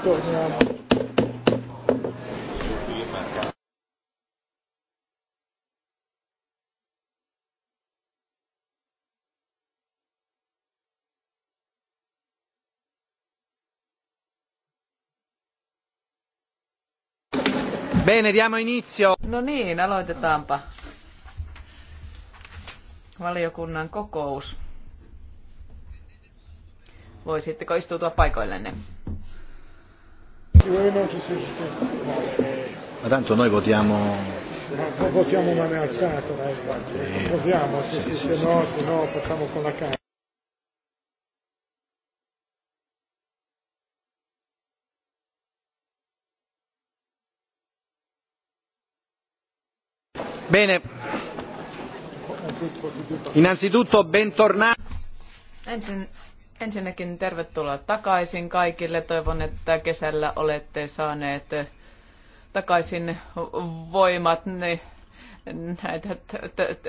torniamo. Bene, diamo inizio. No niin, aloitetaanpa valiokunnan kokous. Voisitteko istutua paikoillenne? Ma tanto noi votiamo... Ma votiamo mano alzata, dai, eh. proviamo, se, sì, se, se no, se no facciamo con la carta. Bene, innanzitutto bentornati. Ensinnäkin tervetuloa takaisin kaikille. Toivon, että kesällä olette saaneet takaisin voimat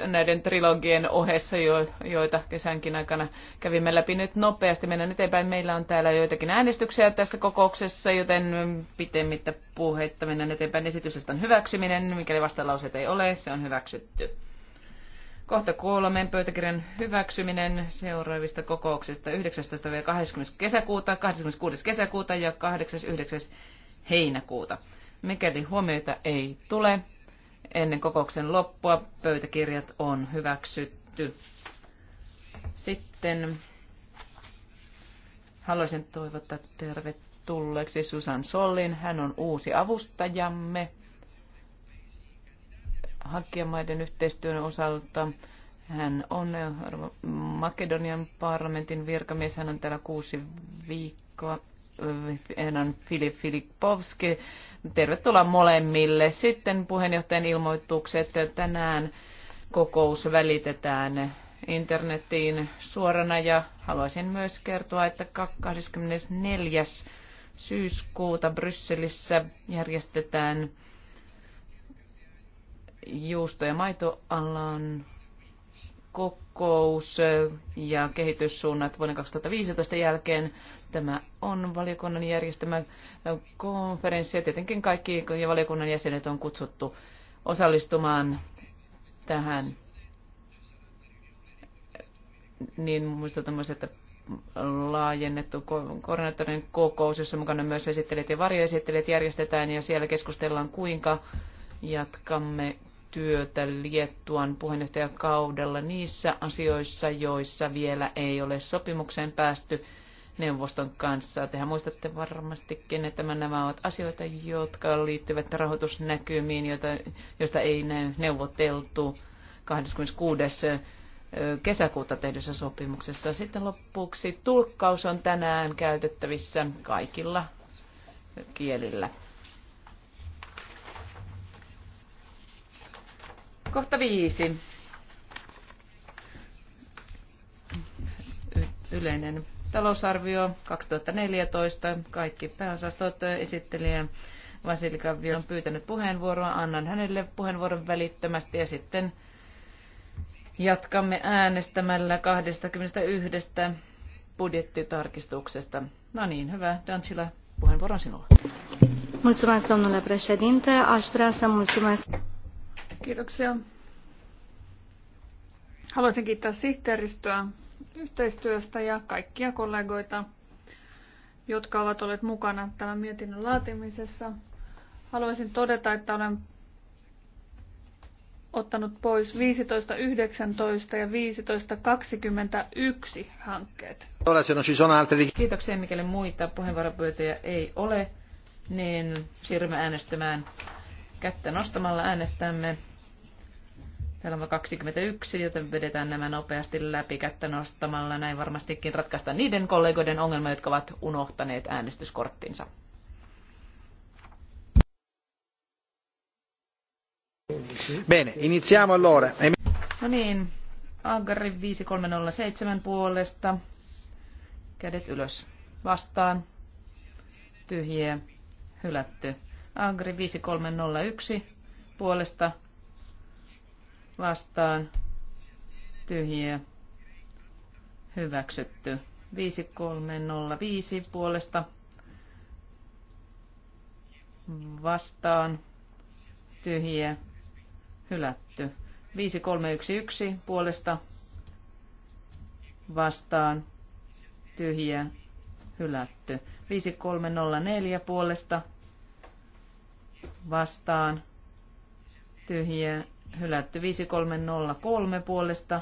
näiden trilogien ohessa, joita kesänkin aikana kävimme läpi nyt nopeasti. Mennään eteenpäin. Meillä on täällä joitakin äänestyksiä tässä kokouksessa, joten pitemmittä puheitta mennään eteenpäin. on hyväksyminen, mikäli vastalauseet ei ole, se on hyväksytty. Kohta kolmen pöytäkirjan hyväksyminen seuraavista kokouksista 19-20 kesäkuuta, 26. kesäkuuta ja 8.9. heinäkuuta. Mikäli huomioita ei tule, ennen kokouksen loppua pöytäkirjat on hyväksytty. Sitten haluaisin toivottaa tervetulleeksi Susan Sollin. Hän on uusi avustajamme hakijamaiden yhteistyön osalta. Hän on Makedonian parlamentin virkamies, hän on täällä kuusi viikkoa. Hän on Filip Filipovski. Tervetuloa molemmille. Sitten puheenjohtajan ilmoitukset. Tänään kokous välitetään internetiin suorana ja haluaisin myös kertoa, että 24. syyskuuta Brysselissä järjestetään juusto- ja maitoalan kokous ja kehityssuunnat vuoden 2015 jälkeen. Tämä on valiokunnan järjestämä konferenssi ja tietenkin kaikki valiokunnan jäsenet on kutsuttu osallistumaan tähän. Niin muista myös, että laajennettu koordinaattorin kokous, jossa mukana myös esittelijät ja varjoesittelijät järjestetään ja siellä keskustellaan kuinka jatkamme työtä Liettuan puheenjohtajakaudella niissä asioissa, joissa vielä ei ole sopimukseen päästy neuvoston kanssa. Tehän muistatte varmastikin, että nämä ovat asioita, jotka liittyvät rahoitusnäkymiin, joita, joista ei neuvoteltu 26 kesäkuuta tehdyssä sopimuksessa. Sitten lopuksi tulkkaus on tänään käytettävissä kaikilla kielillä. Kohta viisi. yleinen talousarvio 2014. Kaikki pääosastot esittelijä Vasilika on pyytänyt puheenvuoroa. Annan hänelle puheenvuoron välittömästi ja sitten jatkamme äänestämällä 21 budjettitarkistuksesta. No niin, hyvä. Dancila, puheenvuoron sinulla. Mulțumesc, domnule președinte. Aș vrea să mulțumesc Kiitoksia. Haluaisin kiittää sihteeristöä yhteistyöstä ja kaikkia kollegoita, jotka ovat olleet mukana tämän mietinnön laatimisessa. Haluaisin todeta, että olen ottanut pois 15.19 ja 15.21 hankkeet. Kiitoksia, mikäli muita puheenvuoropyyntöjä ei ole, niin siirrymme äänestämään kättä nostamalla äänestämme. Täällä on 21, joten vedetään nämä nopeasti läpi kättä nostamalla. Näin varmastikin ratkaistaan niiden kollegoiden ongelma, jotka ovat unohtaneet äänestyskorttinsa. Bene, iniziamo allora. No niin, Agri 5307 puolesta. Kädet ylös. Vastaan. Tyhjiä. Hylätty. Agri 5301 puolesta vastaan tyhjiä hyväksytty. 5305 puolesta vastaan tyhjiä hylätty. 5311 puolesta vastaan tyhjiä hylätty. 5304 puolesta vastaan tyhjiä hylätty 5303 puolesta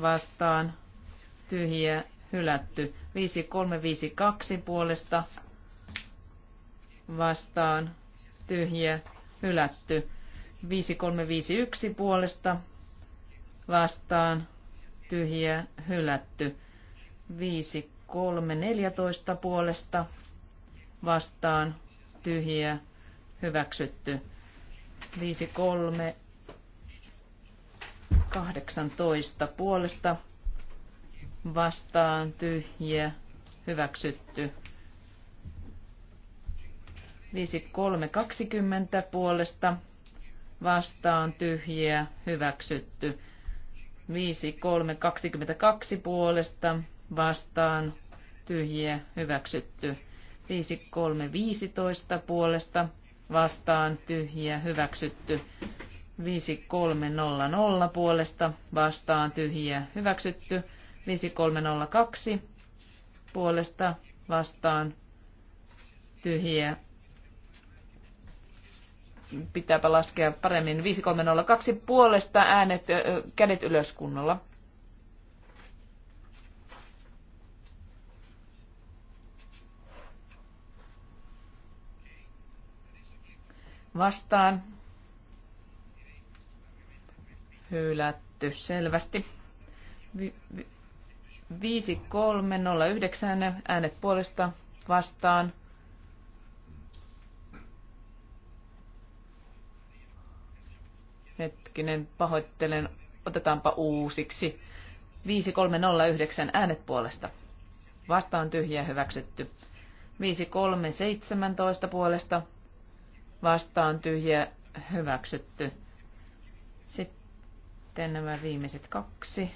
vastaan tyhjiä hylätty 5352 puolesta vastaan tyhjiä hylätty 5351 puolesta vastaan tyhjiä hylätty 5314 puolesta vastaan tyhjiä hyväksytty. 53 18 puolesta vastaan tyhjiä hyväksytty. 53 20 puolesta vastaan tyhjiä hyväksytty. 53 22 puolesta vastaan tyhjiä hyväksytty. 53 15 puolesta vastaan tyhjiä hyväksytty. 5300 puolesta vastaan tyhjiä hyväksytty. 5302 puolesta vastaan tyhjiä. Pitääpä laskea paremmin. 5302 puolesta äänet, kädet ylös kunnolla vastaan. Hylätty selvästi. Vi, vi, 5309 äänet puolesta vastaan. Hetkinen, pahoittelen. Otetaanpa uusiksi. 5309 äänet puolesta. Vastaan tyhjä hyväksytty. 5317 puolesta vastaan tyhjä hyväksytty. Sitten nämä viimeiset kaksi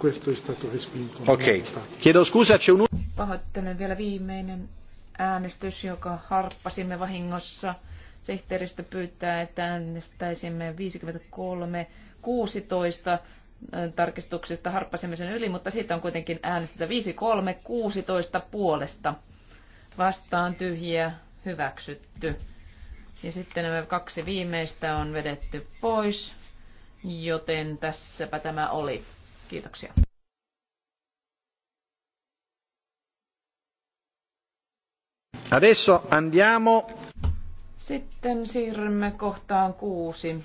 Questo è stato respinto. Okei. Chiedo scusa, c'è un... Pahoittelen vielä viimeinen äänestys, joka harppasimme vahingossa. Sihteeristö pyytää, että äänestäisimme 53 16 tarkistuksesta harppasimme sen yli, mutta siitä on kuitenkin äänestetä 53 16 puolesta. Vastaan tyhjiä hyväksytty. Ja sitten nämä kaksi viimeistä on vedetty pois, joten tässäpä tämä oli. Kiitoksia. Adesso andiamo. Sitten siirrymme kohtaan kuusi.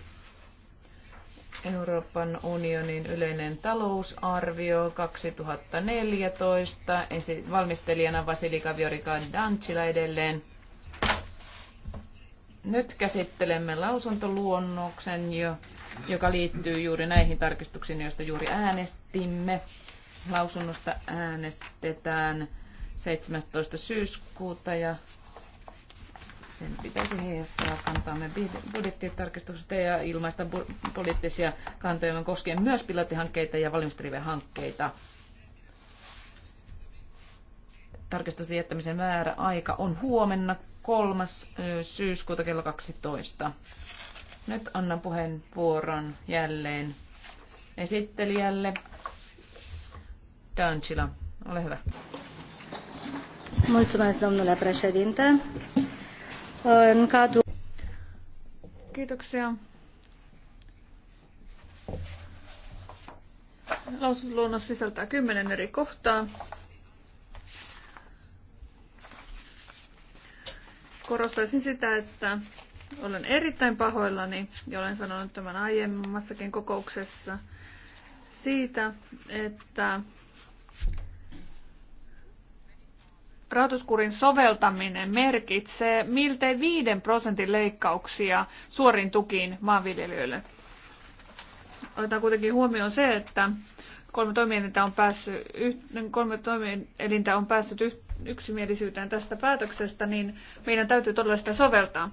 Euroopan unionin yleinen talousarvio 2014. Esi- valmistelijana Vasilika Viorika Dancila edelleen. Nyt käsittelemme lausuntoluonnoksen, jo, joka liittyy juuri näihin tarkistuksiin, joista juuri äänestimme. Lausunnosta äänestetään 17. syyskuuta ja sen pitäisi heijastaa kantaamme budjettitarkistuksesta ja ilmaista poliittisia kantoja koskien myös pilottihankkeita ja valmistelivia hankkeita. Tarkistusten jättämisen määrä aika on huomenna 3. syyskuuta kello 12. Nyt annan puheenvuoron jälleen esittelijälle. Dancila, ole hyvä. Mulțumesc, domnule președinte. În cadrul... Kiitoksia. Lausuntoluonnos sisältää kymmenen eri kohtaa. Korostaisin sitä, että olen erittäin pahoillani, ja olen sanonut tämän aiemmassakin kokouksessa, siitä, että rahoituskurin soveltaminen merkitsee miltei 5 prosentin leikkauksia suorin tukiin maanviljelijöille. Otetaan kuitenkin huomioon se, että kolme toimielintä on päässyt, kolme toimielintä on päässyt yksimielisyyteen tästä päätöksestä, niin meidän täytyy todella sitä soveltaa.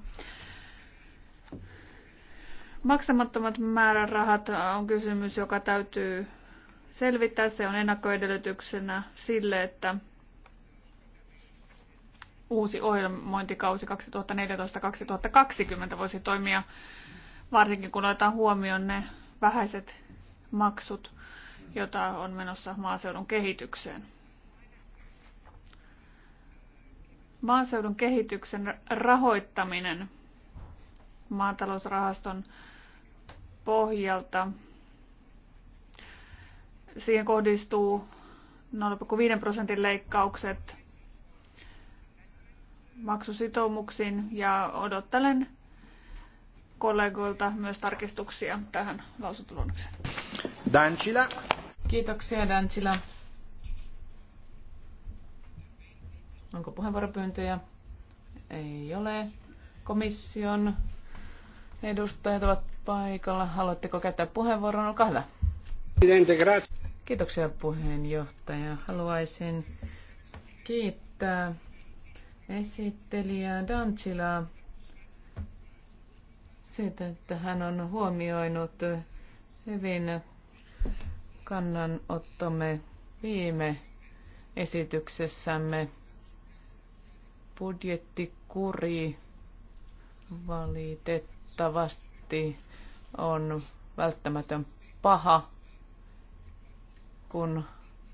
Maksamattomat määrärahat on kysymys, joka täytyy selvittää. Se on ennakkoedellytyksenä sille, että uusi ohjelmointikausi 2014-2020 voisi toimia, varsinkin kun otetaan huomioon ne vähäiset maksut, joita on menossa maaseudun kehitykseen. Maaseudun kehityksen rahoittaminen maatalousrahaston pohjalta. Siihen kohdistuu 0,5 prosentin leikkaukset maksusitoumuksiin ja odottelen kollegoilta myös tarkistuksia tähän lausuntoluonnokseen. Dancila. Kiitoksia Dancila. Onko puheenvuoropyyntöjä? Ei ole. Komission edustajat ovat paikalla. Haluatteko käyttää puheenvuoron? Olkaa hyvä. Kiitoksia puheenjohtaja. Haluaisin kiittää esittelijää Dantsilaa siitä, että hän on huomioinut hyvin kannanottomme viime esityksessämme budjettikuri valitettavasti on välttämätön paha, kun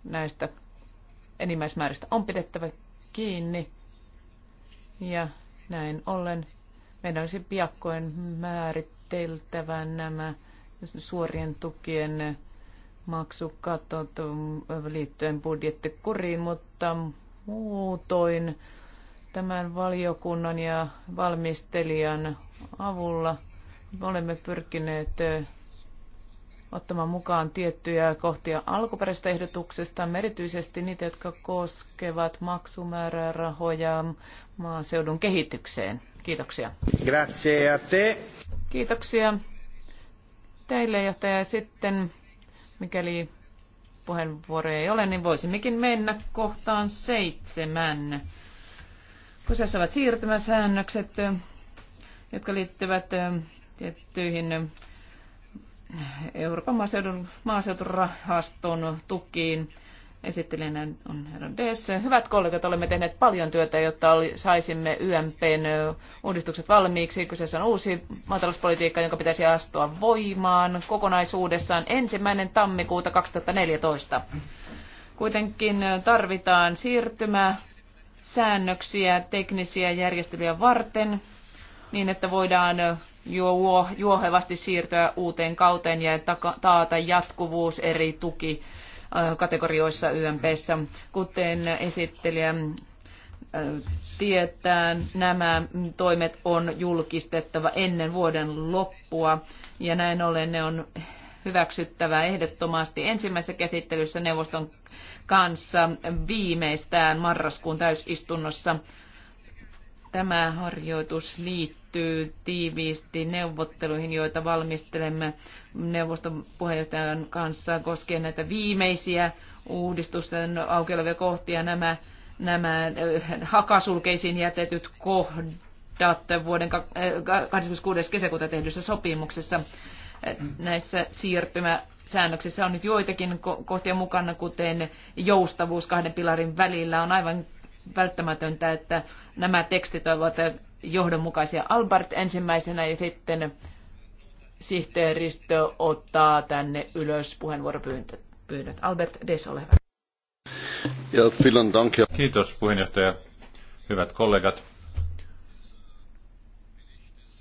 näistä enimmäismääristä on pidettävä kiinni. Ja näin ollen meidän olisi piakkoin määriteltävä nämä suorien tukien maksukatot liittyen budjettikuriin, mutta muutoin tämän valiokunnan ja valmistelijan avulla – olemme pyrkineet ottamaan mukaan tiettyjä kohtia alkuperäisestä ehdotuksesta, erityisesti niitä, jotka koskevat rahoja maaseudun kehitykseen. Kiitoksia. Grazie a te. Kiitoksia teille, johtaja. Sitten, mikäli puheenvuoroja ei ole, niin voisimmekin mennä kohtaan seitsemän. Kyseessä ovat siirtymäsäännökset, jotka liittyvät tiettyihin eh, Euroopan maaseudun, maaseuturahaston tukiin. Esittelijänä on herra DS. Hyvät kollegat, olemme tehneet paljon työtä, jotta saisimme YMPn eh, uudistukset valmiiksi. Kyseessä on uusi maatalouspolitiikka, jonka pitäisi astua voimaan kokonaisuudessaan ensimmäinen tammikuuta 2014. Kuitenkin eh, tarvitaan siirtymä säännöksiä teknisiä järjestelyjä varten niin, että voidaan juo, juohevasti siirtyä uuteen kauteen ja taata jatkuvuus eri tuki kategorioissa YMPssä. Kuten esittelijä tietää, nämä toimet on julkistettava ennen vuoden loppua ja näin ollen ne on hyväksyttävä ehdottomasti ensimmäisessä käsittelyssä neuvoston kanssa viimeistään marraskuun täysistunnossa. Tämä harjoitus liittyy tiiviisti neuvotteluihin, joita valmistelemme neuvoston puheenjohtajan kanssa koskien näitä viimeisiä uudistusten auki olevia kohtia. Nämä, nämä äh, hakasulkeisiin jätetyt kohdat vuoden 26. Äh, kesäkuuta tehdyssä sopimuksessa. Näissä Säännöksissä on nyt joitakin kohtia mukana, kuten joustavuus kahden pilarin välillä on aivan välttämätöntä, että nämä tekstit ovat johdonmukaisia. Albert ensimmäisenä ja sitten sihteeristö ottaa tänne ylös puheenvuoropyynnöt. Albert Des, ole hyvä. Kiitos puheenjohtaja. Hyvät kollegat.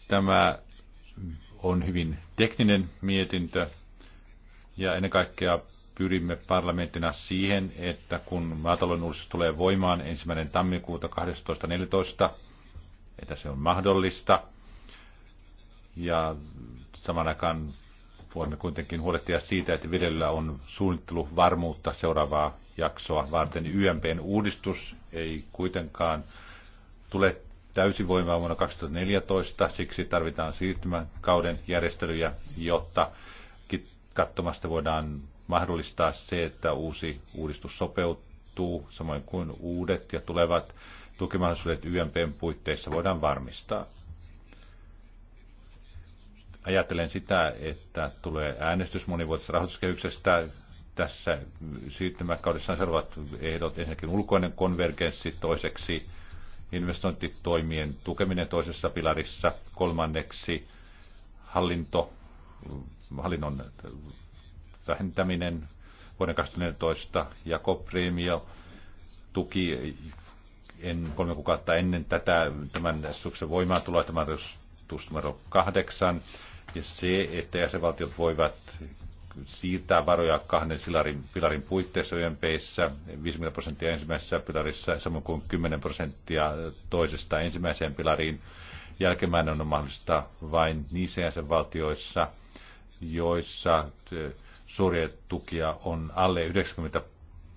Tämä on hyvin tekninen mietintö ja ennen kaikkea pyrimme parlamenttina siihen, että kun maatalouden uudistus tulee voimaan ensimmäinen tammikuuta 12.14, että se on mahdollista. Ja saman aikaan voimme kuitenkin huolehtia siitä, että viljelyllä on varmuutta seuraavaa jaksoa varten. YMPn uudistus ei kuitenkaan tule voimaan vuonna 2014, siksi tarvitaan siirtymäkauden järjestelyjä, jotta kattomasta voidaan mahdollistaa se, että uusi uudistus sopeutuu, samoin kuin uudet ja tulevat tukimahdollisuudet YMPn puitteissa voidaan varmistaa. Ajattelen sitä, että tulee äänestys monivuotisesta rahoituskehyksestä. Tässä siirtymäkaudessa seuraavat ehdot ensinnäkin ulkoinen konvergenssi, toiseksi investointitoimien tukeminen toisessa pilarissa, kolmanneksi hallinto, hallinnon vähentäminen vuoden 2014 ja kopreemio tuki en, kolme kuukautta ennen tätä tämän voimaa tulee tämä on numero kahdeksan, ja se, että jäsenvaltiot voivat siirtää varoja kahden silarin, pilarin puitteissa YMPissä, 50 prosenttia ensimmäisessä pilarissa, samoin kuin 10 prosenttia toisesta ensimmäiseen pilariin. Jälkimmäinen on mahdollista vain niissä jäsenvaltioissa, joissa suuria tukia on alle 90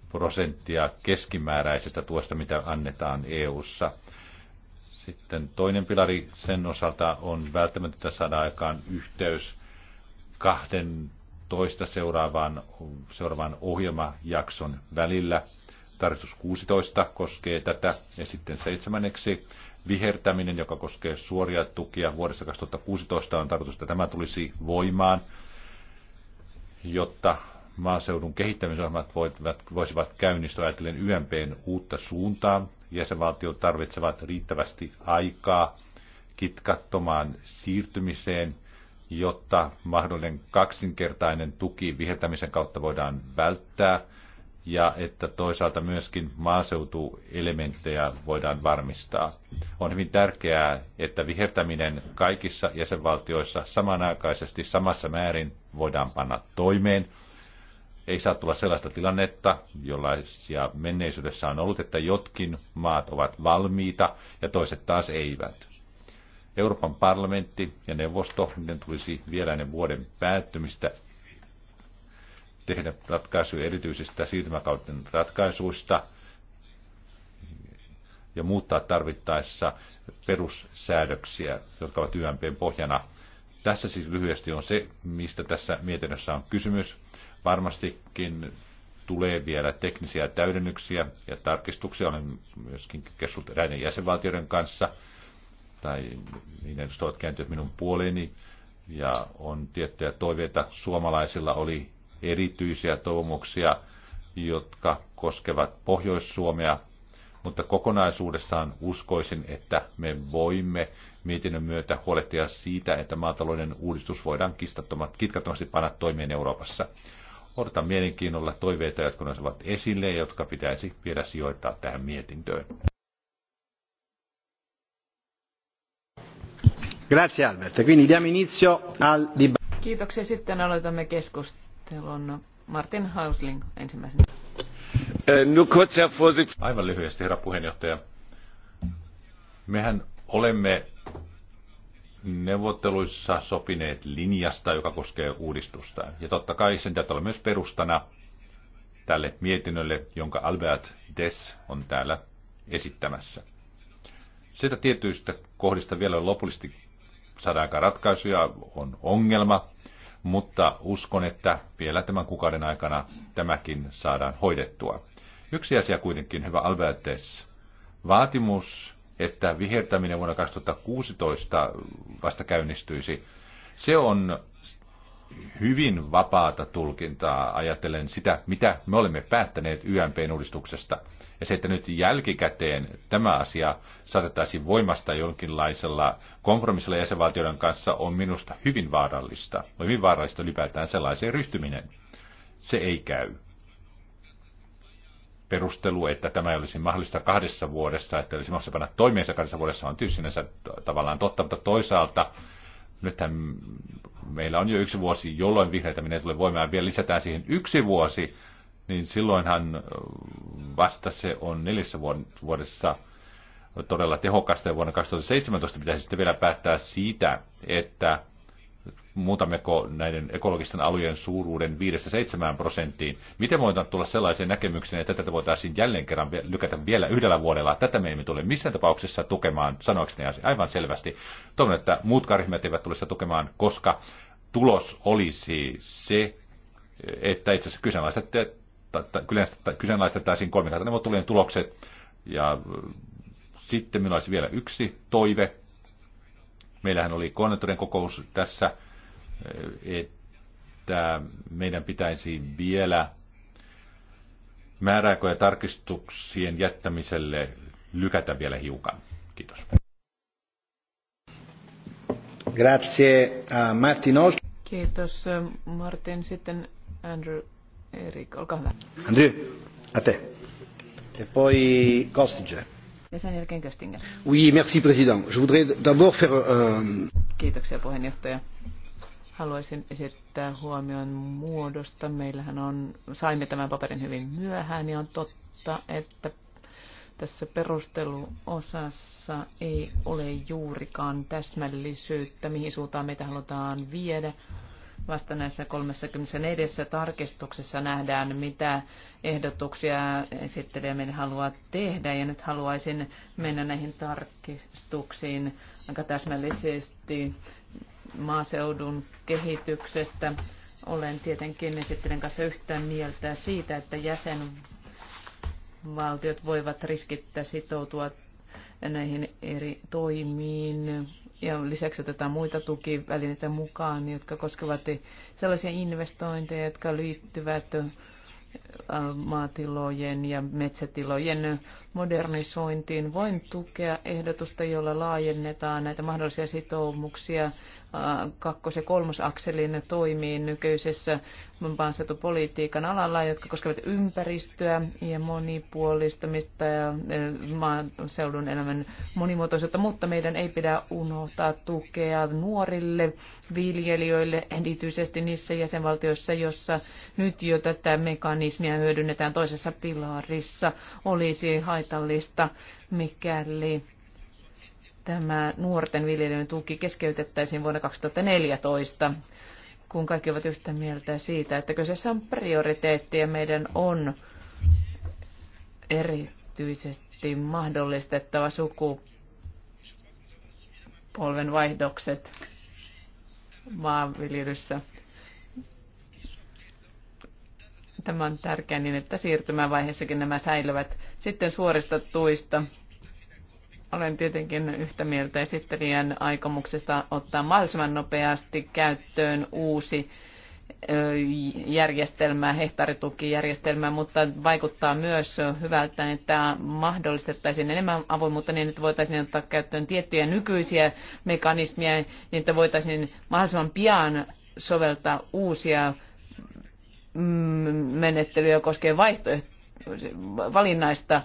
prosenttia keskimääräisestä tuosta, mitä annetaan EU:ssa. Sitten toinen pilari sen osalta on välttämättä saada aikaan yhteys kahden toista seuraavaan, seuraavan ohjelmajakson välillä. Tarkistus 16 koskee tätä ja sitten seitsemänneksi vihertäminen, joka koskee suoria tukia vuodesta 2016 on tarkoitus, että tämä tulisi voimaan jotta maaseudun kehittämisohjelmat voisivat käynnistyä ajatellen YMPn uutta suuntaa. Jäsenvaltiot tarvitsevat riittävästi aikaa kitkattomaan siirtymiseen, jotta mahdollinen kaksinkertainen tuki vihertämisen kautta voidaan välttää – ja että toisaalta myöskin maaseutuelementtejä voidaan varmistaa. On hyvin tärkeää, että vihertäminen kaikissa jäsenvaltioissa samanaikaisesti samassa määrin voidaan panna toimeen. Ei saa tulla sellaista tilannetta, jollaisia menneisyydessä on ollut, että jotkin maat ovat valmiita ja toiset taas eivät. Euroopan parlamentti ja neuvosto, niiden tulisi vielä ennen vuoden päättymistä tehdä ratkaisuja erityisistä siirtymäkauden ratkaisuista ja muuttaa tarvittaessa perussäädöksiä, jotka ovat YMPn pohjana. Tässä siis lyhyesti on se, mistä tässä mietinnössä on kysymys. Varmastikin tulee vielä teknisiä täydennyksiä ja tarkistuksia. Olen myöskin keskustellut eräiden jäsenvaltioiden kanssa, tai niin edustavat kääntyvät minun puoleeni, ja on tiettyjä toiveita. Suomalaisilla oli erityisiä toivomuksia, jotka koskevat Pohjois-Suomea, mutta kokonaisuudessaan uskoisin, että me voimme mietinnön myötä huolehtia siitä, että maatalouden uudistus voidaan kitkattomasti panna toimeen Euroopassa. Odotan mielenkiinnolla toiveita, jotka nousevat esille ja jotka pitäisi vielä sijoittaa tähän mietintöön. Grazie Albert. Quindi diamo inizio al dibattito. Kiitoksia. Sitten aloitamme keskustelun. Äh, Aivan lyhyesti, herra puheenjohtaja. Mehän olemme neuvotteluissa sopineet linjasta, joka koskee uudistusta. Ja totta kai sen täytyy olla myös perustana tälle mietinnölle, jonka Albert Des on täällä esittämässä. Sitä tietyistä kohdista vielä lopullisesti saadaan ratkaisuja, on ongelma, mutta uskon, että vielä tämän kuukauden aikana tämäkin saadaan hoidettua. Yksi asia kuitenkin, hyvä Albertes, vaatimus, että vihertäminen vuonna 2016 vasta käynnistyisi, se on hyvin vapaata tulkintaa ajatellen sitä, mitä me olemme päättäneet YMPn uudistuksesta – ja se, että nyt jälkikäteen tämä asia saatettaisiin voimasta jonkinlaisella kompromissilla jäsenvaltioiden kanssa, on minusta hyvin vaarallista. On hyvin vaarallista ylipäätään sellaiseen ryhtyminen. Se ei käy. Perustelu, että tämä ei olisi mahdollista kahdessa vuodessa, että olisi mahdollista panna toimeensa kahdessa vuodessa, on tietysti sinänsä tavallaan totta, mutta toisaalta nythän meillä on jo yksi vuosi, jolloin vihreitä minne tulee voimaan. Vielä lisätään siihen yksi vuosi, niin silloinhan vasta se on neljässä vuodessa todella tehokasta. Ja vuonna 2017 pitäisi sitten vielä päättää siitä, että muutammeko näiden ekologisten alueen suuruuden 5-7 prosenttiin. Miten voidaan tulla sellaiseen näkemykseen, että tätä voitaisiin jälleen kerran lykätä vielä yhdellä vuodella? Tätä me emme tule missään tapauksessa tukemaan, sanoakseni aivan selvästi. Toivon, että muut ryhmät eivät tule sitä tukemaan, koska tulos olisi se, että itse asiassa kyseenalaistatte kyseenalaistettaisiin neuvottelujen tulokset. Ja äh, sitten minulla olisi vielä yksi toive. Meillähän oli koordinaattorien kokous tässä, äh, että meidän pitäisi vielä määräaikoja tarkistuksien jättämiselle lykätä vielä hiukan. Kiitos. Grazie, äh, Martin Kiitos, Martin. Sitten Andrew Erik, olkaa hyvä. Andrew, ate. Ja e poi Kostinger. Ja sen jälkeen Köstinger. Oui, merci président. Je voudrais d'abord faire... Euh... Kiitoksia puheenjohtaja. Haluaisin esittää huomion muodosta. Meillähän on, saimme tämän paperin hyvin myöhään ja on totta, että tässä perusteluosassa ei ole juurikaan täsmällisyyttä, mihin suuntaan meitä halutaan viedä. Vasta näissä 34 tarkistuksessa nähdään, mitä ehdotuksia esittelijä meidän haluaa tehdä. Ja nyt haluaisin mennä näihin tarkistuksiin aika täsmällisesti maaseudun kehityksestä. Olen tietenkin esittelen kanssa yhtä mieltä siitä, että jäsenvaltiot voivat riskittää sitoutua näihin eri toimiin. Ja lisäksi otetaan muita tukivälineitä mukaan, jotka koskevat sellaisia investointeja, jotka liittyvät äh, maatilojen ja metsätilojen modernisointiin. Voin tukea ehdotusta, jolla laajennetaan näitä mahdollisia sitoumuksia kakkos- ja kolmosakselin toimiin nykyisessä maansatopolitiikan alalla, jotka koskevat ympäristöä ja monipuolistamista ja eh, maaseudun elämän monimuotoisuutta, mutta meidän ei pidä unohtaa tukea nuorille viljelijöille, erityisesti niissä jäsenvaltioissa, jossa nyt jo tätä mekanismia hyödynnetään toisessa pilarissa, olisi haitallista, mikäli tämä nuorten viljelijöiden tuki keskeytettäisiin vuonna 2014, kun kaikki ovat yhtä mieltä siitä, että kyseessä on prioriteetti ja meidän on erityisesti mahdollistettava sukupolven vaihdokset maanviljelyssä. Tämä on tärkeää niin, että siirtymävaiheessakin nämä säilyvät. Sitten suorista tuista. Olen tietenkin yhtä mieltä esittelijän aikomuksesta ottaa mahdollisimman nopeasti käyttöön uusi järjestelmä, hehtaaritukijärjestelmä, mutta vaikuttaa myös hyvältä, että mahdollistettaisiin enemmän avoimuutta niin, että voitaisiin ottaa käyttöön tiettyjä nykyisiä mekanismeja, niin että voitaisiin mahdollisimman pian soveltaa uusia mm, menettelyjä koskien vaihtoehtoja valinnaista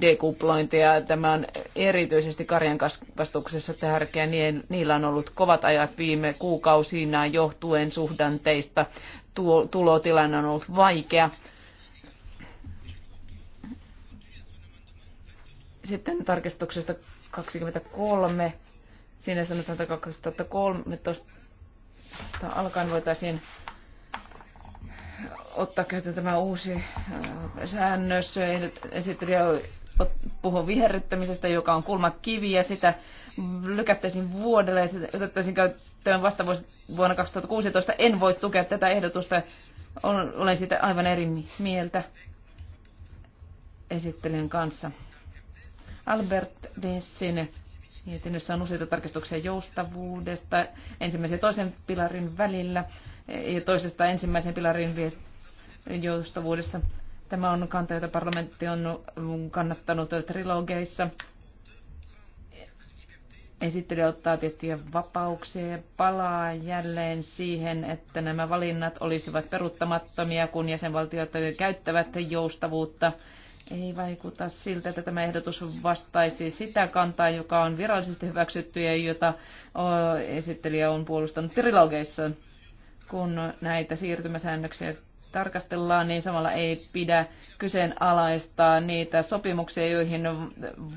dekuplointia. Tämä on erityisesti karjan kasvatuksessa tärkeä. Niillä on ollut kovat ajat viime kuukausina johtuen suhdanteista. Tulotilanne on ollut vaikea. Sitten tarkistuksesta 23. Siinä sanotaan, että 2013 alkaen voitaisiin ottaa käyttöön tämä uusi äh, säännös. Esittelijä puhuu viherryttämisestä, joka on kulmakivi ja sitä lykättäisiin vuodelle ja sitä otettaisiin käyttöön vasta vuonna 2016. En voi tukea tätä ehdotusta. Olen siitä aivan eri mieltä esittelijän kanssa. Albert Dessin mietinnössä on useita tarkistuksia joustavuudesta ensimmäisen ja toisen pilarin välillä ja toisesta ensimmäisen pilarin joustavuudessa. Tämä on kanta, jota parlamentti on kannattanut trilogeissa. Esittely ottaa tiettyjä vapauksia ja palaa jälleen siihen, että nämä valinnat olisivat peruuttamattomia, kun jäsenvaltiot käyttävät joustavuutta. Ei vaikuta siltä, että tämä ehdotus vastaisi sitä kantaa, joka on virallisesti hyväksytty ja jota esittelijä on puolustanut trilogeissa kun näitä siirtymäsäännöksiä tarkastellaan, niin samalla ei pidä kyseenalaistaa niitä sopimuksia, joihin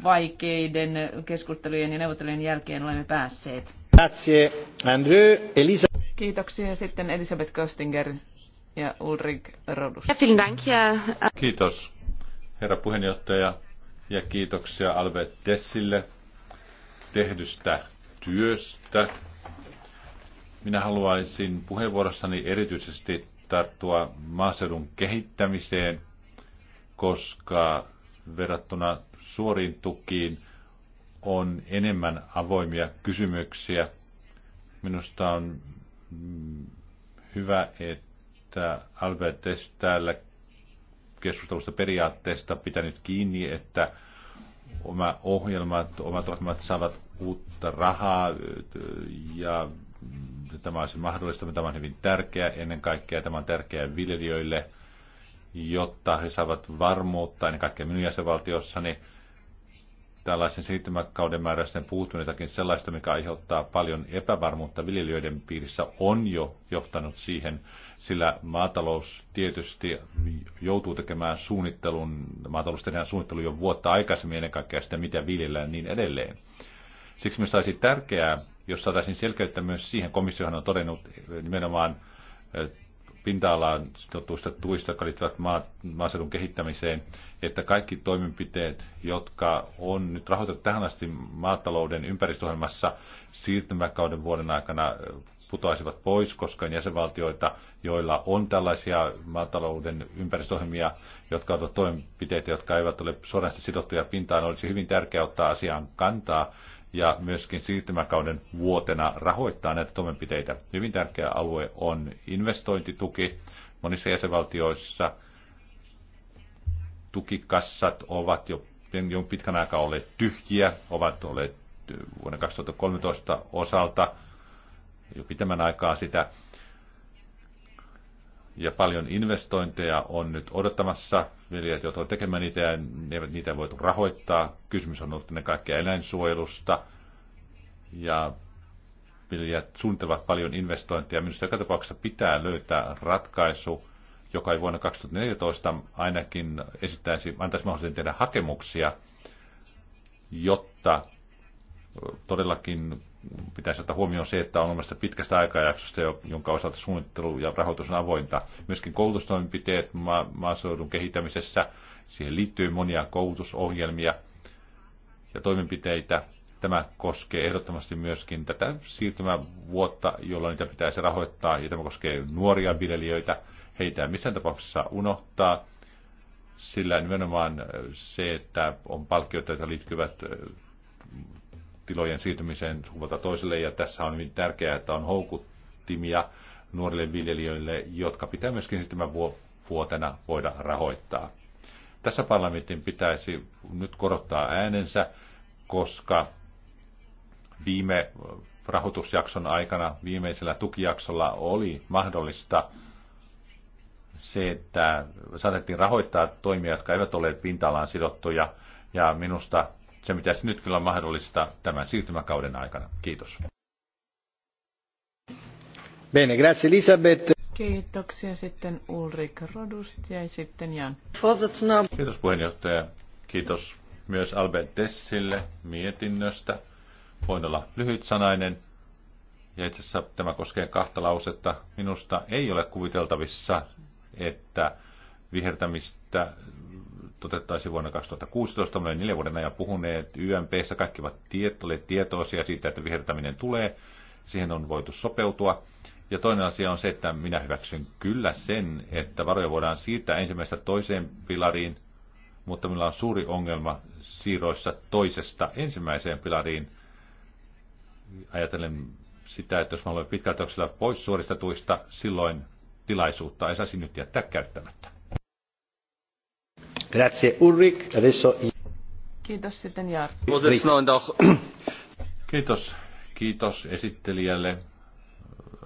vaikeiden keskustelujen ja neuvottelujen jälkeen olemme päässeet. Kiitoksia ja Kiitoksia. Sitten Elisabeth Köstinger ja Ulrik Rodus. Äh, Kiitos, herra puheenjohtaja, ja kiitoksia Albert Tessille tehdystä työstä. Minä haluaisin puheenvuorossani erityisesti tarttua maaseudun kehittämiseen, koska verrattuna suoriin tukiin on enemmän avoimia kysymyksiä. Minusta on hyvä, että Albert täällä keskustelusta periaatteesta pitänyt kiinni, että oma ohjelmat, omat ohjelmat saavat uutta rahaa ja tämä olisi mahdollista, mutta tämä on hyvin tärkeää ennen kaikkea, tämä on tärkeää viljelijöille, jotta he saavat varmuutta, ennen kaikkea minun jäsenvaltiossani, tällaisen siirtymäkauden määräisten jotakin sellaista, mikä aiheuttaa paljon epävarmuutta viljelijöiden piirissä, on jo johtanut siihen, sillä maatalous tietysti joutuu tekemään suunnittelun, maatalous tehdään suunnittelu jo vuotta aikaisemmin, ennen kaikkea sitä, mitä viljellään niin edelleen. Siksi minusta olisi tärkeää, jos saataisiin selkeyttä myös siihen, komissiohan on todennut eh, nimenomaan eh, pinta-alaan sitotuista tuista, jotka liittyvät maaseudun kehittämiseen, että kaikki toimenpiteet, jotka on nyt rahoitettu tähän asti maatalouden ympäristöohjelmassa siirtymäkauden vuoden aikana eh, putoaisivat pois, koska on jäsenvaltioita, joilla on tällaisia maatalouden ympäristöohjelmia, jotka ovat toimenpiteitä, jotka eivät ole suorasti sidottuja pintaan, olisi hyvin tärkeää ottaa asiaan kantaa ja myöskin siirtymäkauden vuotena rahoittaa näitä toimenpiteitä. Hyvin tärkeä alue on investointituki. Monissa jäsenvaltioissa tukikassat ovat jo jo pitkän aikaa olleet tyhjiä, ovat olleet vuonna 2013 osalta jo pitemmän aikaa sitä ja paljon investointeja on nyt odottamassa. Viljelijät joutuvat tekemään niitä ja eivät niitä voitu rahoittaa. Kysymys on ollut ne kaikkea eläinsuojelusta ja viljelijät suunnittelevat paljon investointeja. Minusta joka tapauksessa pitää löytää ratkaisu, joka ei vuonna 2014 ainakin esittäisi, antaisi mahdollisuuden tehdä hakemuksia, jotta todellakin pitäisi ottaa huomioon se, että on olemassa pitkästä aikajaksosta, jonka osalta suunnittelu ja rahoitus on avointa. Myöskin koulutustoimenpiteet ma- maaseudun kehittämisessä, siihen liittyy monia koulutusohjelmia ja toimenpiteitä. Tämä koskee ehdottomasti myöskin tätä siirtymävuotta, jolloin niitä pitäisi rahoittaa, ja tämä koskee nuoria viljelijöitä. Heitä ei missään tapauksessa unohtaa, sillä nimenomaan se, että on palkkioita, jotka liittyvät tilojen siirtymiseen sukupuolta toiselle, ja tässä on hyvin tärkeää, että on houkuttimia nuorille viljelijöille, jotka pitää myöskin siirtymän vuotena voida rahoittaa. Tässä parlamentin pitäisi nyt korottaa äänensä, koska viime rahoitusjakson aikana, viimeisellä tukijaksolla oli mahdollista se, että saatettiin rahoittaa toimia, jotka eivät ole pinta-alaan sidottuja. Ja minusta se pitäisi nyt kyllä mahdollista tämän siirtymäkauden aikana. Kiitos. Bene, grazie Elisabeth. Kiitoksia sitten Ulrik Rodust ja sitten Jan. Kiitos puheenjohtaja. Kiitos myös Albert Dessille mietinnöstä. Voin olla lyhytsanainen. Ja itse asiassa tämä koskee kahta lausetta. Minusta ei ole kuviteltavissa, että vihertämistä toteuttaisiin vuonna 2016. Me olemme neljä vuoden ajan puhuneet YMPssä. Kaikki ovat tieto, tietoisia siitä, että vihertäminen tulee. Siihen on voitu sopeutua. Ja toinen asia on se, että minä hyväksyn kyllä sen, että varoja voidaan siirtää ensimmäistä toiseen pilariin, mutta minulla on suuri ongelma siirroissa toisesta ensimmäiseen pilariin. Ajatellen sitä, että jos mä olen pitkältä pois suorista tuista, silloin tilaisuutta ei saisi nyt jättää käyttämättä. Kiitos sitten Kiitos. Kiitos esittelijälle.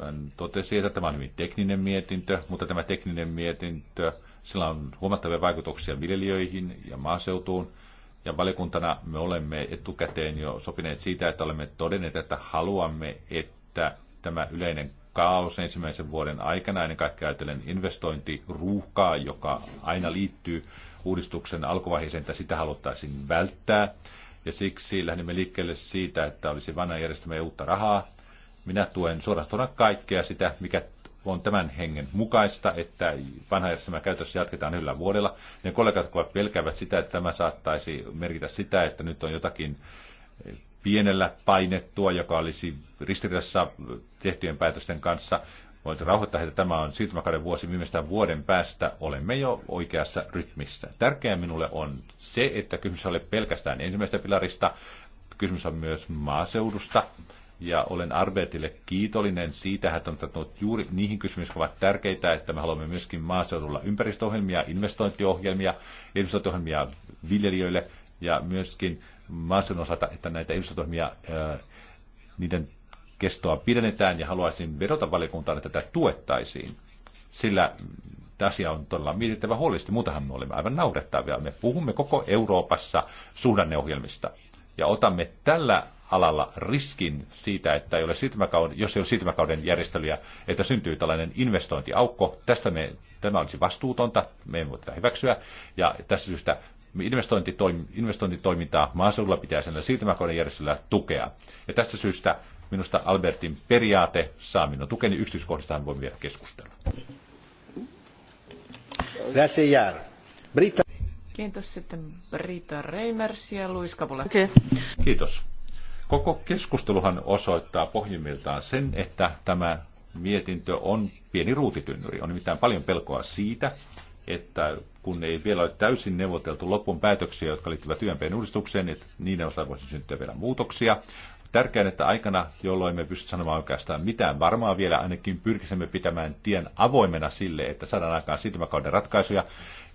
Hän totesi, että tämä on hyvin tekninen mietintö, mutta tämä tekninen mietintö, sillä on huomattavia vaikutuksia viljelijöihin ja maaseutuun. Ja valiokuntana me olemme etukäteen jo sopineet siitä, että olemme todenneet, että haluamme, että tämä yleinen kaos ensimmäisen vuoden aikana, ennen kaikkea ajatellen investointiruuhkaa, joka aina liittyy uudistuksen alkuvaiheeseen, että sitä haluttaisiin välttää. Ja siksi lähdimme liikkeelle siitä, että olisi vanha järjestelmä ja uutta rahaa. Minä tuen suorastaan kaikkea sitä, mikä on tämän hengen mukaista, että vanha järjestelmä käytössä jatketaan yllä vuodella. Ne kollegat kuvat pelkäävät sitä, että tämä saattaisi merkitä sitä, että nyt on jotakin pienellä painettua, joka olisi ristiriidassa tehtyjen päätösten kanssa. Voin rauhoittaa heitä, tämä on siirtymäkauden vuosi, viimeistään vuoden päästä olemme jo oikeassa rytmissä. Tärkeää minulle on se, että kysymys ei pelkästään ensimmäistä pilarista, kysymys on myös maaseudusta, ja olen Arbeetille kiitollinen siitä, että on tullut juuri niihin kysymyksiin, jotka ovat tärkeitä, että me haluamme myöskin maaseudulla ympäristöohjelmia, investointiohjelmia, investointiohjelmia viljelijöille ja myöskin maaseudun osalta, että näitä investointiohjelmia, niiden kestoa pidennetään ja haluaisin vedota valiokuntaan, että tätä tuettaisiin. Sillä asia on todella mietittävä huolellisesti, Muutahan me olemme aivan naurettavia. Me puhumme koko Euroopassa suhdanneohjelmista ja otamme tällä alalla riskin siitä, että ei ole siirtymäkauden, jos ei ole siirtymäkauden järjestelyjä, että syntyy tällainen investointiaukko. Tästä me, tämä olisi vastuutonta, me emme voi tätä hyväksyä. Ja tässä syystä investointitoim, investointitoimintaa maaseudulla pitää sen siirtymäkauden järjestelyllä tukea. Ja tästä syystä Minusta Albertin periaate saa minun tukeni. Yksityiskohdistaan voimme vielä keskustella. Grazie, Jaar. Britta. Kiitos sitten Brita Reimers ja Luis Kapula. Okay. Kiitos. Koko keskusteluhan osoittaa pohjimmiltaan sen, että tämä mietintö on pieni ruutitynnyri. On nimittäin paljon pelkoa siitä, että kun ei vielä ole täysin neuvoteltu loppun päätöksiä, jotka liittyvät YMPn uudistukseen, että niiden osalta voisi syntyä vielä muutoksia. Tärkeää, että aikana, jolloin me pystyt sanomaan oikeastaan mitään varmaa vielä, ainakin pyrkisemme pitämään tien avoimena sille, että saadaan aikaan siirtymäkauden ratkaisuja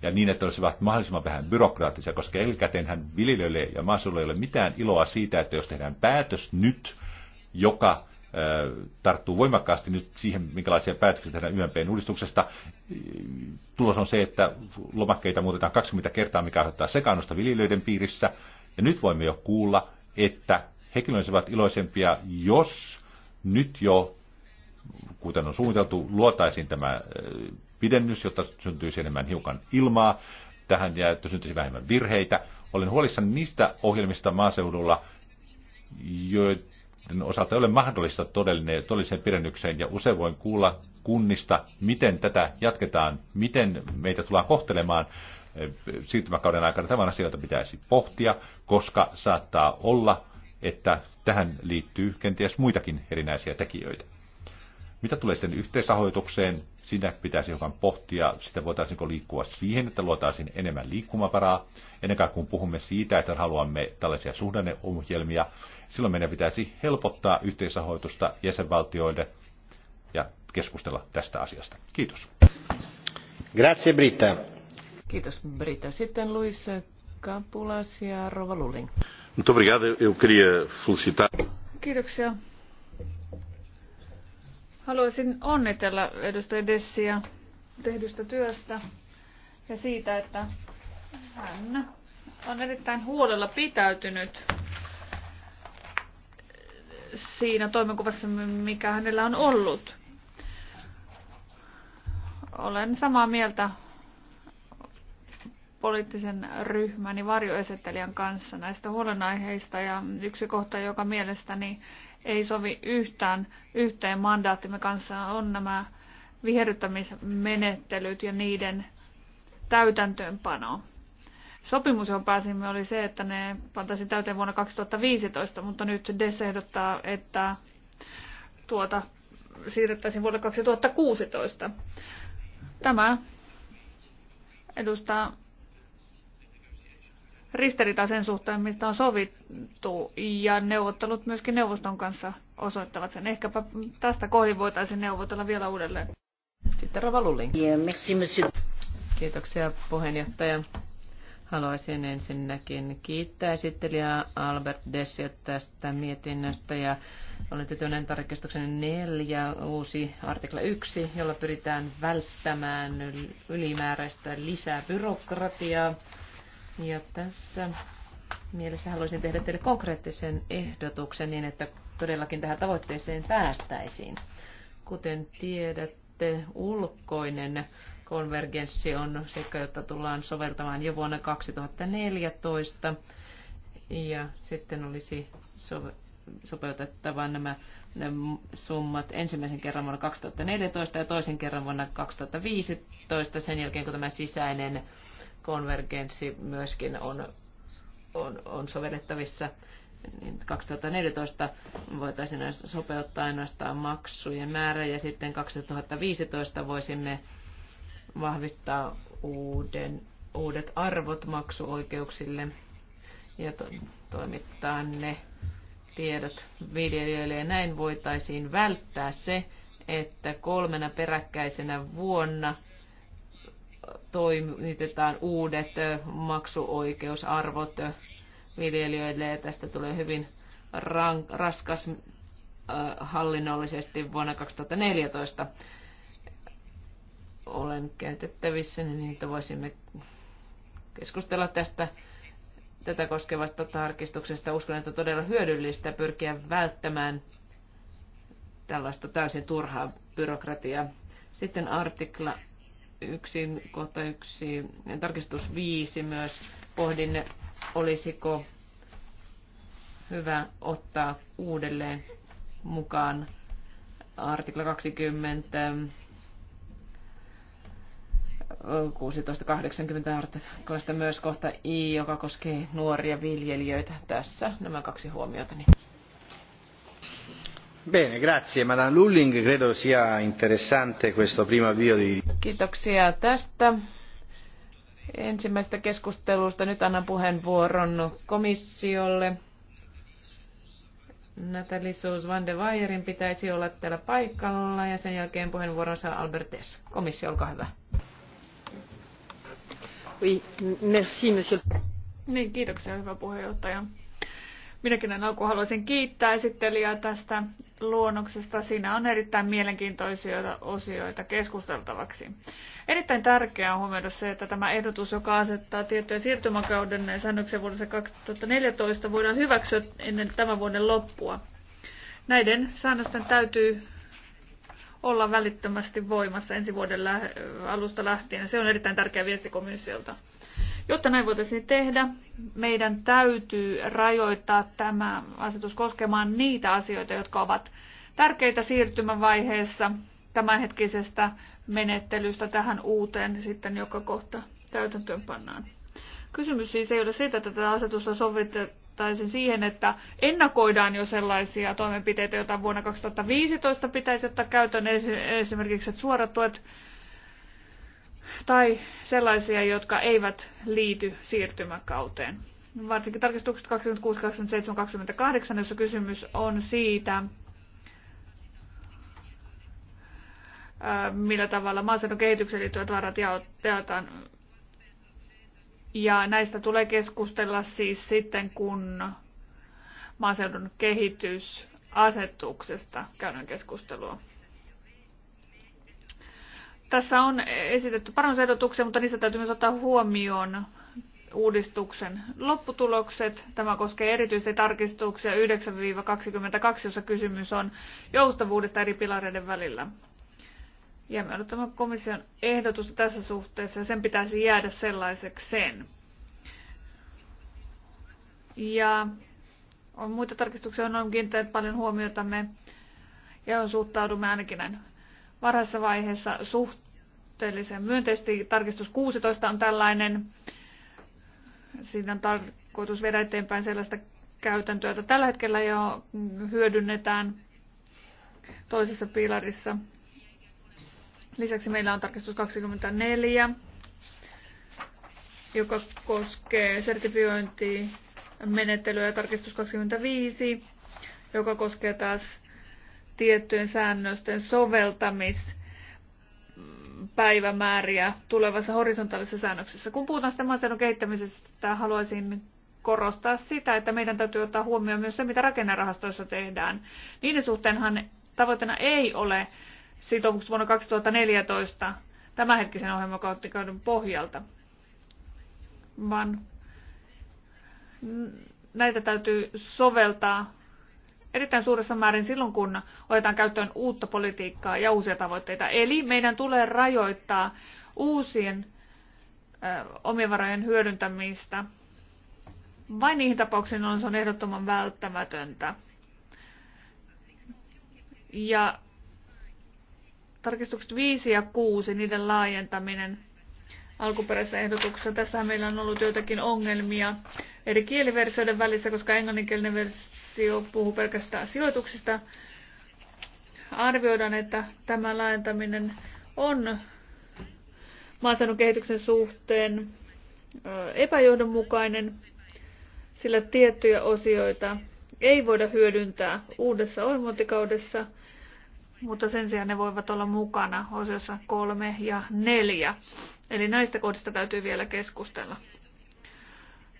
ja niin, että olisivat mahdollisimman vähän byrokraattisia, koska etukäteenhän viljelijöille ja maaseudulle ei ole mitään iloa siitä, että jos tehdään päätös nyt, joka tarttuu voimakkaasti nyt siihen, minkälaisia päätöksiä tehdään YMPn uudistuksesta. Tulos on se, että lomakkeita muutetaan 20 kertaa, mikä aiheuttaa sekaannusta viljelijöiden piirissä. Ja nyt voimme jo kuulla, että hekin olisivat iloisempia, jos nyt jo, kuten on suunniteltu, luotaisiin tämä äh, pidennys, jotta syntyisi enemmän hiukan ilmaa tähän ja että syntyisi vähemmän virheitä. Olen huolissani niistä ohjelmista maaseudulla, joiden osalta ei ole mahdollista todellinen, todelliseen pidennykseen ja usein voin kuulla kunnista, miten tätä jatketaan, miten meitä tullaan kohtelemaan äh, siirtymäkauden aikana. Tämän asioita pitäisi pohtia, koska saattaa olla, että tähän liittyy kenties muitakin erinäisiä tekijöitä. Mitä tulee sitten yhteisrahoitukseen, sitä pitäisi hiukan pohtia, sitä voitaisiinko liikkua siihen, että luotaisiin enemmän liikkumavaraa. Ennen kaikkea kun puhumme siitä, että haluamme tällaisia suhdanneohjelmia, silloin meidän pitäisi helpottaa yhteisrahoitusta jäsenvaltioille ja keskustella tästä asiasta. Kiitos. Grazie Britta. Kiitos Britta. Sitten Luis Kampulas ja Rova Lulling. Muito obrigado. Eu queria felicitar. Kiitoksia. Haluaisin onnitella edustaja Dessiä tehdystä työstä ja siitä, että hän on erittäin huolella pitäytynyt siinä toimenkuvassa, mikä hänellä on ollut. Olen samaa mieltä poliittisen ryhmäni varjoesittelijän kanssa näistä huolenaiheista ja yksi kohta, joka mielestäni ei sovi yhtään yhteen mandaattimme kanssa, on nämä viherryttämismenettelyt ja niiden täytäntöönpano. Sopimus, johon pääsimme, oli se, että ne pantaisiin täyteen vuonna 2015, mutta nyt DES ehdottaa, että tuota siirrettäisiin vuonna 2016. Tämä edustaa ristiriita sen suhteen, mistä on sovittu, ja neuvottelut myöskin neuvoston kanssa osoittavat sen. Ehkäpä tästä kohdin voitaisiin neuvotella vielä uudelleen. Sitten Rova Lullin. Kiitoksia puheenjohtaja. Haluaisin ensinnäkin kiittää esittelijää Albert Dessiä tästä mietinnöstä ja olen tyytyväinen tarkistuksen neljä, uusi artikla 1, jolla pyritään välttämään ylimääräistä lisää byrokratiaa ja tässä mielessä haluaisin tehdä teille konkreettisen ehdotuksen niin, että todellakin tähän tavoitteeseen päästäisiin. Kuten tiedätte, ulkoinen konvergenssi on seikka, jota tullaan soveltamaan jo vuonna 2014. Ja sitten olisi sove- sopeutettava nämä, nämä summat ensimmäisen kerran vuonna 2014 ja toisen kerran vuonna 2015 sen jälkeen, kun tämä sisäinen konvergenssi myöskin on, on, on sovellettavissa. Niin 2014 voitaisiin sopeuttaa ainoastaan maksujen määrä ja sitten 2015 voisimme vahvistaa uuden, uudet arvot maksuoikeuksille ja to, toimittaa ne tiedot viljelijöille. Ja näin voitaisiin välttää se, että kolmena peräkkäisenä vuonna – toimitetaan uudet maksuoikeusarvot viljelijöille ja tästä tulee hyvin rank, raskas äh, hallinnollisesti vuonna 2014 olen käytettävissä, niin niitä voisimme keskustella tästä tätä koskevasta tarkistuksesta. Uskon, että on todella hyödyllistä pyrkiä välttämään tällaista täysin turhaa byrokratiaa. Sitten artikla yksin kohta yksi, tarkistus viisi myös pohdin, olisiko hyvä ottaa uudelleen mukaan artikla 20 1680 artiklasta myös kohta I, joka koskee nuoria viljelijöitä. Tässä nämä kaksi huomiota. Niin. Credo sia interessante questo primo avvio di... Kiitoksia tästä ensimmäisestä keskustelusta. Nyt annan puheenvuoron komissiolle. Nathalie Sous van de Weyerin pitäisi olla täällä paikalla ja sen jälkeen puheenvuoron saa Albert Dess. Komissio, olkaa hyvä. Oui, merci, monsieur. Niin, kiitoksia, hyvä puheenjohtaja. Minäkin näin alkuun haluaisin kiittää esittelijää tästä luonnoksesta. Siinä on erittäin mielenkiintoisia osioita keskusteltavaksi. Erittäin tärkeää on huomioida se, että tämä ehdotus, joka asettaa tiettyjen siirtymäkauden säännöksen vuodessa 2014, voidaan hyväksyä ennen tämän vuoden loppua. Näiden säännösten täytyy olla välittömästi voimassa ensi vuoden alusta lähtien. Se on erittäin tärkeä viesti komissiolta. Jotta näin voitaisiin tehdä, meidän täytyy rajoittaa tämä asetus koskemaan niitä asioita, jotka ovat tärkeitä siirtymävaiheessa tämänhetkisestä menettelystä tähän uuteen, sitten joka kohta täytäntöön pannaan. Kysymys siis ei ole siitä, että tätä asetusta sovitettaisiin siihen, että ennakoidaan jo sellaisia toimenpiteitä, joita vuonna 2015 pitäisi ottaa käyttöön, esimerkiksi suorat tuet tai sellaisia, jotka eivät liity siirtymäkauteen. Varsinkin tarkistukset 26, 27, 28, jossa kysymys on siitä, millä tavalla maaseudun kehitykseen liittyvät varat jaotaan. Ja näistä tulee keskustella siis sitten, kun maaseudun kehitysasetuksesta käydään keskustelua. Tässä on esitetty parannusehdotuksia, mutta niissä täytyy myös ottaa huomioon uudistuksen lopputulokset. Tämä koskee erityisesti tarkistuksia 9-22, jossa kysymys on joustavuudesta eri pilareiden välillä. Ja me odotamme komission ehdotusta tässä suhteessa ja sen pitäisi jäädä sellaisekseen. Ja on muita tarkistuksia, on kiinnittänyt paljon huomiota me ja on suhtaudumme ainakin näin varhaisessa vaiheessa suhteellisen myönteisesti. Tarkistus 16 on tällainen. Siinä on tarkoitus viedä eteenpäin sellaista käytäntöä, jota tällä hetkellä jo hyödynnetään toisessa pilarissa. Lisäksi meillä on tarkistus 24, joka koskee sertifiointimenettelyä ja tarkistus 25, joka koskee taas tiettyjen säännösten soveltamispäivämääriä tulevassa horisontaalisessa säännöksessä. Kun puhutaan sitten maaseudun kehittämisestä, haluaisin korostaa sitä, että meidän täytyy ottaa huomioon myös se, mitä rakennerahastoissa tehdään. Niiden suhteenhan tavoitteena ei ole sitoumukset vuonna 2014 tämänhetkisen ohjelmakauden pohjalta, vaan näitä täytyy soveltaa erittäin suuressa määrin silloin, kun otetaan käyttöön uutta politiikkaa ja uusia tavoitteita. Eli meidän tulee rajoittaa uusien omien varojen hyödyntämistä. Vain niihin tapauksiin on se on ehdottoman välttämätöntä. Ja tarkistukset 5 ja 6, niiden laajentaminen alkuperäisessä ehdotuksessa. Tässä meillä on ollut joitakin ongelmia eri kieliversioiden välissä, koska englanninkielinen komissio puhuu pelkästään sijoituksista. Arvioidaan, että tämä laajentaminen on maaseudun kehityksen suhteen epäjohdonmukainen, sillä tiettyjä osioita ei voida hyödyntää uudessa ohjelmointikaudessa, mutta sen sijaan ne voivat olla mukana osiossa kolme ja neljä. Eli näistä kohdista täytyy vielä keskustella.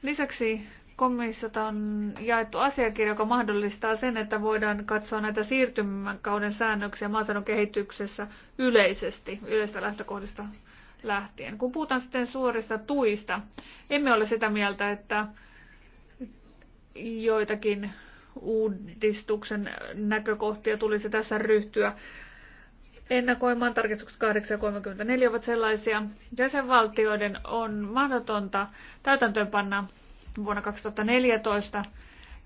Lisäksi komissiota on jaettu asiakirja, joka mahdollistaa sen, että voidaan katsoa näitä siirtymäkauden säännöksiä maaseudun kehityksessä yleisesti, yleistä lähtökohdista lähtien. Kun puhutaan sitten suorista tuista, emme ole sitä mieltä, että joitakin uudistuksen näkökohtia tulisi tässä ryhtyä. Ennakoimaan tarkistukset 8 ja 34 ovat sellaisia. Jäsenvaltioiden on mahdotonta täytäntöönpanna vuonna 2014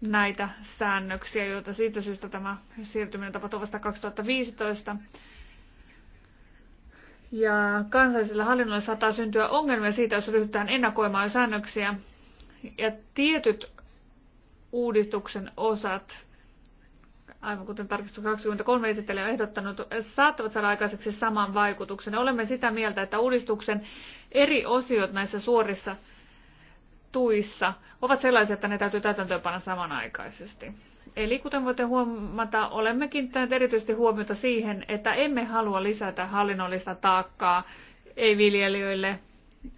näitä säännöksiä, joita siitä syystä tämä siirtyminen tapahtuu vasta 2015. Ja kansallisilla hallinnoilla saattaa syntyä ongelmia siitä, jos ryhdytään ennakoimaan säännöksiä. Ja tietyt uudistuksen osat, aivan kuten tarkistus 23 esittelijä on ehdottanut, saattavat saada aikaiseksi saman vaikutuksen. Olemme sitä mieltä, että uudistuksen eri osiot näissä suorissa tuissa ovat sellaisia, että ne täytyy täytäntöönpana samanaikaisesti. Eli kuten voitte huomata, olemme kiinnittäneet erityisesti huomiota siihen, että emme halua lisätä hallinnollista taakkaa ei viljelijöille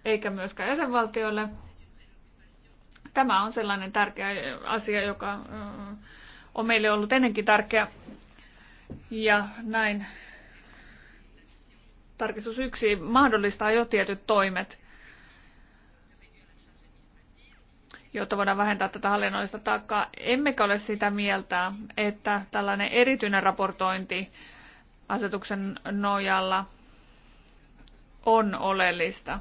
eikä myöskään jäsenvaltioille. Tämä on sellainen tärkeä asia, joka on meille ollut ennenkin tärkeä. Ja näin tarkistus yksi mahdollistaa jo tietyt toimet jotta voidaan vähentää tätä hallinnollista taakkaa. Emmekä ole sitä mieltä, että tällainen erityinen raportointi asetuksen nojalla on oleellista.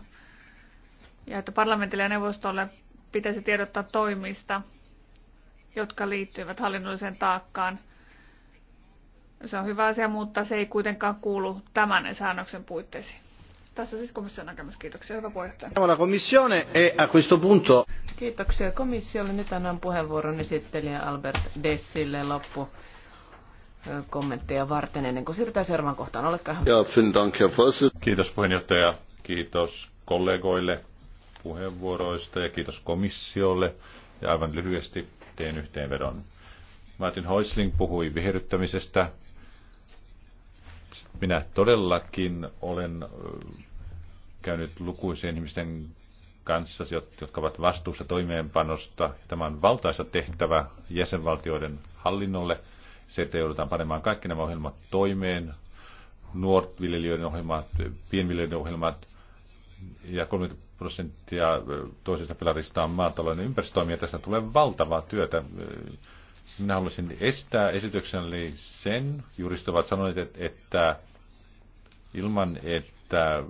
Ja että parlamentille ja neuvostolle pitäisi tiedottaa toimista, jotka liittyvät hallinnolliseen taakkaan. Se on hyvä asia, mutta se ei kuitenkaan kuulu tämän säännöksen puitteisiin. Tässä siis komission näkemys. Kiitoksia, hyvä puheenjohtaja. E Kiitoksia komissiolle. Nyt annan puheenvuoron esittelijä Albert Dessille loppu kommentteja varten ennen kuin siirrytään seuraavaan kohtaan. Olekaa hyvä. Kiitos puheenjohtaja. Kiitos kollegoille puheenvuoroista ja kiitos komissiolle. Ja aivan lyhyesti teen yhteenvedon. Martin Häusling puhui viherryttämisestä, minä todellakin olen käynyt lukuisien ihmisten kanssa, jotka ovat vastuussa toimeenpanosta. Tämä on valtaisa tehtävä jäsenvaltioiden hallinnolle. Se, että joudutaan panemaan kaikki nämä ohjelmat toimeen, nuortviljelijöiden ohjelmat, pienviljelijöiden ohjelmat ja 30 prosenttia toisesta pilarista on maatalouden ympäristötoimia. Tästä tulee valtavaa työtä minä haluaisin estää esitykseni sen, juristit ovat sanoneet, että ilman, että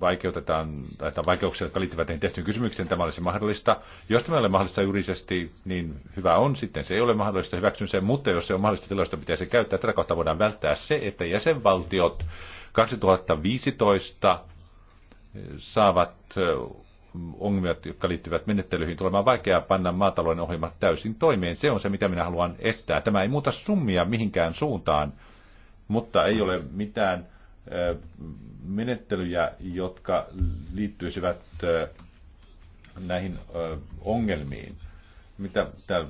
vaikeutetaan, tai vaikeuksia, jotka liittyvät näihin tehtyyn kysymykseen, tämä olisi mahdollista. Jos tämä ei ole mahdollista juridisesti, niin hyvä on sitten. Se ei ole mahdollista, hyväksyä sen, mutta jos se on mahdollista, tilasto pitäisi käyttää. Tätä kautta voidaan välttää se, että jäsenvaltiot 2015 saavat ongelmia, jotka liittyvät menettelyihin, tulemaan vaikeaa panna maatalouden ohjelma täysin toimeen. Se on se, mitä minä haluan estää. Tämä ei muuta summia mihinkään suuntaan, mutta ei ole mitään menettelyjä, jotka liittyisivät näihin ongelmiin. Mitä täällä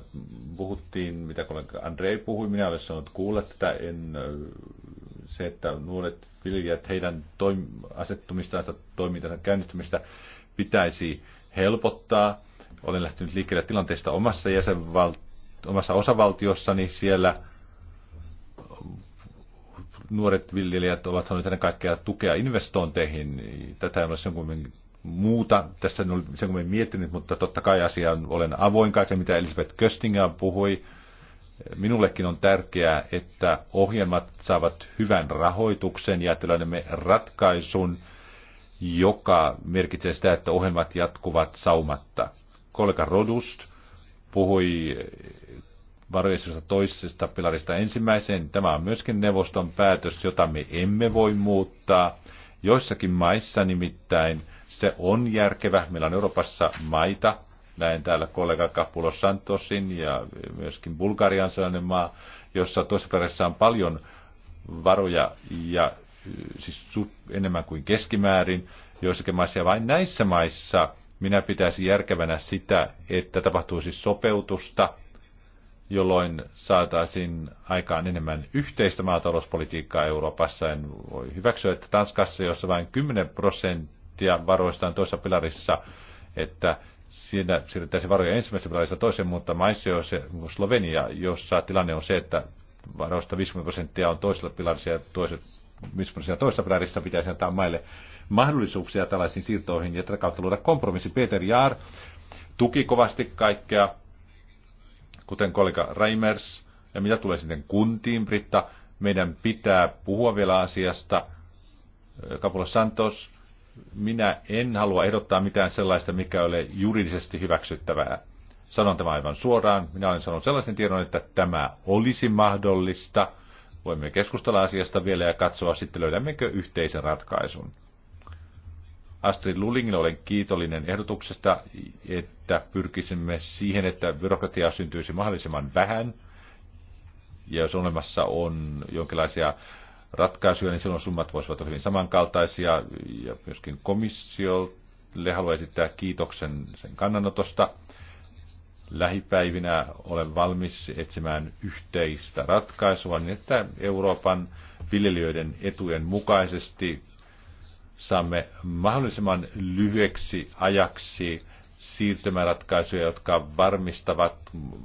puhuttiin, mitä kollega Andrei puhui, minä olen sanonut kuulla tätä, en, se, että nuoret viljelijät, heidän toim- asettumistansa, toimintansa, käynnistymistä, pitäisi helpottaa. Olen lähtenyt liikkeelle tilanteesta omassa, jäsenval- omassa osavaltiossani. Siellä nuoret viljelijät ovat saaneet ennen kaikkea tukea investointeihin. Tätä ei ole sen kuin muuta. Tässä en ole sen kuin miettinyt, mutta totta kai on olen avoin kaiken, mitä Elisabeth Köstinger puhui. Minullekin on tärkeää, että ohjelmat saavat hyvän rahoituksen ja että löydämme ratkaisun – joka merkitsee sitä, että ohjelmat jatkuvat saumatta. Kollega Rodust puhui varoisesta toisesta pilarista ensimmäiseen. Tämä on myöskin neuvoston päätös, jota me emme voi muuttaa. Joissakin maissa nimittäin se on järkevä. Meillä on Euroopassa maita, näin täällä kollega Kapulos Santosin ja myöskin Bulgarian sellainen maa, jossa toisessa on paljon varoja ja siis enemmän kuin keskimäärin joissakin maissa. Ja vain näissä maissa minä pitäisin järkevänä sitä, että tapahtuisi sopeutusta, jolloin saataisiin aikaan enemmän yhteistä maatalouspolitiikkaa Euroopassa. En voi hyväksyä, että Tanskassa, jossa vain 10 prosenttia varoista on toisessa pilarissa, että siinä siirrettäisiin varoja ensimmäisessä pilarissa toiseen, mutta maissa, joissa Slovenia, jossa tilanne on se, että varoista 50 prosenttia on toisella pilarissa ja toiset siellä toista pilarissa pitäisi antaa maille mahdollisuuksia tällaisiin siirtoihin ja tätä kautta luoda kompromissi. Peter Jaar tuki kovasti kaikkea, kuten kollega Reimers. Ja mitä tulee sitten kuntiin, Britta, meidän pitää puhua vielä asiasta. Kapula Santos, minä en halua ehdottaa mitään sellaista, mikä ei ole juridisesti hyväksyttävää. Sanon tämä aivan suoraan. Minä olen sanonut sellaisen tiedon, että tämä olisi mahdollista – Voimme keskustella asiasta vielä ja katsoa sitten löydämmekö yhteisen ratkaisun. Astrid Lulingille olen kiitollinen ehdotuksesta, että pyrkisimme siihen, että byrokratiaa syntyisi mahdollisimman vähän. Ja jos olemassa on jonkinlaisia ratkaisuja, niin silloin summat voisivat olla hyvin samankaltaisia. Ja myöskin komissiolle haluan esittää kiitoksen sen kannanotosta lähipäivinä olen valmis etsimään yhteistä ratkaisua niin, että Euroopan viljelijöiden etujen mukaisesti saamme mahdollisimman lyhyeksi ajaksi siirtymäratkaisuja, jotka varmistavat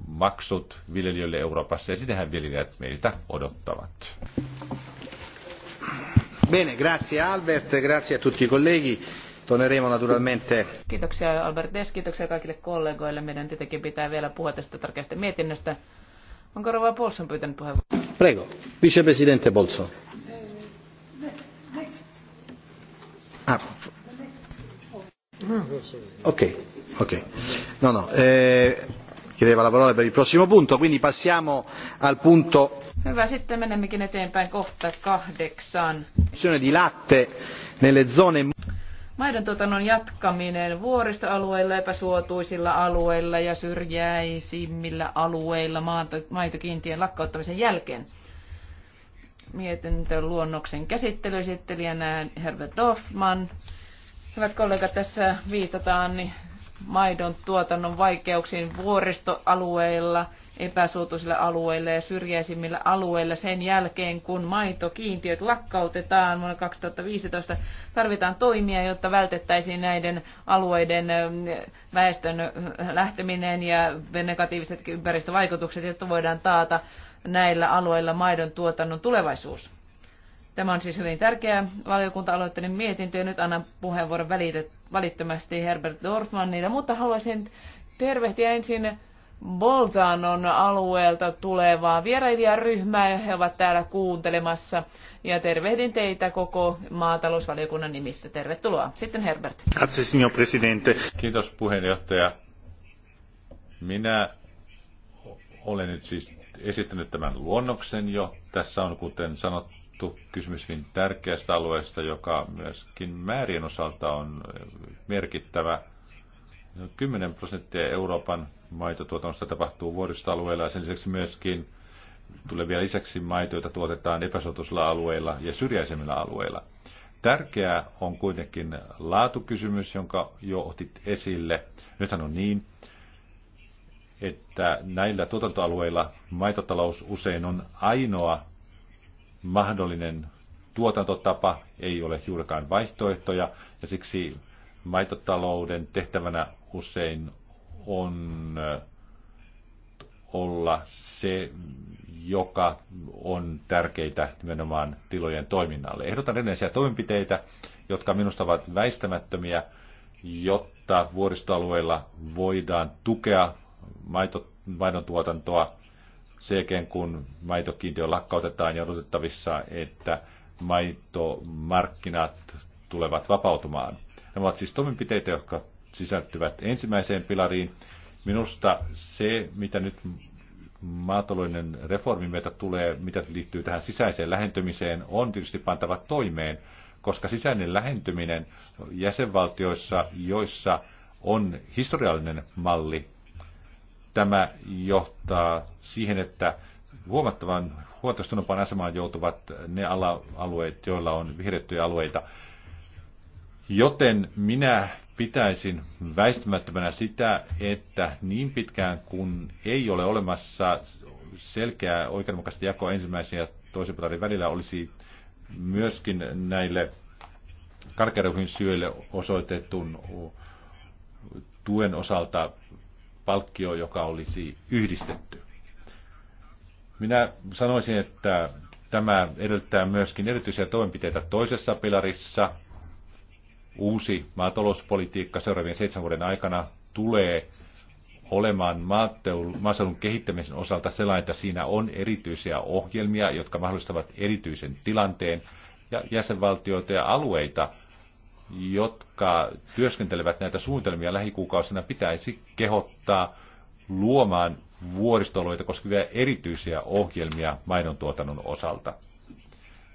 maksut viljelijöille Euroopassa, ja sitähän viljelijät meiltä odottavat. Bene, grazie Albert, grazie a tutti i colleghi. Toneremo naturalmente. Kiitoksia Albertes, kiitoksia kaikille kollegoille. Meidän tietenkin pitää vielä puhua tästä tärkeästä mietinnöstä. Onko Rova Bolson pyytänyt puheenvuoron? Prego, vicepresidente Bolson. Ah. Ok, ok. No, no. Eh, chiedeva la parola per il prossimo punto, quindi passiamo al punto... Hyvä, sitten menemmekin eteenpäin kohta kahdeksan. ...di latte nelle zone Maidontuotannon jatkaminen vuoristoalueilla, epäsuotuisilla alueilla ja syrjäisimmillä alueilla maitokiintien lakkauttamisen jälkeen. Mietintö luonnoksen esittelijänä Herbert Dorfman. Hyvät kollegat, tässä viitataan niin maidon tuotannon vaikeuksiin vuoristoalueilla – epäsuotuisille alueille ja syrjäisimmille alueille sen jälkeen, kun maitokiintiöt lakkautetaan vuonna 2015. Tarvitaan toimia, jotta vältettäisiin näiden alueiden ähm, väestön äh, lähteminen ja negatiiviset ympäristövaikutukset, jotta voidaan taata näillä alueilla maidon tuotannon tulevaisuus. Tämä on siis hyvin tärkeä valiokunta-aloitteinen mietintö ja nyt annan puheenvuoron välittömästi Herbert Dorfmannille, mutta haluaisin tervehtiä ensin Bolzanon alueelta tulevaa vierailijaryhmää. He ovat täällä kuuntelemassa ja tervehdin teitä koko maatalousvaliokunnan nimissä. Tervetuloa. Sitten Herbert. Kiitos puheenjohtaja. Minä olen nyt siis esittänyt tämän luonnoksen jo. Tässä on, kuten sanottu, kysymys hyvin tärkeästä alueesta, joka myöskin määrien osalta on merkittävä. 10 prosenttia Euroopan maitotuotannosta tapahtuu vuoristoalueilla ja sen lisäksi myöskin tulee vielä lisäksi maito, tuotetaan epäsuotuisilla alueilla ja syrjäisemmillä alueilla. Tärkeää on kuitenkin laatukysymys, jonka jo otit esille. Nythän on niin, että näillä tuotantoalueilla maitotalous usein on ainoa mahdollinen tuotantotapa, ei ole juurikaan vaihtoehtoja, ja siksi maitotalouden tehtävänä usein on äh, olla se, joka on tärkeitä nimenomaan tilojen toiminnalle. Ehdotan erilaisia toimenpiteitä, jotka minusta ovat väistämättömiä, jotta vuoristoalueilla voidaan tukea maito, maidon tuotantoa sen jälkeen, kun maitokiintiö lakkautetaan ja odotettavissa, että maitomarkkinat tulevat vapautumaan. Nämä ovat siis toimenpiteitä, jotka sisältyvät ensimmäiseen pilariin. Minusta se, mitä nyt maatalouden reformi meitä tulee, mitä liittyy tähän sisäiseen lähentymiseen, on tietysti pantava toimeen, koska sisäinen lähentyminen jäsenvaltioissa, joissa on historiallinen malli, tämä johtaa siihen, että huomattavan huomattavasti asemaan joutuvat ne ala-alueet, joilla on vihrettyjä alueita. Joten minä pitäisin väistämättömänä sitä, että niin pitkään kun ei ole olemassa selkeää oikeudenmukaista jakoa ensimmäisen ja toisen pilarin välillä, olisi myöskin näille karkeruhin syöille osoitetun tuen osalta palkkio, joka olisi yhdistetty. Minä sanoisin, että tämä edellyttää myöskin erityisiä toimenpiteitä toisessa pilarissa – Uusi maatalouspolitiikka seuraavien seitsemän vuoden aikana tulee olemaan maaseudun kehittämisen osalta sellainen, että siinä on erityisiä ohjelmia, jotka mahdollistavat erityisen tilanteen ja jäsenvaltioita ja alueita, jotka työskentelevät näitä suunnitelmia lähikuukausina, pitäisi kehottaa luomaan vuoristoloita koskevia erityisiä ohjelmia mainontuotannon osalta.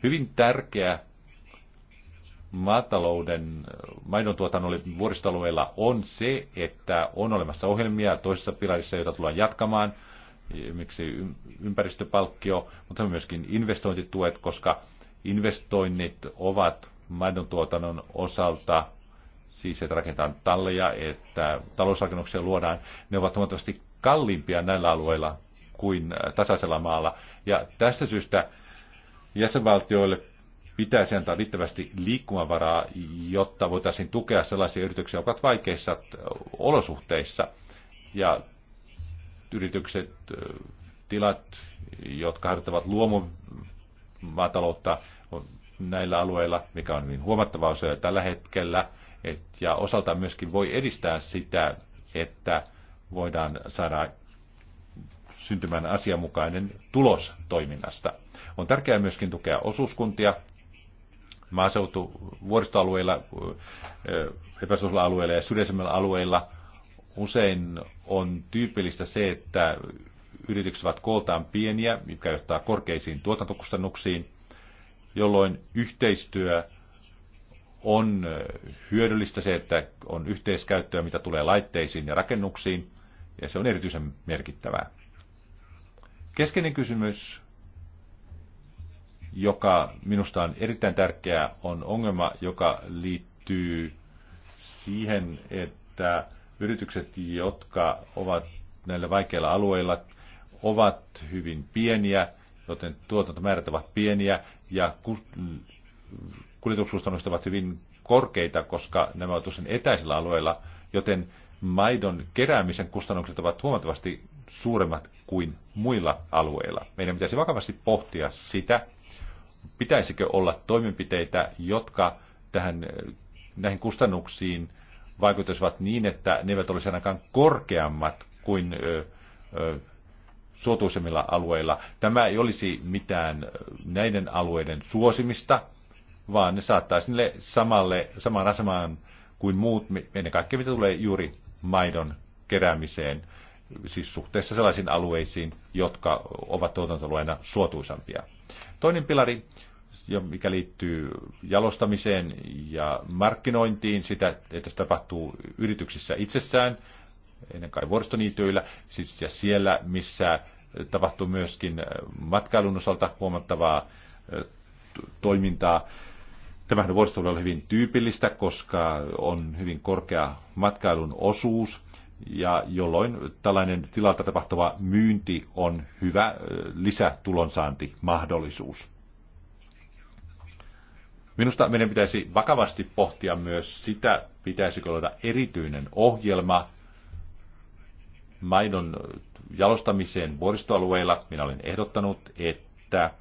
Hyvin tärkeä maatalouden maidontuotannolle vuoristoalueilla on se, että on olemassa ohjelmia toisessa pilarissa, joita tullaan jatkamaan, miksi ympäristöpalkkio, mutta myöskin investointituet, koska investoinnit ovat maidontuotannon osalta, siis että rakennetaan talleja, että talousrakennuksia luodaan, ne ovat huomattavasti kalliimpia näillä alueilla kuin tasaisella maalla. Ja tästä syystä jäsenvaltioille pitäisi antaa riittävästi liikkumavaraa, jotta voitaisiin tukea sellaisia yrityksiä, jotka ovat vaikeissa äh, olosuhteissa. Ja yritykset, äh, tilat, jotka harjoittavat luomumaataloutta näillä alueilla, mikä on niin huomattava osa jo tällä hetkellä, et, ja osalta myöskin voi edistää sitä, että voidaan saada syntymään asianmukainen tulos toiminnasta. On tärkeää myöskin tukea osuuskuntia, maaseutu vuoristoalueilla, eh, epäsuosilla alueilla ja syrjäisemmillä alueilla usein on tyypillistä se, että yritykset ovat kooltaan pieniä, mikä johtaa korkeisiin tuotantokustannuksiin, jolloin yhteistyö on hyödyllistä se, että on yhteiskäyttöä, mitä tulee laitteisiin ja rakennuksiin, ja se on erityisen merkittävää. Keskeinen kysymys joka minusta on erittäin tärkeä, on ongelma, joka liittyy siihen, että yritykset, jotka ovat näillä vaikeilla alueilla, ovat hyvin pieniä, joten tuotantomäärät ovat pieniä ja kuljetuskustannukset ovat hyvin korkeita, koska nämä ovat usein etäisillä alueilla, joten maidon keräämisen kustannukset ovat huomattavasti suuremmat kuin muilla alueilla. Meidän pitäisi vakavasti pohtia sitä, pitäisikö olla toimenpiteitä, jotka tähän, eh, näihin kustannuksiin vaikuttaisivat niin, että ne eivät olisi ainakaan korkeammat kuin ö, eh, ö, eh, suotuisemmilla alueilla. Tämä ei olisi mitään näiden alueiden suosimista, vaan ne saattaisi niille samalle, samaan asemaan kuin muut, ennen kaikkea mitä tulee juuri maidon keräämiseen, siis suhteessa sellaisiin alueisiin, jotka ovat tuotantoalueena suotuisampia. Toinen pilari, mikä liittyy jalostamiseen ja markkinointiin, sitä, että se tapahtuu yrityksissä itsessään, ennen kaikkea vuoristoniityillä, siis ja siellä, missä tapahtuu myöskin äh, matkailun osalta huomattavaa äh, toimintaa. Tämähän on hyvin tyypillistä, koska on hyvin korkea matkailun osuus ja jolloin tällainen tilalta tapahtuva myynti on hyvä lisätulonsaantimahdollisuus. Minusta meidän pitäisi vakavasti pohtia myös sitä, pitäisikö olla erityinen ohjelma maidon jalostamiseen vuoristoalueilla. Minä olen ehdottanut, että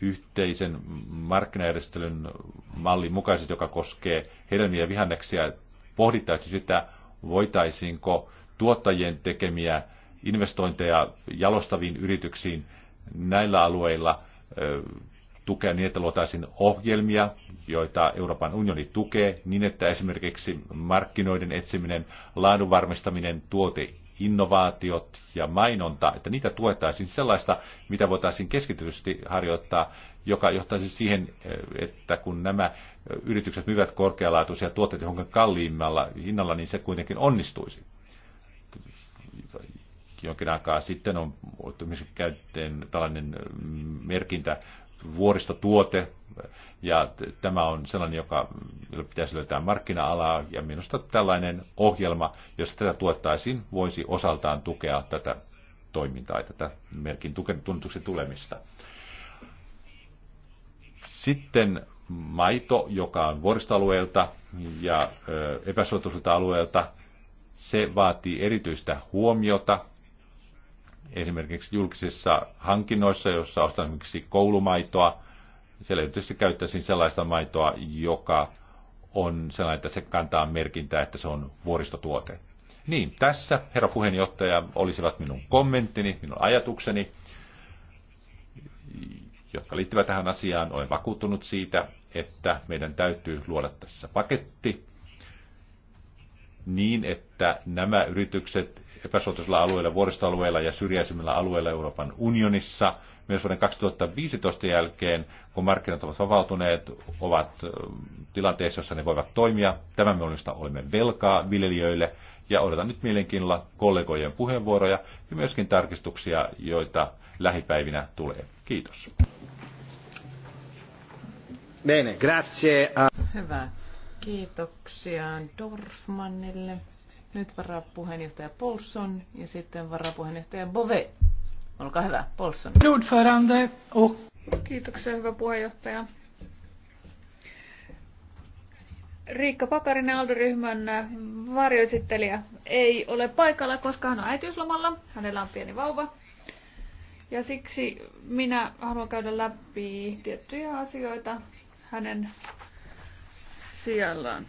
yhteisen markkinajärjestelyn mallin mukaisesti, joka koskee hedelmiä ja vihanneksia, pohdittaisiin sitä, voitaisiinko tuottajien tekemiä investointeja jalostaviin yrityksiin näillä alueilla tukea niin, että luotaisiin ohjelmia, joita Euroopan unioni tukee, niin että esimerkiksi markkinoiden etsiminen, laadun varmistaminen, tuote innovaatiot ja mainonta, että niitä tuetaisiin sellaista, mitä voitaisiin keskitytysti harjoittaa, joka johtaisi siihen, että kun nämä yritykset myyvät korkealaatuisia tuotteita johonkin kalliimmalla hinnalla, niin se kuitenkin onnistuisi. Jonkin aikaa sitten on käyttäen tällainen merkintä vuoristotuote, ja tämä on sellainen, joka pitäisi löytää markkina-alaa, ja minusta tällainen ohjelma, jos tätä tuottaisiin, voisi osaltaan tukea tätä toimintaa ja tätä merkin tunnetuksi tulemista. Sitten maito, joka on vuoristoalueelta ja epäsuotuisilta alueelta, se vaatii erityistä huomiota esimerkiksi julkisissa hankinnoissa, jossa ostan esimerkiksi koulumaitoa, siellä tietysti käyttäisin sellaista maitoa, joka on sellainen, että se kantaa merkintää, että se on vuoristotuote. Niin, tässä, herra puheenjohtaja, olisivat minun kommenttini, minun ajatukseni, jotka liittyvät tähän asiaan. Olen vakuuttunut siitä, että meidän täytyy luoda tässä paketti niin, että nämä yritykset, epäsuotuisilla alueilla, vuoristoalueilla ja syrjäisimmillä alueilla Euroopan unionissa. Myös vuoden 2015 jälkeen, kun markkinat ovat vapautuneet, ovat tilanteessa, jossa ne voivat toimia. Tämän me olemme velkaa viljelijöille ja odotan nyt mielenkiinnolla kollegojen puheenvuoroja ja myöskin tarkistuksia, joita lähipäivinä tulee. Kiitos. Bene, grazie. Hyvä. Kiitoksia Dorfmannille. Nyt varapuheenjohtaja Polson ja sitten varapuheenjohtaja Bove. Olkaa hyvä, Polson. Ordförande Kiitoksia, hyvä puheenjohtaja. Riikka Pakarinen Aldo-ryhmän varjoesittelijä ei ole paikalla, koska hän on äitiyslomalla. Hänellä on pieni vauva. Ja siksi minä haluan käydä läpi tiettyjä asioita hänen sijallaan.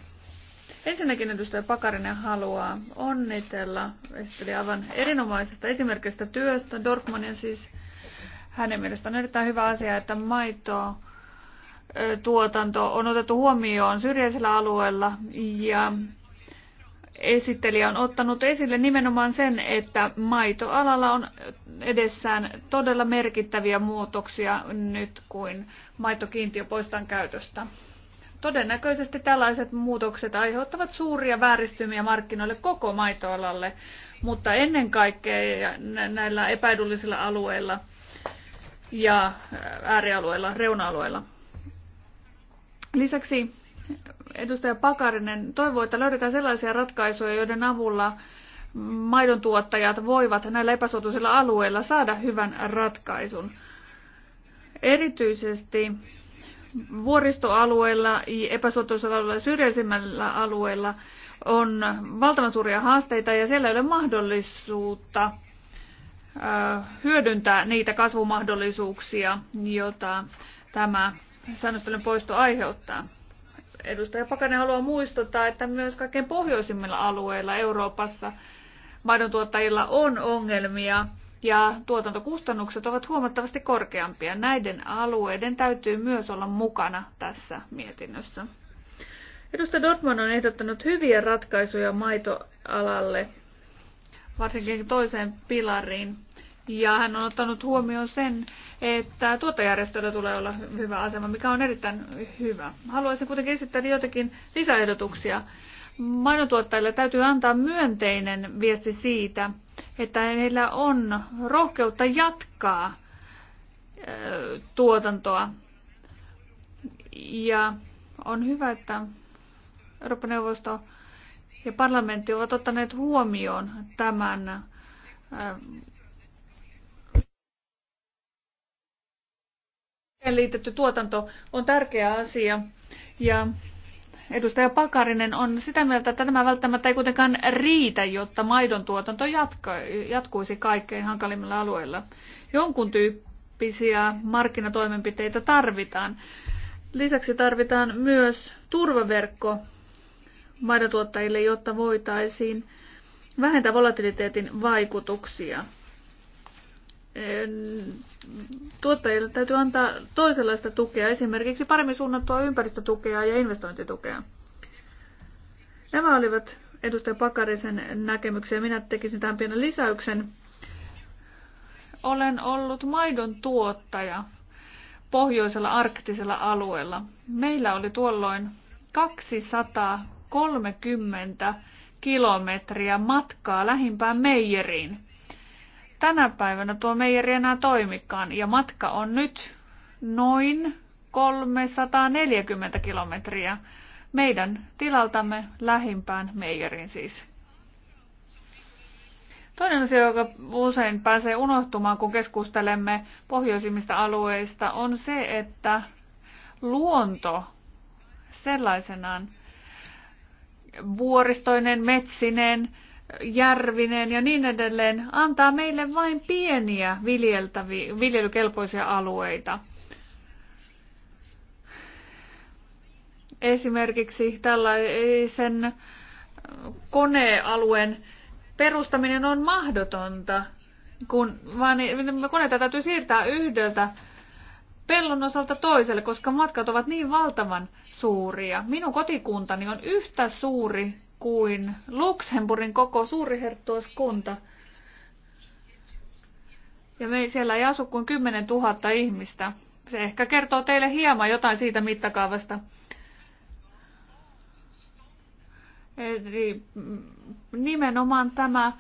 Ensinnäkin edustaja Pakarinen haluaa onnitella esitteli aivan erinomaisesta esimerkistä työstä. Dorfmanin siis hänen mielestään on erittäin hyvä asia, että maito tuotanto on otettu huomioon Syrjäisellä alueella ja esittelijä on ottanut esille nimenomaan sen, että maitoalalla on edessään todella merkittäviä muutoksia nyt, kun maitokiintiö poistetaan käytöstä. Todennäköisesti tällaiset muutokset aiheuttavat suuria vääristymiä markkinoille koko maitoalalle, mutta ennen kaikkea näillä epäedullisilla alueilla ja äärialueilla, reuna-alueilla. Lisäksi edustaja Pakarinen toivoo, että löydetään sellaisia ratkaisuja, joiden avulla maidon tuottajat voivat näillä epäsuotuisilla alueilla saada hyvän ratkaisun. Erityisesti vuoristoalueilla, epäsuotuisilla alueilla, syrjäisimmillä alueilla on valtavan suuria haasteita ja siellä ei ole mahdollisuutta hyödyntää niitä kasvumahdollisuuksia, joita tämä säännöstelyn poisto aiheuttaa. Edustaja Pakanen haluaa muistuttaa, että myös kaikkein pohjoisimmilla alueilla Euroopassa maidontuottajilla on ongelmia ja tuotantokustannukset ovat huomattavasti korkeampia. Näiden alueiden täytyy myös olla mukana tässä mietinnössä. Edustaja Dortman on ehdottanut hyviä ratkaisuja maitoalalle, varsinkin toiseen pilariin. Ja hän on ottanut huomioon sen, että tuottajärjestöllä tulee olla hyvä asema, mikä on erittäin hyvä. Haluaisin kuitenkin esittää joitakin lisäehdotuksia. Mainotuottajille täytyy antaa myönteinen viesti siitä, että heillä on rohkeutta jatkaa tuotantoa. Ja on hyvä, että Euroopan neuvosto ja parlamentti ovat ottaneet huomioon tämän liitetty tuotanto on tärkeä asia. Ja Edustaja Pakarinen on sitä mieltä, että tämä välttämättä ei kuitenkaan riitä, jotta maidon tuotanto jatkuisi kaikkein hankalimmilla alueilla. Jonkun tyyppisiä markkinatoimenpiteitä tarvitaan. Lisäksi tarvitaan myös turvaverkko maidontuottajille, jotta voitaisiin vähentää volatiliteetin vaikutuksia tuottajille täytyy antaa toisenlaista tukea, esimerkiksi paremmin suunnattua ympäristötukea ja investointitukea. Nämä olivat edustaja Pakarisen näkemyksiä. Minä tekisin tähän pienen lisäyksen. Olen ollut maidon tuottaja pohjoisella arktisella alueella. Meillä oli tuolloin 230 kilometriä matkaa lähimpään meijeriin – Tänä päivänä tuo meijeri enää toimikaan ja matka on nyt noin 340 kilometriä meidän tilaltamme lähimpään meijerin siis. Toinen asia, joka usein pääsee unohtumaan, kun keskustelemme pohjoisimmista alueista, on se, että luonto sellaisenaan vuoristoinen, metsinen, Järvinen ja niin edelleen antaa meille vain pieniä viljelykelpoisia alueita. Esimerkiksi tällaisen konealueen perustaminen on mahdotonta, kun vaan niin koneita täytyy siirtää yhdeltä pellon osalta toiselle, koska matkat ovat niin valtavan suuria. Minun kotikuntani on yhtä suuri kuin Luxemburgin koko suuriherttuuskunta. Ja me siellä ei asu kuin 10 000 ihmistä. Se ehkä kertoo teille hieman jotain siitä mittakaavasta. Eli mm, nimenomaan tämä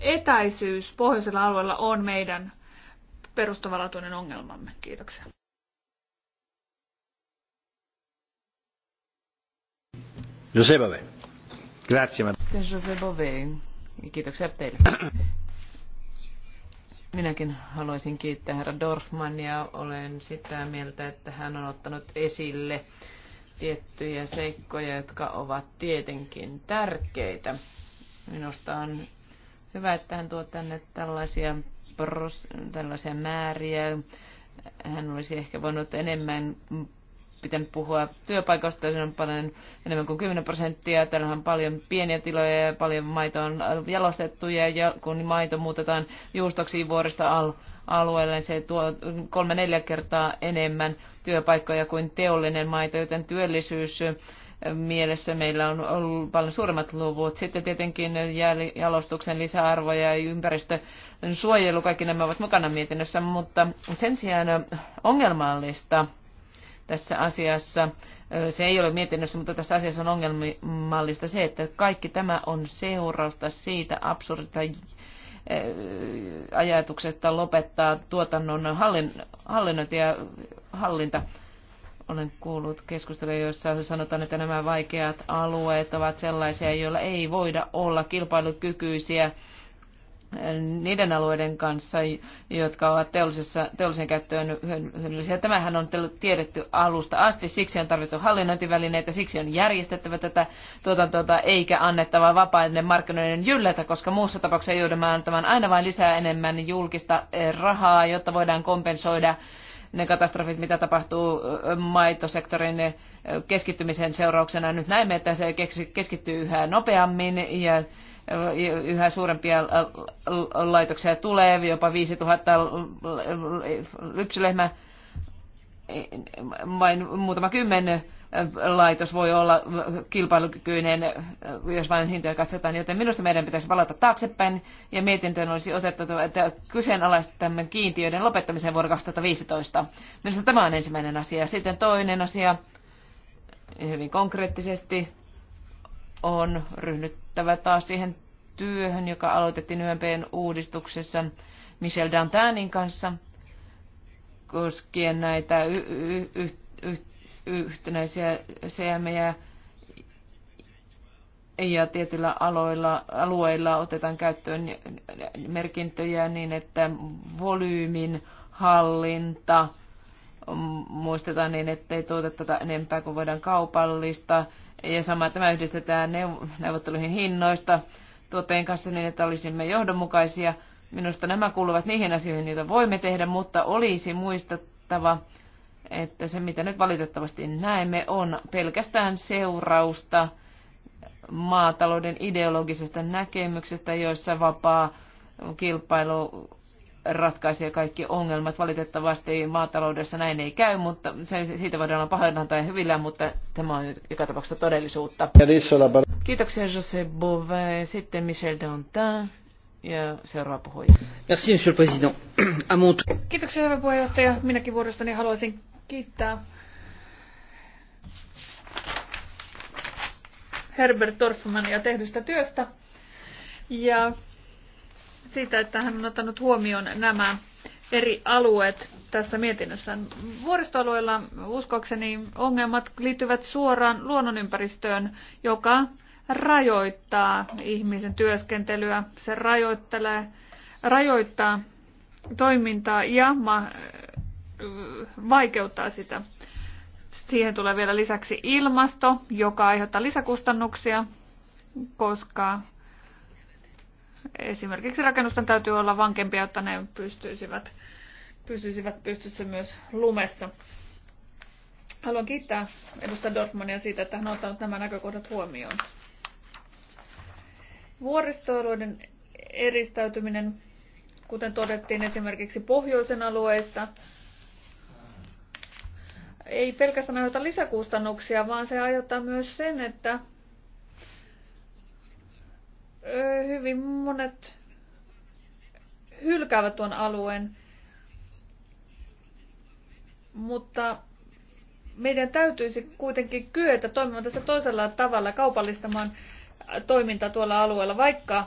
etäisyys pohjoisella alueella on meidän perustavanlaatuinen ongelmamme. Kiitoksia. Josebave. Grazie, Jose Bove. Kiitoksia teille. Minäkin haluaisin kiittää herra Dorfmania. Olen sitä mieltä, että hän on ottanut esille tiettyjä seikkoja, jotka ovat tietenkin tärkeitä. Minusta on hyvä, että hän tuo tänne tällaisia, pros, tällaisia määriä. Hän olisi ehkä voinut enemmän pitänyt puhua työpaikoista, se on paljon enemmän kuin 10 prosenttia. Täällä on paljon pieniä tiloja ja paljon maito on jalostettu ja kun maito muutetaan juustoksi vuorista al- alueelle, se tuo kolme neljä kertaa enemmän työpaikkoja kuin teollinen maito, joten työllisyys mielessä meillä on ollut paljon suuremmat luvut. Sitten tietenkin jalostuksen lisäarvo ja ympäristön suojelu, kaikki nämä ovat mukana mietinnössä, mutta sen sijaan ongelmallista tässä asiassa. Se ei ole mietinnössä, mutta tässä asiassa on ongelmallista se, että kaikki tämä on seurausta siitä absurdita ajatuksesta lopettaa tuotannon hallin, hallinnointi ja hallinta. Olen kuullut keskusteluja, joissa sanotaan, että nämä vaikeat alueet ovat sellaisia, joilla ei voida olla kilpailukykyisiä niiden alueiden kanssa, jotka ovat teollisessa, teollisen käyttöön hyödyllisiä. Tämähän on tiedetty alusta asti, siksi on tarvittu hallinnointivälineitä, siksi on järjestettävä tätä tuotantoa eikä annettava vapaiden markkinoiden jyllätä, koska muussa tapauksessa joudumme antamaan aina vain lisää enemmän julkista eh, rahaa, jotta voidaan kompensoida ne katastrofit, mitä tapahtuu eh, maitosektorin eh, keskittymisen seurauksena. Nyt näemme, että se keskittyy yhä nopeammin ja yhä suurempia laitoksia tulee, jopa 5000 lypsylehmä, vain muutama kymmen laitos voi olla kilpailukykyinen, jos vain hintoja katsotaan, joten minusta meidän pitäisi palata taaksepäin ja mietintöön olisi otettu, että kyseenalaistamme kiintiöiden lopettamisen vuonna 2015. Minusta tämä on ensimmäinen asia. Sitten toinen asia hyvin konkreettisesti on ryhdyttävä taas siihen työhön, joka aloitettiin YMPn uudistuksessa Michel Dantanin kanssa koskien näitä y- y- y- y- yhtenäisiä CM- ja tietyillä aloilla, alueilla otetaan käyttöön merkintöjä niin, että volyymin hallinta muistetaan niin, ettei tuoteta enempää kuin voidaan kaupallista ja sama tämä yhdistetään neuvotteluihin hinnoista tuotteen kanssa niin, että olisimme johdonmukaisia. Minusta nämä kuuluvat niihin asioihin, joita voimme tehdä, mutta olisi muistettava, että se mitä nyt valitettavasti näemme on pelkästään seurausta maatalouden ideologisesta näkemyksestä, joissa vapaa kilpailu ratkaisee kaikki ongelmat. Valitettavasti maataloudessa näin ei käy, mutta se, siitä voidaan olla pahoillaan tai hyvillä, mutta tämä on joka tapauksessa todellisuutta. Niin Kiitoksia José Bové, sitten Michel Dantin ja seuraava puhuja. Merci, monsieur le président. Kiitoksia, hyvä puheenjohtaja. Minäkin vuorostani haluaisin kiittää Herbert Dorfmania tehdystä työstä. Ja siitä, että hän on ottanut huomioon nämä eri alueet tässä mietinnössä. Vuoristoalueilla uskokseni ongelmat liittyvät suoraan luonnonympäristöön, joka rajoittaa ihmisen työskentelyä, se rajoittelee, rajoittaa toimintaa ja ma- vaikeuttaa sitä. Siihen tulee vielä lisäksi ilmasto, joka aiheuttaa lisäkustannuksia, koska Esimerkiksi rakennusten täytyy olla vankempia, jotta ne pystyisivät, pysyisivät pystyssä myös lumessa. Haluan kiittää edustaja Dortmania siitä, että hän on ottanut nämä näkökohdat huomioon. Vuoristoalueiden eristäytyminen, kuten todettiin esimerkiksi pohjoisen alueista, ei pelkästään aiheuta lisäkustannuksia, vaan se aiheuttaa myös sen, että hyvin monet hylkäävät tuon alueen, mutta meidän täytyisi kuitenkin kyetä toimimaan tässä toisella tavalla kaupallistamaan toimintaa tuolla alueella, vaikka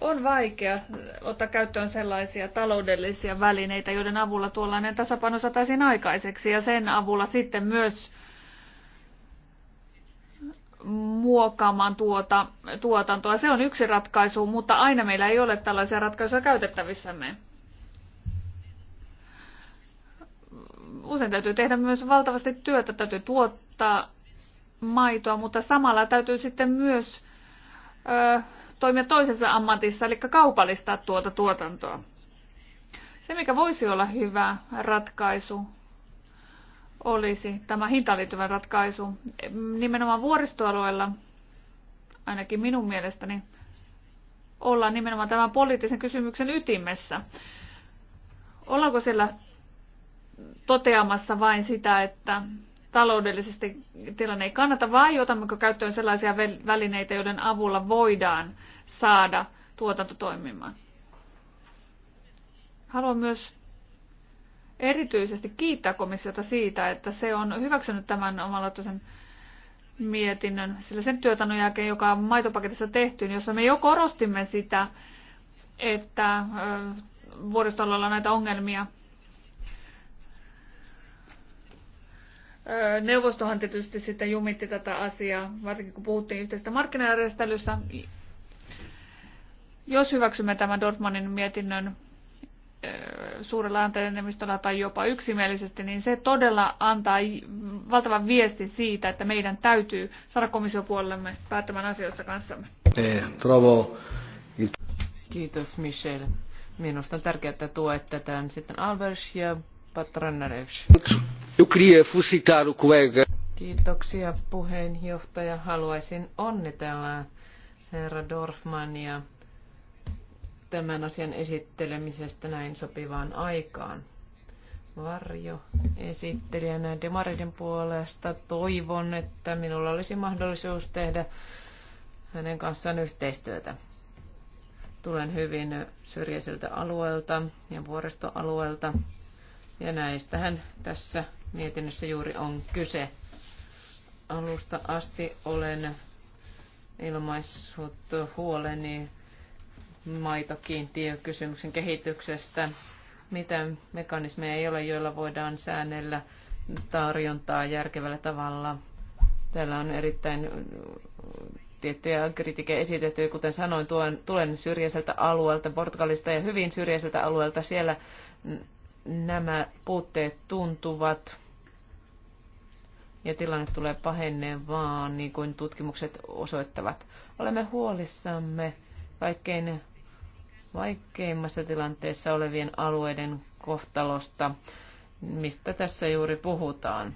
on vaikea ottaa käyttöön sellaisia taloudellisia välineitä, joiden avulla tuollainen tasapaino saataisiin aikaiseksi ja sen avulla sitten myös muokkaamaan tuota, tuotantoa. Se on yksi ratkaisu, mutta aina meillä ei ole tällaisia ratkaisuja käytettävissämme. Usein täytyy tehdä myös valtavasti työtä, täytyy tuottaa maitoa, mutta samalla täytyy sitten myös ö, toimia toisessa ammatissa, eli kaupallistaa tuota tuotantoa. Se, mikä voisi olla hyvä ratkaisu, olisi tämä hintaan liittyvä ratkaisu. Nimenomaan vuoristoalueella, ainakin minun mielestäni, ollaan nimenomaan tämän poliittisen kysymyksen ytimessä. Ollaanko siellä toteamassa vain sitä, että taloudellisesti tilanne ei kannata, vai otammeko käyttöön sellaisia välineitä, joiden avulla voidaan saada tuotanto toimimaan? Haluan myös erityisesti kiittää komissiota siitä, että se on hyväksynyt tämän omalaatuisen mietinnön, sillä sen työtannon jälkeen, joka on maitopaketissa tehty, niin jossa me jo korostimme sitä, että vuoristoalueella on näitä ongelmia. Neuvostohan tietysti sitten jumitti tätä asiaa, varsinkin kun puhuttiin yhteisestä markkinajärjestelystä. Jos hyväksymme tämän Dortmanin mietinnön, suurella ääntenemistöllä tai jopa yksimielisesti, niin se todella antaa valtavan viestin siitä, että meidän täytyy saada komissiopuolellemme päättämään asioista kanssamme. Kiitos Michelle. Minusta on tärkeää, että tuet tätä sitten Alvers ja Patranarevs. Kiitoksia puheenjohtaja. Haluaisin onnitella herra Dorfmania tämän asian esittelemisestä näin sopivaan aikaan. Varjo näin Demariden puolesta toivon, että minulla olisi mahdollisuus tehdä hänen kanssaan yhteistyötä. Tulen hyvin syrjäiseltä alueelta ja vuoristoalueelta, ja näistähän tässä mietinnössä juuri on kyse. Alusta asti olen ilmaissut huoleni maitokiintiökysymyksen kehityksestä. Mitä mekanismeja ei ole, joilla voidaan säännellä tarjontaa järkevällä tavalla? Täällä on erittäin tiettyjä kritiikkejä esitetty. Kuten sanoin, tuon, tulen syrjäiseltä alueelta, Portugalista ja hyvin syrjäiseltä alueelta. Siellä nämä puutteet tuntuvat ja tilanne tulee pahenneen vaan, niin kuin tutkimukset osoittavat. Olemme huolissamme kaikkein vaikeimmassa tilanteessa olevien alueiden kohtalosta, mistä tässä juuri puhutaan.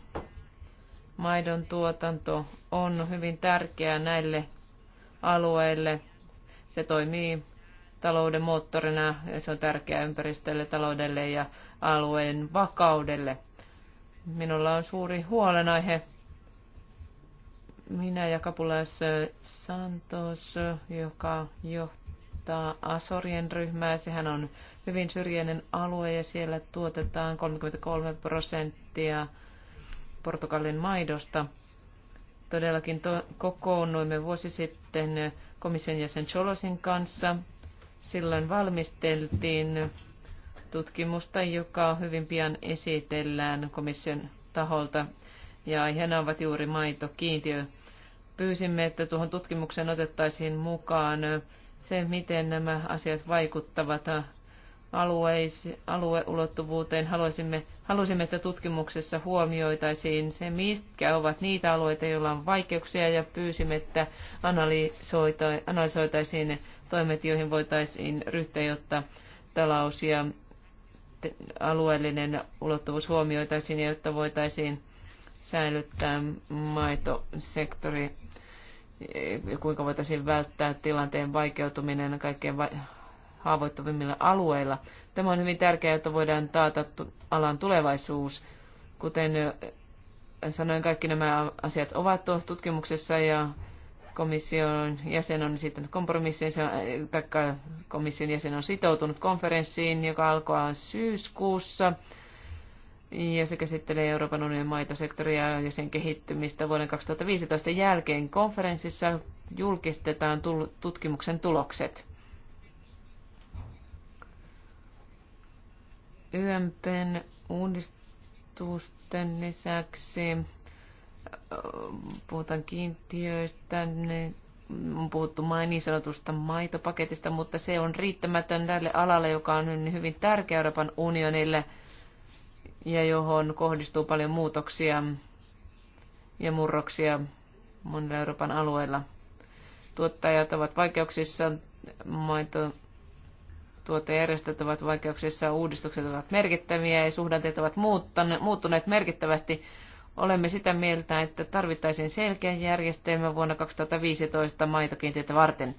Maidon tuotanto on hyvin tärkeää näille alueille. Se toimii talouden moottorina ja se on tärkeää ympäristölle, taloudelle ja alueen vakaudelle. Minulla on suuri huolenaihe. Minä ja Kapulais Santos, joka johtaa edustaa Asorien ryhmää. Sehän on hyvin syrjäinen alue ja siellä tuotetaan 33 prosenttia Portugalin maidosta. Todellakin to- kokoonnuimme vuosi sitten komission jäsen Cholosin kanssa. Silloin valmisteltiin tutkimusta, joka hyvin pian esitellään komission taholta. Ja aiheena ovat juuri maitokiintiö. Pyysimme, että tuohon tutkimukseen otettaisiin mukaan se, miten nämä asiat vaikuttavat alueis, alueulottuvuuteen. Haluaisimme, halusimme, että tutkimuksessa huomioitaisiin se, mitkä ovat niitä alueita, joilla on vaikeuksia, ja pyysimme, että analysoita, analysoitaisiin toimet, joihin voitaisiin ryhtyä, jotta talous ja alueellinen ulottuvuus huomioitaisiin, jotta voitaisiin säilyttää maitosektori kuinka voitaisiin välttää tilanteen vaikeutuminen kaikkein haavoittuvimmilla alueilla. Tämä on hyvin tärkeää, että voidaan taata alan tulevaisuus. Kuten sanoin, kaikki nämä asiat ovat tutkimuksessa ja komission jäsen on sitten kompromissiin, tai komission jäsen on sitoutunut konferenssiin, joka alkaa syyskuussa ja se käsittelee Euroopan unionin maitosektoria ja sen kehittymistä vuoden 2015 jälkeen. Konferenssissa julkistetaan tutkimuksen tulokset. YMPn uudistusten lisäksi äh, puhutaan kiintiöistä, ne on puhuttu niin sanotusta maitopaketista, mutta se on riittämätön tälle alalle, joka on hyvin tärkeä Euroopan unionille – ja johon kohdistuu paljon muutoksia ja murroksia monilla Euroopan alueilla. Tuottajat ovat vaikeuksissa, maito, tuottajärjestöt ovat vaikeuksissa, uudistukset ovat merkittäviä ja suhdanteet ovat muuttuneet merkittävästi. Olemme sitä mieltä, että tarvittaisiin selkeä järjestelmä vuonna 2015 maitokiintiötä varten.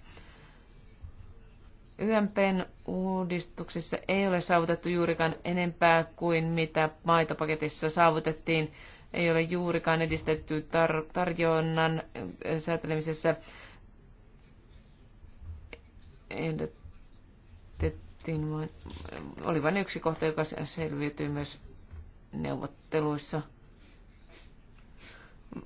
YMPn uudistuksissa ei ole saavutettu juurikaan enempää kuin mitä maitopaketissa saavutettiin. Ei ole juurikaan edistetty tar- tarjonnan säätelemisessä. oli vain yksi kohta, joka selviytyi myös neuvotteluissa –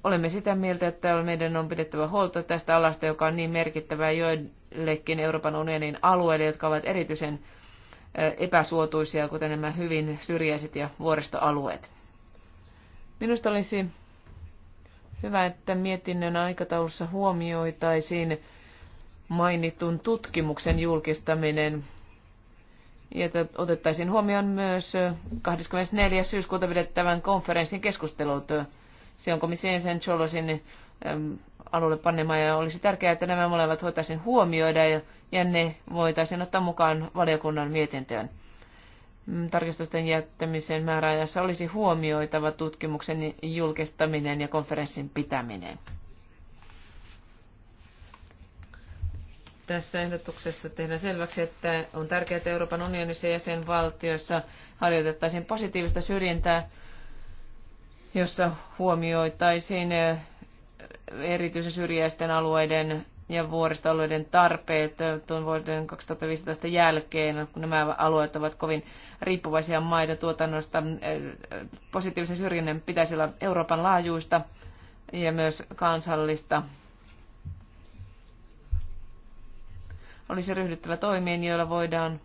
Olemme sitä mieltä, että meidän on pidettävä huolta tästä alasta, joka on niin merkittävää joillekin Euroopan unionin alueille, jotka ovat erityisen epäsuotuisia, kuten nämä hyvin syrjäiset ja vuoristoalueet. Minusta olisi hyvä, että mietinnön aikataulussa huomioitaisiin mainitun tutkimuksen julkistaminen ja että otettaisiin huomioon myös 24. syyskuuta pidettävän konferenssin keskustelut se on komissien sen Cholosin ähm, alulle panemaan ja olisi tärkeää, että nämä molemmat voitaisiin huomioida ja, ja ne voitaisiin ottaa mukaan valiokunnan mietintöön. Mm, tarkistusten jättämisen määräajassa olisi huomioitava tutkimuksen julkistaminen ja konferenssin pitäminen. Tässä ehdotuksessa tehdään selväksi, että on tärkeää, että Euroopan unionissa ja jäsenvaltioissa harjoitettaisiin positiivista syrjintää jossa huomioitaisiin eh, erityisen syrjäisten alueiden ja vuoristoalueiden tarpeet eh, tuon vuoden 2015 jälkeen, kun nämä alueet ovat kovin riippuvaisia maiden tuotannosta. Eh, positiivisen syrjinnän pitäisi olla Euroopan laajuista ja myös kansallista. Olisi ryhdyttävä toimiin, joilla voidaan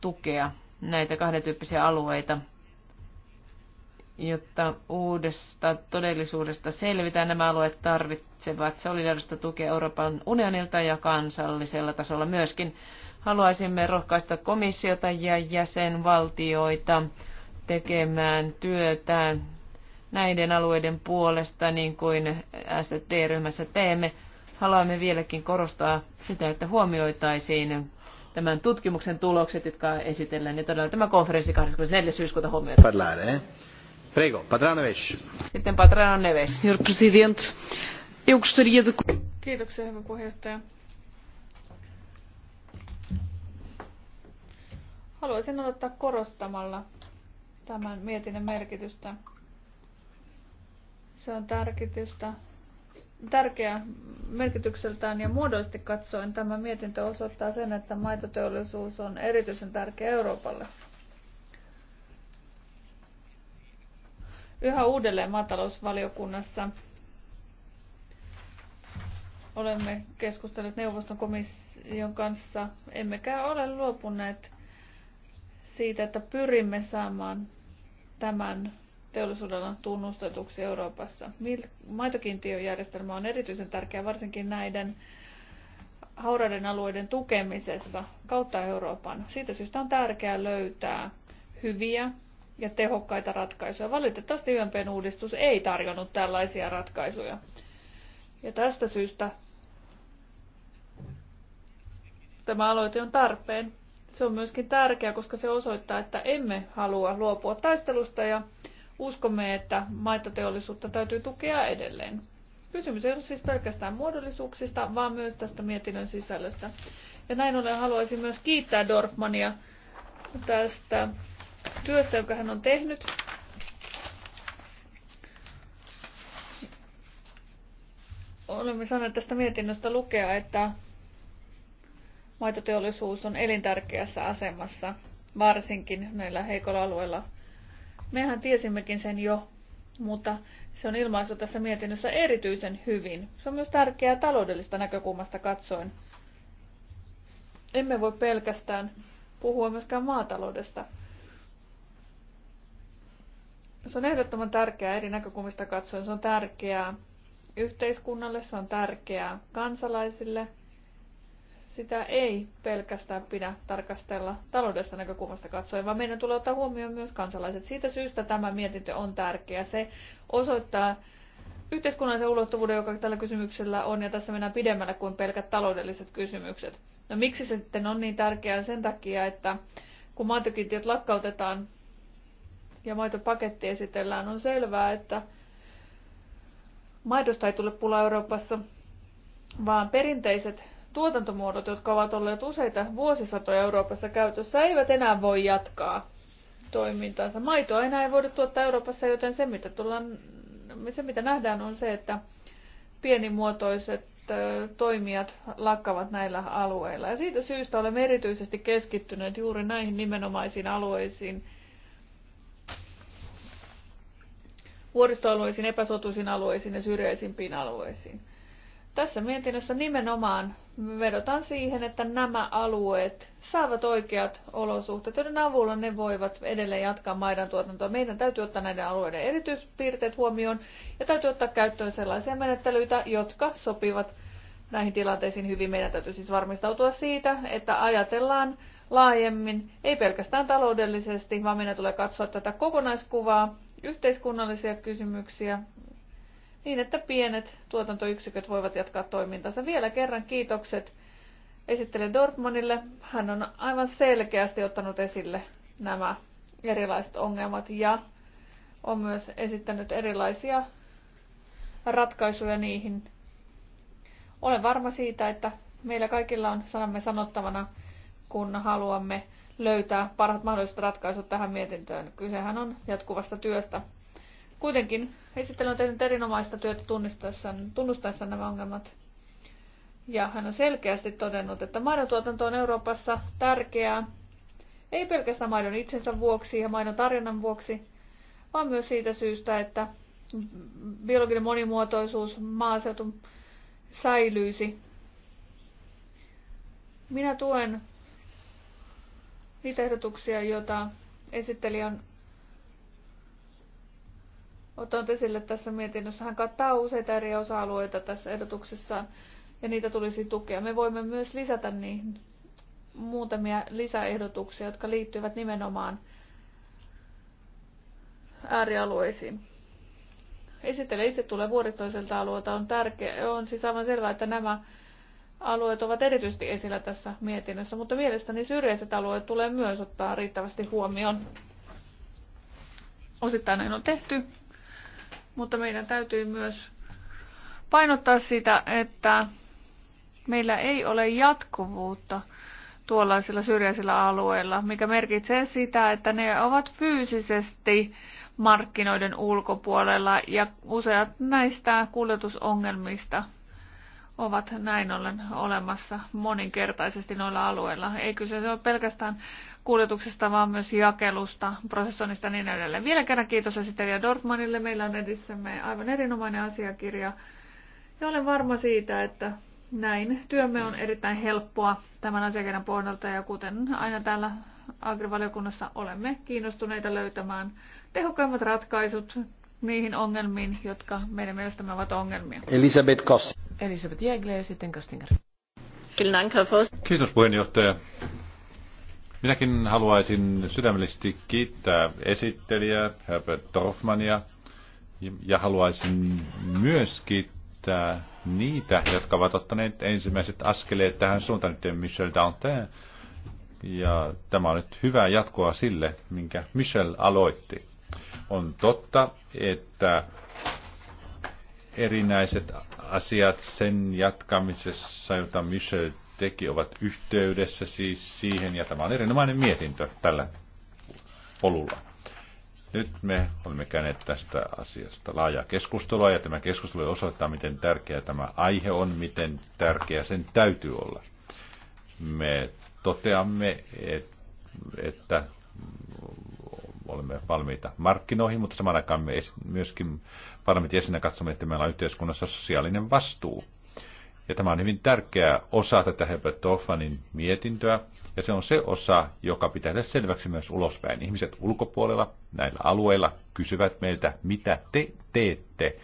tukea näitä kahden tyyppisiä alueita – jotta uudesta todellisuudesta selvitään. Nämä alueet tarvitsevat solidaarista tukea Euroopan unionilta ja kansallisella tasolla myöskin. Haluaisimme rohkaista komissiota ja jäsenvaltioita tekemään työtä näiden alueiden puolesta, niin kuin ST-ryhmässä teemme. Haluamme vieläkin korostaa sitä, että huomioitaisiin tämän tutkimuksen tulokset, jotka esitellään. Ja todella tämä konferenssi 24. syyskuuta huomioitaisiin. Señor presidente, eu de... Haluaisin aloittaa korostamalla tämän mietinnön merkitystä. Se on tärkitystä, tärkeä merkitykseltään ja muodollisesti katsoen tämä mietintö osoittaa sen, että maitoteollisuus on erityisen tärkeä Euroopalle. yhä uudelleen maatalousvaliokunnassa. Olemme keskustelleet neuvoston komission kanssa, emmekä ole luopuneet siitä, että pyrimme saamaan tämän teollisuudella tunnustetuksi Euroopassa. Maitokiintiöjärjestelmä on erityisen tärkeä varsinkin näiden hauraiden alueiden tukemisessa kautta Euroopan. Siitä syystä on tärkeää löytää hyviä ja tehokkaita ratkaisuja. Valitettavasti YMPn uudistus ei tarjonnut tällaisia ratkaisuja. Ja tästä syystä tämä aloite on tarpeen. Se on myöskin tärkeä, koska se osoittaa, että emme halua luopua taistelusta ja uskomme, että maitoteollisuutta täytyy tukea edelleen. Kysymys ei ole siis pelkästään muodollisuuksista, vaan myös tästä mietinnön sisällöstä. Ja näin ollen haluaisin myös kiittää Dorfmania tästä työstä, jonka hän on tehnyt. Olemme saaneet tästä mietinnöstä lukea, että maitoteollisuus on elintärkeässä asemassa, varsinkin näillä heikolla alueilla. Mehän tiesimmekin sen jo, mutta se on ilmaistu tässä mietinnössä erityisen hyvin. Se on myös tärkeää taloudellista näkökulmasta katsoen. Emme voi pelkästään puhua myöskään maataloudesta. Se on ehdottoman tärkeää eri näkökulmista katsoen. Se on tärkeää yhteiskunnalle, se on tärkeää kansalaisille. Sitä ei pelkästään pidä tarkastella taloudesta näkökulmasta katsoen, vaan meidän tulee ottaa huomioon myös kansalaiset. Siitä syystä tämä mietintö on tärkeä. Se osoittaa yhteiskunnallisen ulottuvuuden, joka tällä kysymyksellä on, ja tässä mennään pidemmälle kuin pelkät taloudelliset kysymykset. No miksi se sitten on niin tärkeää? Sen takia, että kun maantykintiöt lakkautetaan, ja maitopaketti esitellään, on selvää, että maidosta ei tule pula Euroopassa, vaan perinteiset tuotantomuodot, jotka ovat olleet useita vuosisatoja Euroopassa käytössä, eivät enää voi jatkaa toimintaansa. Maitoa enää ei voida tuottaa Euroopassa, joten se mitä, tullaan, se, mitä nähdään on se, että pienimuotoiset toimijat lakkavat näillä alueilla. Ja siitä syystä olemme erityisesti keskittyneet juuri näihin nimenomaisiin alueisiin, vuoristoalueisiin, epäsuotuisiin alueisiin ja syrjäisimpiin alueisiin. Tässä mietinnössä nimenomaan vedotaan siihen, että nämä alueet saavat oikeat olosuhteet, joiden avulla ne voivat edelleen jatkaa maidan tuotantoa. Meidän täytyy ottaa näiden alueiden erityispiirteet huomioon ja täytyy ottaa käyttöön sellaisia menettelyitä, jotka sopivat näihin tilanteisiin hyvin. Meidän täytyy siis varmistautua siitä, että ajatellaan laajemmin, ei pelkästään taloudellisesti, vaan meidän tulee katsoa tätä kokonaiskuvaa yhteiskunnallisia kysymyksiä niin, että pienet tuotantoyksiköt voivat jatkaa toimintansa. Vielä kerran kiitokset esittelen Dortmundille. Hän on aivan selkeästi ottanut esille nämä erilaiset ongelmat ja on myös esittänyt erilaisia ratkaisuja niihin. Olen varma siitä, että meillä kaikilla on sanamme sanottavana, kun haluamme löytää parhaat mahdolliset ratkaisut tähän mietintöön. Kysehän on jatkuvasta työstä. Kuitenkin esittely on tehnyt erinomaista työtä tunnistaessaan, tunnustaessaan nämä ongelmat. Ja hän on selkeästi todennut, että maidontuotanto on Euroopassa tärkeää, ei pelkästään maidon itsensä vuoksi ja maidon tarjonnan vuoksi, vaan myös siitä syystä, että biologinen monimuotoisuus maaseutu säilyisi. Minä tuen niitä ehdotuksia, joita esittelijä on ottanut esille tässä mietinnössä. Hän kattaa useita eri osa-alueita tässä ehdotuksessa ja niitä tulisi tukea. Me voimme myös lisätä niihin muutamia lisäehdotuksia, jotka liittyvät nimenomaan äärialueisiin. Esittele itse tulee vuoristoiselta alueelta. On, tärkeä, on siis aivan selvää, että nämä alueet ovat erityisesti esillä tässä mietinnössä, mutta mielestäni syrjäiset alueet tulee myös ottaa riittävästi huomioon. Osittain näin on tehty, mutta meidän täytyy myös painottaa sitä, että meillä ei ole jatkuvuutta tuollaisilla syrjäisillä alueilla, mikä merkitsee sitä, että ne ovat fyysisesti markkinoiden ulkopuolella ja useat näistä kuljetusongelmista ovat näin ollen olemassa moninkertaisesti noilla alueilla. Ei kyse ole pelkästään kuljetuksesta, vaan myös jakelusta, prosessoinnista ja niin edelleen. Vielä kerran kiitos esittelijä Dortmanille. Meillä on edessämme aivan erinomainen asiakirja. Ja olen varma siitä, että näin työmme on erittäin helppoa tämän asiakirjan pohjalta ja kuten aina täällä agrivaliokunnassa olemme kiinnostuneita löytämään tehokkaimmat ratkaisut niihin ongelmiin, jotka meidän mielestämme ovat ongelmia. Elisabeth Kossi. Elisabeth Jägle ja sitten Kostinger. Kiitos puheenjohtaja. Minäkin haluaisin sydämellisesti kiittää esittelijää Herbert Dorfmania ja haluaisin myös kiittää niitä, jotka ovat ottaneet ensimmäiset askeleet tähän suuntaan, nyt Michel Dantin. Ja tämä on nyt hyvää jatkoa sille, minkä Michel aloitti. On totta, että erinäiset asiat sen jatkamisessa, jota Michel teki, ovat yhteydessä siis siihen, ja tämä on erinomainen mietintö tällä polulla. Nyt me olemme käyneet tästä asiasta laajaa keskustelua, ja tämä keskustelu osoittaa, miten tärkeä tämä aihe on, miten tärkeä sen täytyy olla. Me toteamme, että olemme valmiita markkinoihin, mutta samaan aikaan me myöskin parlamentin jäsenä katsomme, että meillä on yhteiskunnassa sosiaalinen vastuu. Ja tämä on hyvin tärkeä osa tätä Herbert Dorfanin mietintöä, ja se on se osa, joka pitää tehdä selväksi myös ulospäin. Ihmiset ulkopuolella näillä alueilla kysyvät meiltä, mitä te teette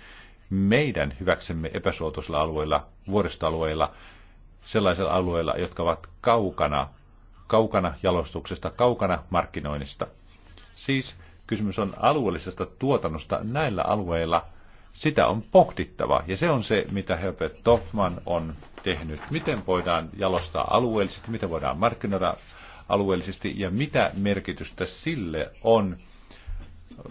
meidän hyväksemme epäsuotuisilla alueilla, vuoristoalueilla, sellaisilla alueilla, jotka ovat kaukana, kaukana jalostuksesta, kaukana markkinoinnista. Siis kysymys on alueellisesta tuotannosta näillä alueilla, sitä on pohdittava. Ja se on se, mitä Herbert Toffman on tehnyt. Miten voidaan jalostaa alueellisesti, miten voidaan markkinoida alueellisesti ja mitä merkitystä sille on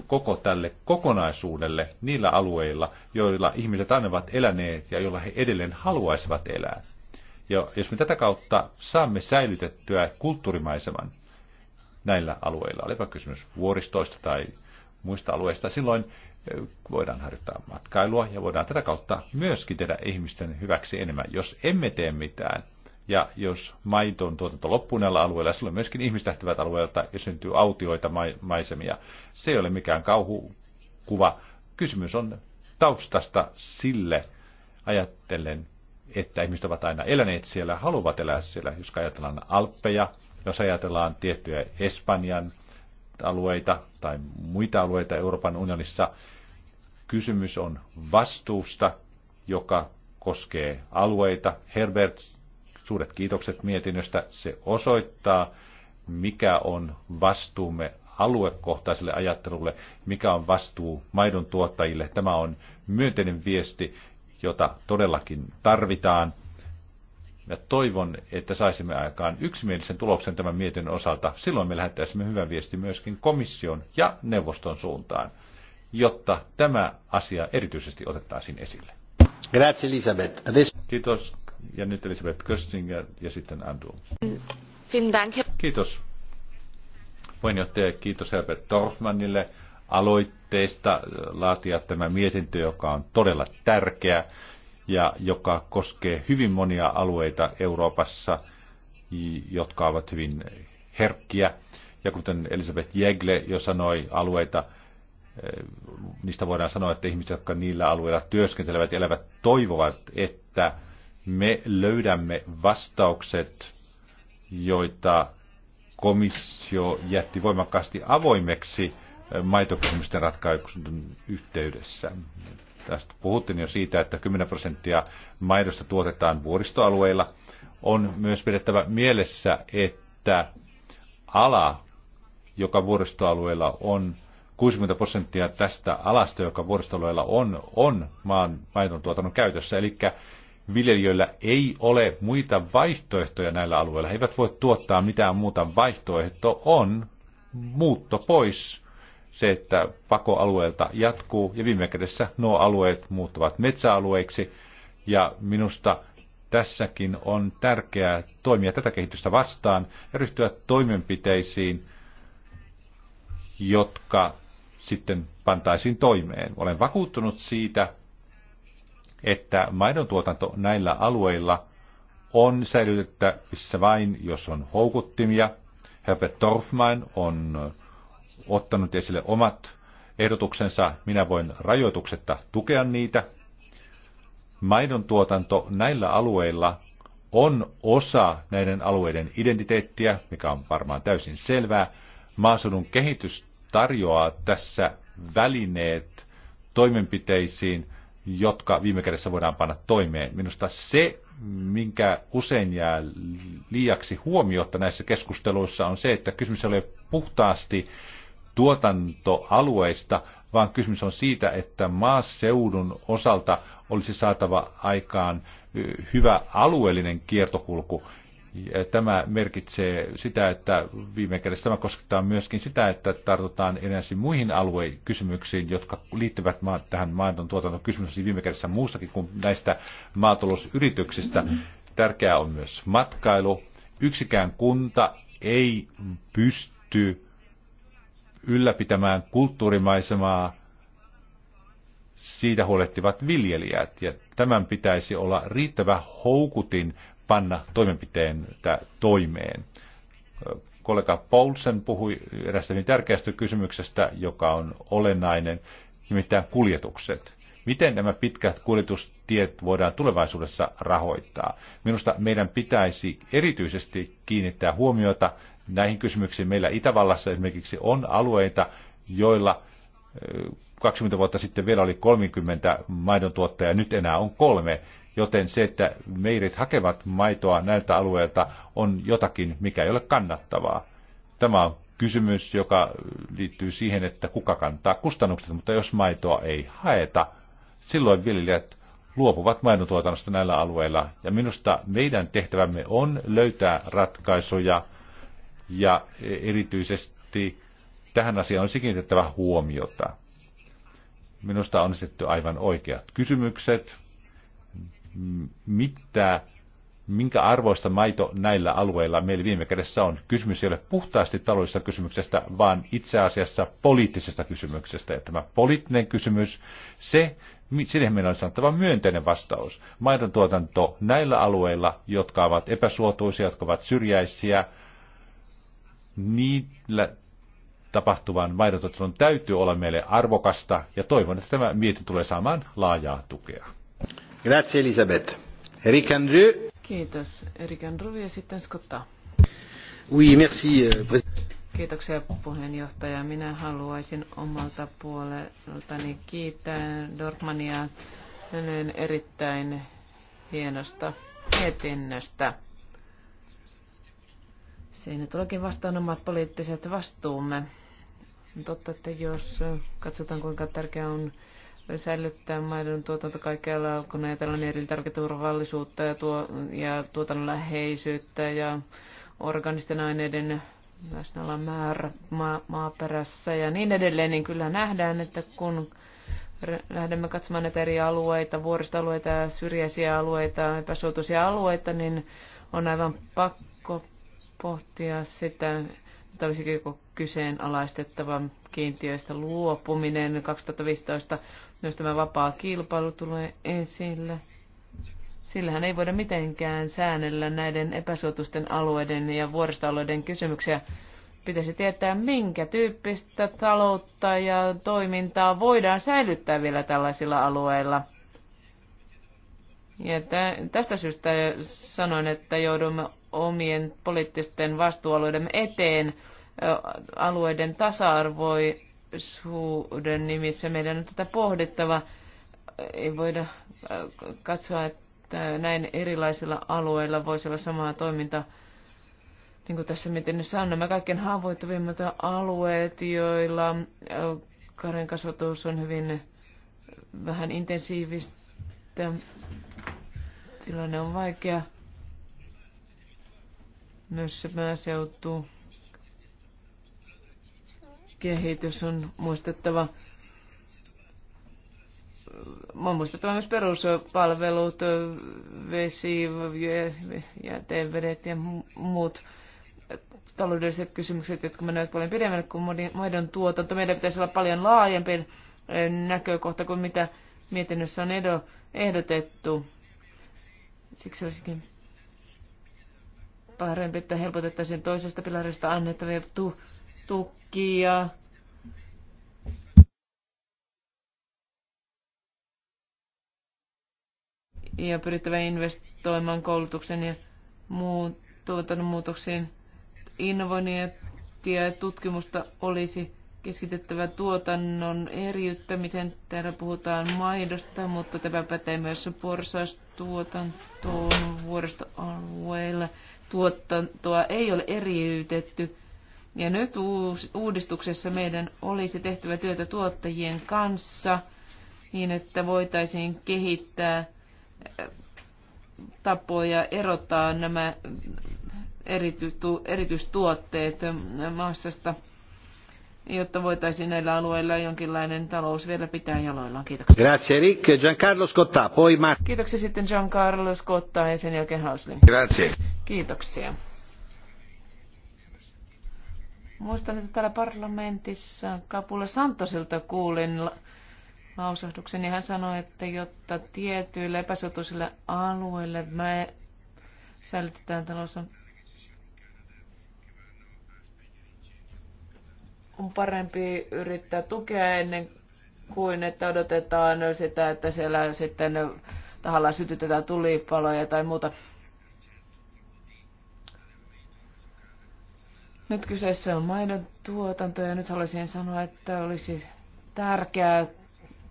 koko tälle kokonaisuudelle niillä alueilla, joilla ihmiset aina ovat eläneet ja joilla he edelleen haluaisivat elää. Ja jos me tätä kautta saamme säilytettyä kulttuurimaiseman, näillä alueilla, olipa kysymys vuoristoista tai muista alueista, silloin voidaan harjoittaa matkailua ja voidaan tätä kautta myöskin tehdä ihmisten hyväksi enemmän, jos emme tee mitään. Ja jos maiton tuotanto loppuu näillä alueilla, silloin myöskin ihmistähtävät alueilta ja syntyy autioita maisemia. Se ei ole mikään kauhukuva. Kysymys on taustasta sille ajattelen, että ihmiset ovat aina eläneet siellä, haluavat elää siellä. Jos ajatellaan alppeja, jos ajatellaan tiettyjä Espanjan alueita tai muita alueita Euroopan unionissa, kysymys on vastuusta, joka koskee alueita. Herbert, suuret kiitokset mietinnöstä. Se osoittaa, mikä on vastuumme aluekohtaiselle ajattelulle, mikä on vastuu maidon tuottajille. Tämä on myönteinen viesti, jota todellakin tarvitaan. Ja toivon, että saisimme aikaan yksimielisen tuloksen tämän mietinnön osalta. Silloin me lähettäisimme hyvän viesti myöskin komission ja neuvoston suuntaan, jotta tämä asia erityisesti otettaisiin esille. Grazie Elisabeth. Adesso... Kiitos. Ja nyt Elisabeth Köstinger ja sitten Andu. Kiitos. Puheenjohtaja, kiitos Herbert Dorfmanille aloitteesta laatia tämä mietintö, joka on todella tärkeä ja joka koskee hyvin monia alueita Euroopassa, jotka ovat hyvin herkkiä. Ja kuten Elisabeth Jägle jo sanoi, alueita, eh, niistä voidaan sanoa, että ihmiset, jotka niillä alueilla työskentelevät ja elävät, toivovat, että me löydämme vastaukset, joita komissio jätti voimakkaasti avoimeksi eh, maitokysymysten ratkaisun yhteydessä. Tästä puhuttiin jo siitä, että 10 prosenttia maidosta tuotetaan vuoristoalueilla. On myös pidettävä mielessä, että ala, joka vuoristoalueella on, 60 prosenttia tästä alasta, joka vuoristoalueella on, on maan maidon tuotannon käytössä. Eli viljelijöillä ei ole muita vaihtoehtoja näillä alueilla. He eivät voi tuottaa mitään muuta. Vaihtoehto on muutto pois se, että pakoalueelta jatkuu ja viime kädessä nuo alueet muuttuvat metsäalueiksi. Ja minusta tässäkin on tärkeää toimia tätä kehitystä vastaan ja ryhtyä toimenpiteisiin, jotka sitten pantaisiin toimeen. Olen vakuuttunut siitä, että tuotanto näillä alueilla on säilytettävissä vain, jos on houkuttimia. Herbert Dorfman on ottanut esille omat ehdotuksensa. Minä voin rajoituksetta tukea niitä. Maidon tuotanto näillä alueilla on osa näiden alueiden identiteettiä, mikä on varmaan täysin selvää. Maaseudun kehitys tarjoaa tässä välineet toimenpiteisiin, jotka viime kädessä voidaan panna toimeen. Minusta se, minkä usein jää liiaksi huomiota näissä keskusteluissa, on se, että kysymys ei ole puhtaasti tuotantoalueista, vaan kysymys on siitä, että maaseudun osalta olisi saatava aikaan hyvä alueellinen kiertokulku. Tämä merkitsee sitä, että viime kädessä tämä koskettaa myöskin sitä, että tartutaan erilaisiin muihin aluekysymyksiin, jotka liittyvät tähän maailman tuotantoon. Kysymys siis viime kädessä muustakin kuin näistä maatalousyrityksistä. Tärkeää on myös matkailu. Yksikään kunta ei pysty ylläpitämään kulttuurimaisemaa, siitä huolehtivat viljelijät. Ja tämän pitäisi olla riittävä houkutin panna toimenpiteen toimeen. Kollega Paulsen puhui erästä niin tärkeästä kysymyksestä, joka on olennainen, nimittäin kuljetukset. Miten nämä pitkät kuljetustiet voidaan tulevaisuudessa rahoittaa? Minusta meidän pitäisi erityisesti kiinnittää huomiota näihin kysymyksiin. Meillä Itävallassa esimerkiksi on alueita, joilla 20 vuotta sitten vielä oli 30 maidon tuottajaa, nyt enää on kolme. Joten se, että meirit hakevat maitoa näiltä alueilta, on jotakin, mikä ei ole kannattavaa. Tämä on kysymys, joka liittyy siihen, että kuka kantaa kustannukset, mutta jos maitoa ei haeta, silloin viljelijät luopuvat maidontuotannosta näillä alueilla. Ja minusta meidän tehtävämme on löytää ratkaisuja – ja erityisesti tähän asiaan on sikintettävä huomiota. Minusta on esitetty aivan oikeat kysymykset. Mitä, minkä arvoista maito näillä alueilla meillä viime kädessä on? Kysymys ei ole puhtaasti taloudellisesta kysymyksestä, vaan itse asiassa poliittisesta kysymyksestä. Ja tämä poliittinen kysymys, se, siihen meillä on sanottava myönteinen vastaus. Maidon tuotanto näillä alueilla, jotka ovat epäsuotuisia, jotka ovat syrjäisiä, niillä tapahtuvan maidotottelun täytyy olla meille arvokasta ja toivon, että tämä mietintö tulee saamaan laajaa tukea. Grazie Elisabeth. Eric Andrew. Kiitos. Eric Andrew ja sitten Scotta. Oui, merci. Euh, Kiitoksia puheenjohtaja. Minä haluaisin omalta puoleltani kiittää Dortmania hänen erittäin hienosta mietinnöstä. Siinä tuleekin vastaan omat poliittiset vastuumme. On totta, että jos katsotaan kuinka tärkeää on säilyttää maidon tuotanto kaikkialla, kun ajatellaan elintarviketurvallisuutta ja, tuo, ja tuotannon läheisyyttä ja organisten aineiden olla määrä ma- maaperässä ja niin edelleen, niin kyllä nähdään, että kun lähdemme katsomaan näitä eri alueita, vuoristoalueita, syrjäisiä alueita, epäsuotuisia alueita, niin on aivan pakko pohtia sitä, että joku kyseenalaistettava kiintiöistä luopuminen 2015, myös tämä vapaa kilpailu tulee esille. Sillähän ei voida mitenkään säännellä näiden epäsuotusten alueiden ja vuoristoalueiden kysymyksiä. Pitäisi tietää, minkä tyyppistä taloutta ja toimintaa voidaan säilyttää vielä tällaisilla alueilla. Ja tästä syystä sanoin, että joudumme omien poliittisten vastuualueiden eteen alueiden tasa-arvoisuuden nimissä. Meidän on tätä pohdittava. Ei voida katsoa, että näin erilaisilla alueilla voisi olla samaa toimintaa niin kuin tässä mietinnössä on nämä kaikkein haavoittuvimmat alueet, joilla karen kasvatus on hyvin vähän intensiivistä. Tilanne on vaikea. Myös se maaseutu kehitys on muistettava. On muistettava myös peruspalvelut, vesi, jätevedet ja muut taloudelliset kysymykset, jotka menevät paljon pidemmälle kuin maidon tuotanto. Meidän pitäisi olla paljon laajempi eh, näkökohta kuin mitä mietinnössä on ehdotettu. Siksi olisikin parempi, että helpotettaisiin toisesta pilarista annettavia tu- tukia. Ja pyrittävä investoimaan koulutuksen ja muun tuotannon muutoksiin. Innovoinnin ja tutkimusta olisi keskitettävä tuotannon eriyttämisen. Täällä puhutaan maidosta, mutta tämä pätee myös porsastuotantoon vuoristoalueilla tuotantoa ei ole eriytetty. Ja nyt uudistuksessa meidän olisi tehtävä työtä tuottajien kanssa niin, että voitaisiin kehittää äh, tapoja erottaa nämä erityistuotteet maassasta jotta voitaisiin näillä alueilla jonkinlainen talous vielä pitää jaloillaan. Kiitoksia. Grazie Rick. Giancarlo Scotta, poi Mark. Kiitoksia sitten Giancarlo Scotta ja sen jälkeen Hausling. Grazie. Kiitoksia. Muistan, että täällä parlamentissa Kapula Santosilta kuulin lausahduksen, ja hän sanoi, että jotta tietyillä epäsuotuisilla alueille me säilytetään talous on on parempi yrittää tukea ennen kuin että odotetaan sitä, että siellä sitten tahallaan sytytetään tulipaloja tai muuta. Nyt kyseessä on maidon tuotanto ja nyt haluaisin sanoa, että olisi tärkeää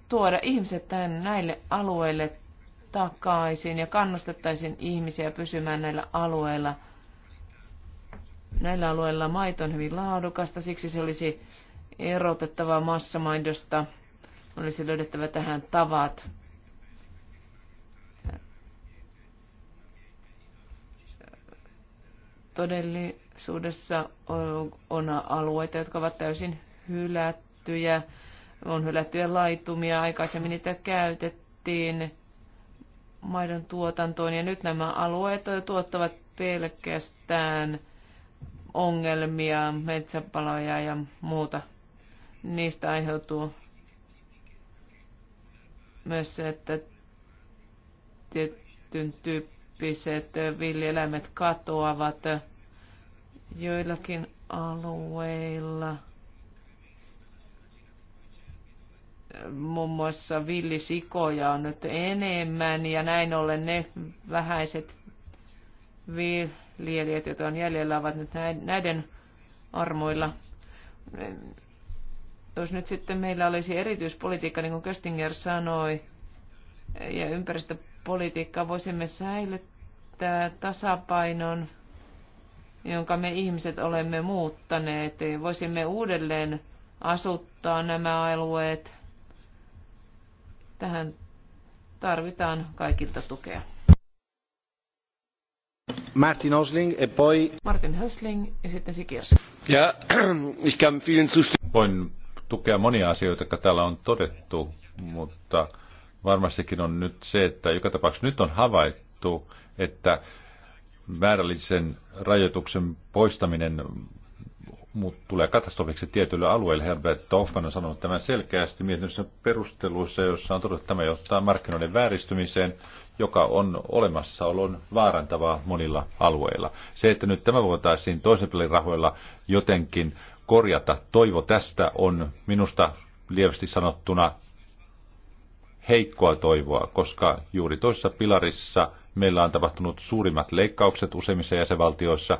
tuoda ihmiset tänne näille alueille takaisin ja kannustettaisiin ihmisiä pysymään näillä alueilla – Näillä alueilla maito on hyvin laadukasta, siksi se olisi erotettava massamaidosta. Olisi löydettävä tähän tavat. Todellisuudessa on alueita, jotka ovat täysin hylättyjä. On hylättyjä laitumia. Aikaisemmin niitä käytettiin maidon tuotantoon ja nyt nämä alueet tuottavat pelkästään ongelmia, metsäpaloja ja muuta. Niistä aiheutuu myös se, että tietyn tyyppiset villieläimet katoavat joillakin alueilla. Muun muassa villisikoja on nyt enemmän ja näin ollen ne vähäiset vi- lielijät, joita on jäljellä, ovat nyt näiden armoilla. Jos nyt sitten meillä olisi erityispolitiikka, niin kuin Köstinger sanoi, ja ympäristöpolitiikka, voisimme säilyttää tasapainon, jonka me ihmiset olemme muuttaneet. Voisimme uudelleen asuttaa nämä alueet. Tähän tarvitaan kaikilta tukea. Martin Hösling, e poi... Martin Hösling ja sitten Sikirs. Ja, ich kann vielen zustimmen. Voin tukea monia asioita, jotka täällä on todettu, mutta varmastikin on nyt se, että joka tapauksessa nyt on havaittu, että määrällisen rajoituksen poistaminen tulee katastrofiksi tietyille alueille. Herbert Hoffman on sanonut tämän selkeästi mietinnössä perusteluissa, jossa on todettu, että tämä johtaa markkinoiden vääristymiseen, joka on olemassaolon vaarantavaa monilla alueilla. Se, että nyt tämä voitaisiin toisen pelin rahoilla jotenkin korjata, toivo tästä on minusta lievästi sanottuna heikkoa toivoa, koska juuri toisessa pilarissa meillä on tapahtunut suurimmat leikkaukset useimmissa jäsenvaltioissa.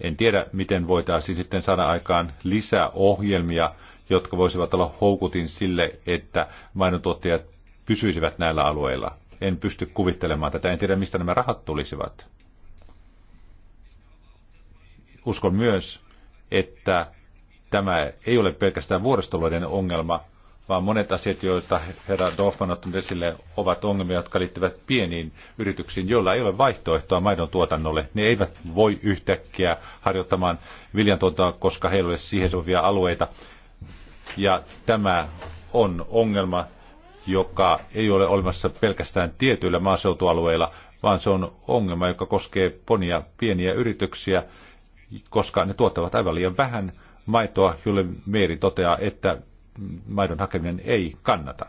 En tiedä, miten voitaisiin sitten saada aikaan lisää ohjelmia, jotka voisivat olla houkutin sille, että mainotuottajat pysyisivät näillä alueilla. En pysty kuvittelemaan tätä. En tiedä, mistä nämä rahat tulisivat. Uskon myös, että tämä ei ole pelkästään vuoristoloiden ongelma, vaan monet asiat, joita herra Dorfman ottanut esille, ovat ongelmia, jotka liittyvät pieniin yrityksiin, joilla ei ole vaihtoehtoa maidon tuotannolle. Ne eivät voi yhtäkkiä harjoittamaan viljantuotantoa, koska heillä ei ole siihen sopivia alueita. Ja tämä on ongelma, joka ei ole olemassa pelkästään tietyillä maaseutualueilla, vaan se on ongelma, joka koskee ponia pieniä yrityksiä, koska ne tuottavat aivan liian vähän maitoa, jolle Meeri toteaa, että maidon hakeminen ei kannata.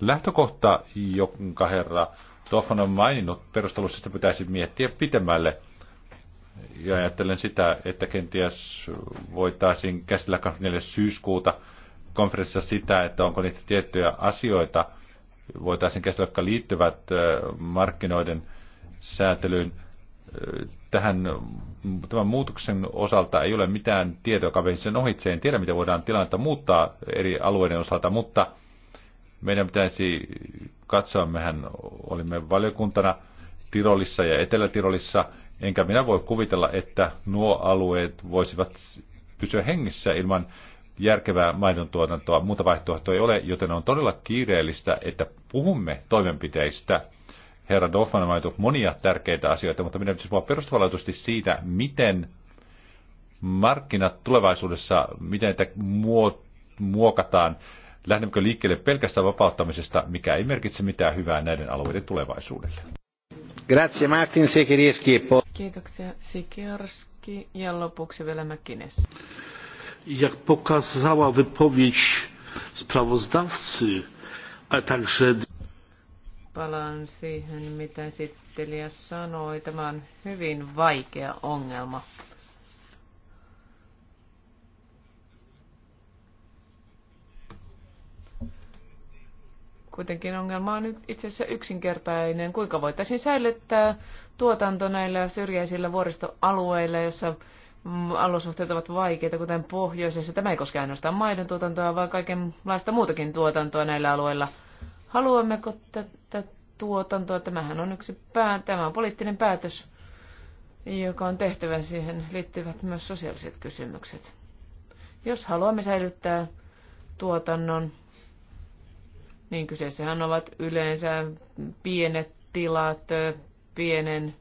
Lähtökohta, jonka herra Toffan on maininnut, perustelussa sitä pitäisi miettiä pitemmälle. Ja ajattelen sitä, että kenties voitaisiin käsitellä 24. syyskuuta – konferenssissa sitä, että onko niitä tiettyjä asioita, voitaisiin käsitellä, jotka liittyvät markkinoiden säätelyyn. Tähän tämän muutoksen osalta ei ole mitään tietoa, joka veisi sen ohitse. En tiedä, miten voidaan tilannetta muuttaa eri alueiden osalta, mutta meidän pitäisi katsoa, mehän olimme valiokuntana Tirolissa ja Etelä-Tirolissa, enkä minä voi kuvitella, että nuo alueet voisivat pysyä hengissä ilman järkevää maidontuotantoa, muuta vaihtoehtoa ei ole, joten on todella kiireellistä, että puhumme toimenpiteistä. Herra Doffman on mainittu monia tärkeitä asioita, mutta minä pitäisi puhua perustavanlaatuisesti siitä, miten markkinat tulevaisuudessa, miten niitä muokataan. Lähdemmekö liikkeelle pelkästään vapauttamisesta, mikä ei merkitse mitään hyvää näiden alueiden tulevaisuudelle? Grazie Martin Sekirski. Kiitoksia Sikirski ja lopuksi vielä Mäkinessä jak pokazała wypowiedź sprawozdawcy, ale także... Palaan siihen, mitä esittelijä sanoi. Tämä on hyvin vaikea ongelma. Kuitenkin ongelma on nyt itse asiassa yksinkertainen. Kuinka voitaisiin säilyttää tuotanto näillä syrjäisillä vuoristoalueilla, jossa alusuhteet ovat vaikeita, kuten pohjoisessa. Tämä ei koske ainoastaan maiden tuotantoa, vaan kaikenlaista muutakin tuotantoa näillä alueilla. Haluammeko tätä tuotantoa? Tämähän on yksi pää, tämä on poliittinen päätös, joka on tehtävä. Siihen liittyvät myös sosiaaliset kysymykset. Jos haluamme säilyttää tuotannon, niin kyseessähän ovat yleensä pienet tilat, pienen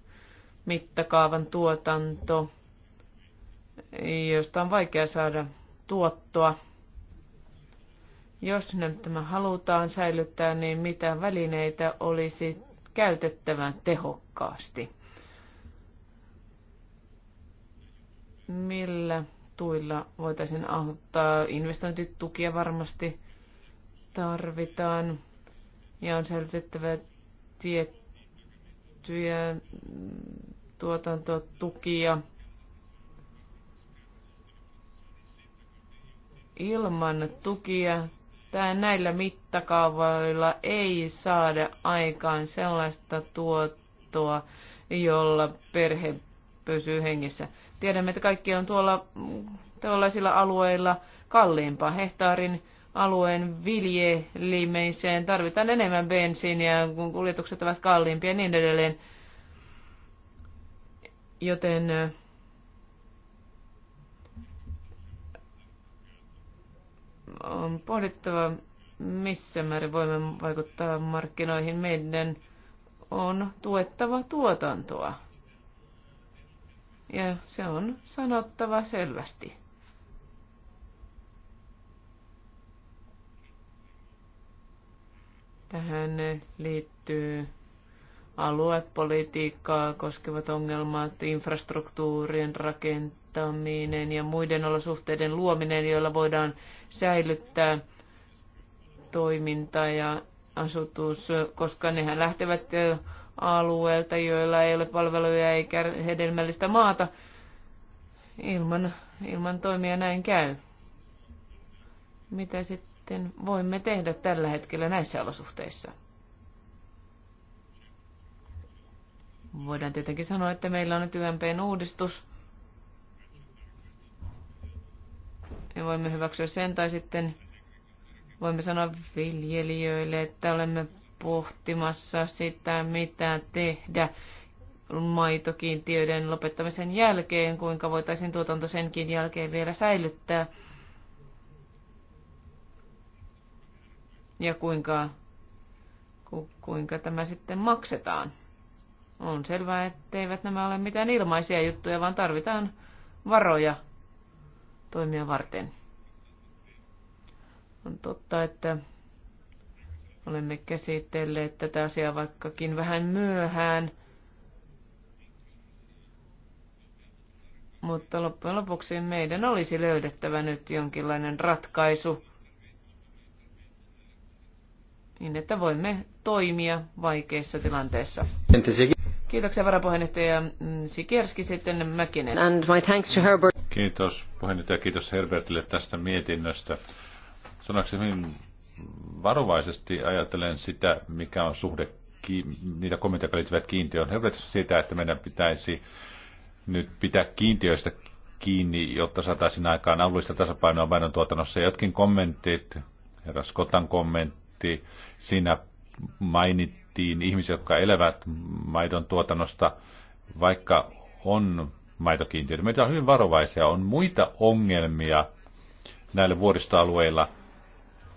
mittakaavan tuotanto – josta on vaikea saada tuottoa. Jos nyt tämä halutaan säilyttää, niin mitä välineitä olisi käytettävä tehokkaasti? Millä tuilla voitaisiin auttaa? Investointitukia varmasti tarvitaan ja on säilytettävä tiettyjä tuotantotukia Ilman tukia tai näillä mittakaavoilla ei saada aikaan sellaista tuottoa, jolla perhe pysyy hengissä. Tiedämme, että kaikki on tuolla tuollaisilla alueilla kalliimpaa. Hehtaarin alueen viljelimeiseen tarvitaan enemmän bensiiniä, kun kuljetukset ovat kalliimpia ja niin edelleen. Joten on pohdittava, missä määrin voimme vaikuttaa markkinoihin. Meidän on tuettava tuotantoa. Ja se on sanottava selvästi. Tähän liittyy aluepolitiikkaa koskevat ongelmat, infrastruktuurien rakentamista parantaminen ja muiden olosuhteiden luominen, joilla voidaan säilyttää toiminta ja asutus, koska nehän lähtevät alueelta, joilla ei ole palveluja eikä hedelmällistä maata. Ilman, ilman toimia näin käy. Mitä sitten voimme tehdä tällä hetkellä näissä olosuhteissa? Voidaan tietenkin sanoa, että meillä on nyt YMPn uudistus – Me voimme hyväksyä sen tai sitten voimme sanoa viljelijöille, että olemme pohtimassa sitä, mitä tehdä maitokiintiöiden lopettamisen jälkeen, kuinka voitaisiin tuotanto senkin jälkeen vielä säilyttää. Ja kuinka, ku, kuinka tämä sitten maksetaan. On selvää, etteivät nämä ole mitään ilmaisia juttuja, vaan tarvitaan varoja toimia varten. On totta, että olemme käsitelleet tätä asiaa vaikkakin vähän myöhään, mutta loppujen lopuksi meidän olisi löydettävä nyt jonkinlainen ratkaisu, niin että voimme toimia vaikeissa tilanteissa. Kiitoksia varapuheenjohtaja Sikerski, sitten Mäkinen. And my thanks to Herbert. Kiitos puheenjohtaja, kiitos Herbertille tästä mietinnöstä. Sanoksi hyvin varovaisesti ajatellen sitä, mikä on suhde niitä kommentteja, jotka liittyvät kiintiöön. Herbert siitä, että meidän pitäisi nyt pitää kiintiöistä kiinni, jotta saataisiin aikaan alueellista tasapainoa tuotannossa. Jotkin kommentit, herra Skotan kommentti, siinä mainittiin, tuettiin ihmisiä, jotka elävät maidon tuotannosta, vaikka on maitokiintiöitä. Meitä on hyvin varovaisia. On muita ongelmia näillä vuoristoalueilla,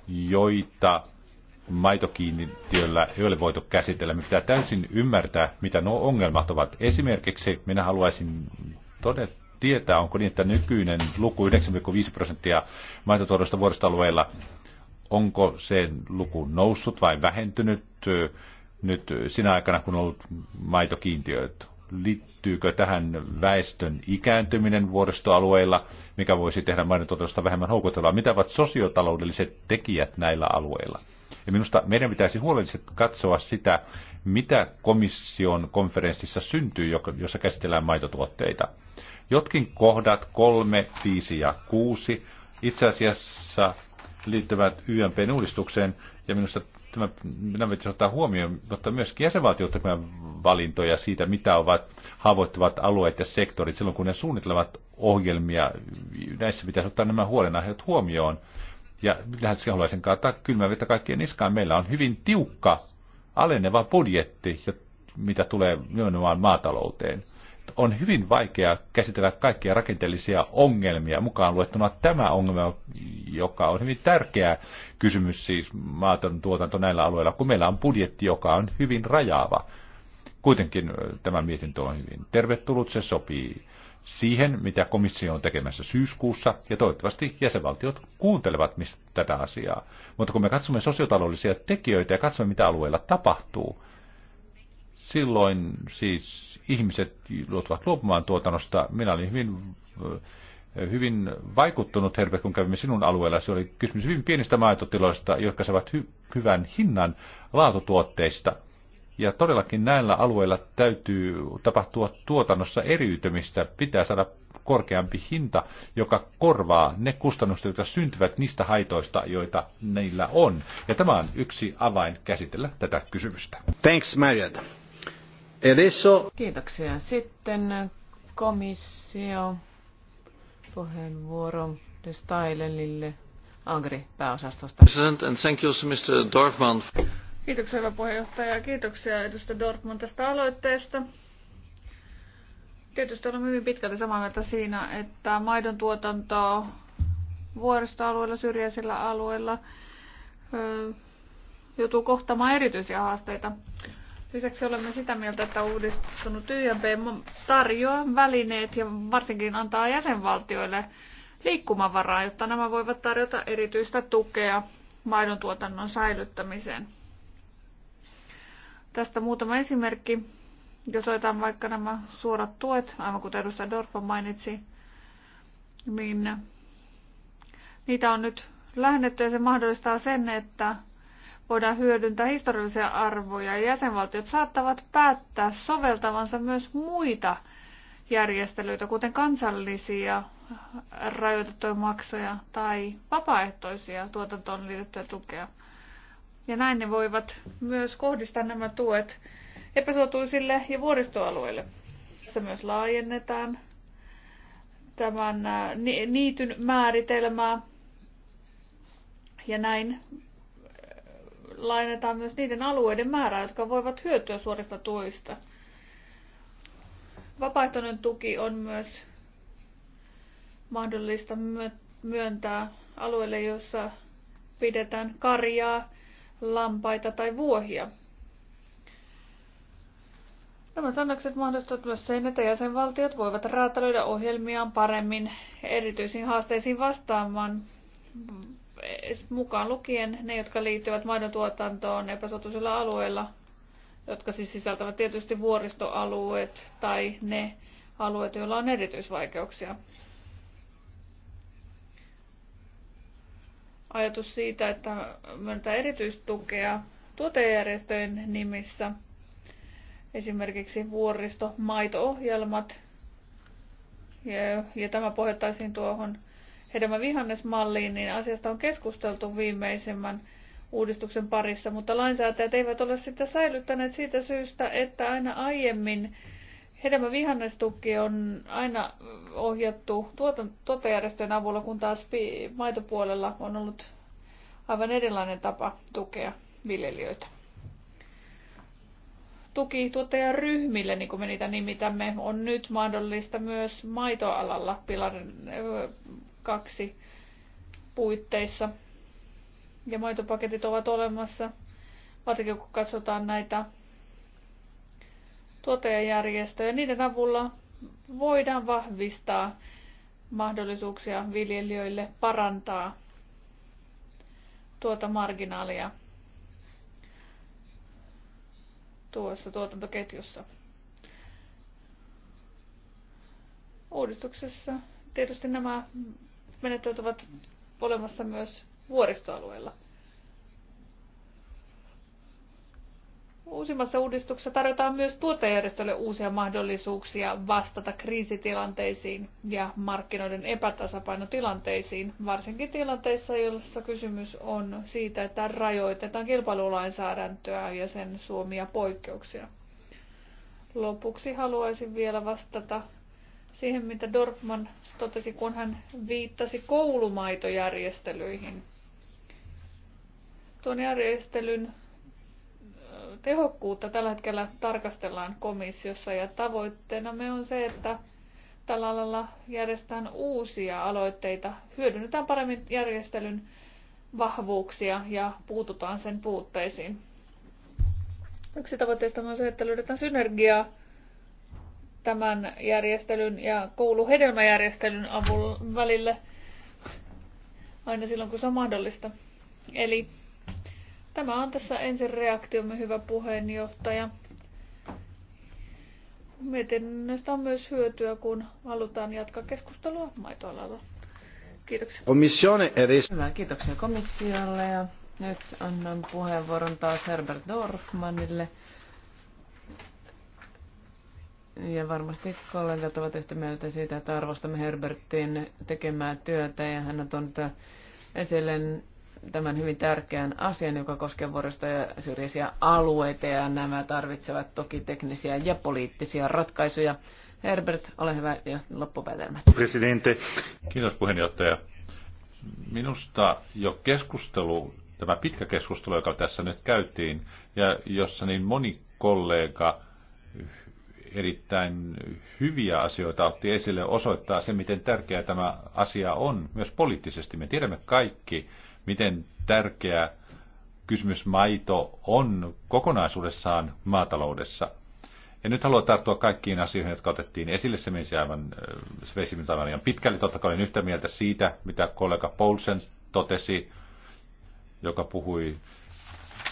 joita maitokiintiöllä ei ole voitu käsitellä. Me pitää täysin ymmärtää, mitä nuo ongelmat ovat. Esimerkiksi minä haluaisin todeta, tietää, onko niin, että nykyinen luku 9,5 prosenttia maitotuodosta vuoristoalueilla, onko se luku noussut vai vähentynyt nyt sinä aikana, kun on ollut maitokiintiöitä? Liittyykö tähän väestön ikääntyminen vuoristoalueilla, mikä voisi tehdä maidontuotannosta vähemmän houkutella? Mitä ovat sosiotaloudelliset tekijät näillä alueilla? Ja minusta meidän pitäisi huolellisesti katsoa sitä, mitä komission konferenssissa syntyy, jossa käsitellään maitotuotteita. Jotkin kohdat kolme, viisi ja kuusi itse asiassa liittyvät YMPn uudistukseen, ja minusta tämä, minä pitäisi ottaa huomioon, mutta myöskin jäsenvaltiot tekemään valintoja siitä, mitä ovat haavoittuvat alueet ja sektorit silloin, kun ne suunnittelevat ohjelmia. Näissä pitäisi ottaa nämä huolenaiheet huomioon. Ja lähes haluaisin kaataa kylmää vettä kaikkien niskaan. Meillä on hyvin tiukka, aleneva budjetti, mitä tulee nimenomaan maatalouteen on hyvin vaikea käsitellä kaikkia rakenteellisia ongelmia, mukaan luettuna tämä ongelma, joka on hyvin tärkeä kysymys siis maaton tuotanto näillä alueilla, kun meillä on budjetti, joka on hyvin rajaava. Kuitenkin tämä mietintö on hyvin tervetullut, se sopii siihen, mitä komissio on tekemässä syyskuussa, ja toivottavasti jäsenvaltiot kuuntelevat mistä tätä asiaa. Mutta kun me katsomme sosiotaloudellisia tekijöitä ja katsomme, mitä alueella tapahtuu, silloin siis ihmiset joutuvat luopumaan tuotannosta. Minä olin hyvin, äh, hyvin vaikuttunut, Herbert, kun kävimme sinun alueella. Se oli kysymys hyvin pienistä maitotiloista, jotka saavat hy- hyvän hinnan laatutuotteista. Ja todellakin näillä alueilla täytyy tapahtua tuotannossa eriytymistä. Pitää saada korkeampi hinta, joka korvaa ne kustannukset, jotka syntyvät niistä haitoista, joita niillä on. Ja tämä on yksi avain käsitellä tätä kysymystä. Thanks, Marriott. Edesso. Kiitoksia. Sitten komissio puheenvuoro De Stylelille Agri-pääosastosta. President, and thank you, Mr. Dorfman. Kiitoksia, hyvä puheenjohtaja, ja kiitoksia edustaja Dorfman tästä aloitteesta. Tietysti olemme hyvin pitkälti samaa mieltä siinä, että maidon tuotantoa vuoristoalueella, syrjäisillä alueilla joutuu kohtamaan erityisiä haasteita. Lisäksi olemme sitä mieltä, että uudistunut YMP tarjoaa välineet ja varsinkin antaa jäsenvaltioille liikkumavaraa, jotta nämä voivat tarjota erityistä tukea maidontuotannon säilyttämiseen. Tästä muutama esimerkki. Jos otetaan vaikka nämä suorat tuet, aivan kuten edustaja Dorfa mainitsi, niin niitä on nyt lähennetty ja se mahdollistaa sen, että voidaan hyödyntää historiallisia arvoja ja jäsenvaltiot saattavat päättää soveltavansa myös muita järjestelyitä, kuten kansallisia rajoitettuja maksuja tai vapaaehtoisia tuotantoon liittyviä tukea. Ja näin ne voivat myös kohdistaa nämä tuet epäsuotuisille ja vuoristoalueille. Tässä myös laajennetaan tämän äh, niityn määritelmää ja näin laajennetaan myös niiden alueiden määrää, jotka voivat hyötyä suorista tuista. Vapaaehtoinen tuki on myös mahdollista myöntää alueille, joissa pidetään karjaa, lampaita tai vuohia. Nämä säännökset mahdollistavat myös sen, että jäsenvaltiot voivat räätälöidä ohjelmiaan paremmin erityisiin haasteisiin vastaamaan mukaan lukien ne, jotka liittyvät maidontuotantoon tuotantoon epäsuotuisilla alueilla, jotka siis sisältävät tietysti vuoristoalueet tai ne alueet, joilla on erityisvaikeuksia. Ajatus siitä, että myöntää erityistukea tuotejärjestöjen nimissä, esimerkiksi vuoristo-maito-ohjelmat, ja, ja tämä pohjattaisiin tuohon hedelmän vihannesmalliin, niin asiasta on keskusteltu viimeisemmän uudistuksen parissa, mutta lainsäätäjät eivät ole sitä säilyttäneet siitä syystä, että aina aiemmin hedelmän vihannestukki on aina ohjattu tuottajärjestöjen avulla, kun taas maitopuolella on ollut aivan erilainen tapa tukea viljelijöitä. Tuki tuottajaryhmille, niin kuin me niitä nimitämme, on nyt mahdollista myös maitoalalla pilarin, kaksi puitteissa. Ja maitopaketit ovat olemassa, varsinkin kun katsotaan näitä tuottajajärjestöjä. Niiden avulla voidaan vahvistaa mahdollisuuksia viljelijöille parantaa tuota marginaalia tuossa tuotantoketjussa. Uudistuksessa tietysti nämä menettelyt ovat olemassa myös vuoristoalueilla. Uusimmassa uudistuksessa tarjotaan myös tuottajärjestölle uusia mahdollisuuksia vastata kriisitilanteisiin ja markkinoiden epätasapainotilanteisiin, varsinkin tilanteissa, joissa kysymys on siitä, että rajoitetaan kilpailulainsäädäntöä ja sen suomia poikkeuksia. Lopuksi haluaisin vielä vastata siihen, mitä Dorfman totesi, kun hän viittasi koulumaitojärjestelyihin. Tuon järjestelyn tehokkuutta tällä hetkellä tarkastellaan komissiossa ja tavoitteena me on se, että tällä alalla järjestetään uusia aloitteita, hyödynnetään paremmin järjestelyn vahvuuksia ja puututaan sen puutteisiin. Yksi tavoitteista on se, että löydetään synergiaa tämän järjestelyn ja kouluhedelmäjärjestelyn avulla välille aina silloin, kun se on mahdollista. Eli tämä on tässä ensin reaktiomme, hyvä puheenjohtaja. Mietinnöstä on myös hyötyä, kun halutaan jatkaa keskustelua maitoalalla. Kiitoksia. Komissione edes. Hyvä, kiitoksia komissiolle ja nyt annan puheenvuoron taas Herbert Dorfmanille ja varmasti kollegat ovat yhtä mieltä siitä, että arvostamme Herbertin tekemää työtä ja hän on tuonut esille tämän hyvin tärkeän asian, joka koskee vuoristo- ja syrjäisiä alueita ja nämä tarvitsevat toki teknisiä ja poliittisia ratkaisuja. Herbert, ole hyvä ja loppupäätelmät. Presidente. Kiitos puheenjohtaja. Minusta jo keskustelu, tämä pitkä keskustelu, joka tässä nyt käytiin, ja jossa niin moni kollega erittäin hyviä asioita otti esille, osoittaa se, miten tärkeä tämä asia on myös poliittisesti. Me tiedämme kaikki, miten tärkeä kysymys maito on kokonaisuudessaan maataloudessa. En nyt halua tarttua kaikkiin asioihin, jotka otettiin esille. Se menisi aivan, äh, se vesi liian pitkälle. Totta kai olen yhtä mieltä siitä, mitä kollega Paulsen totesi, joka puhui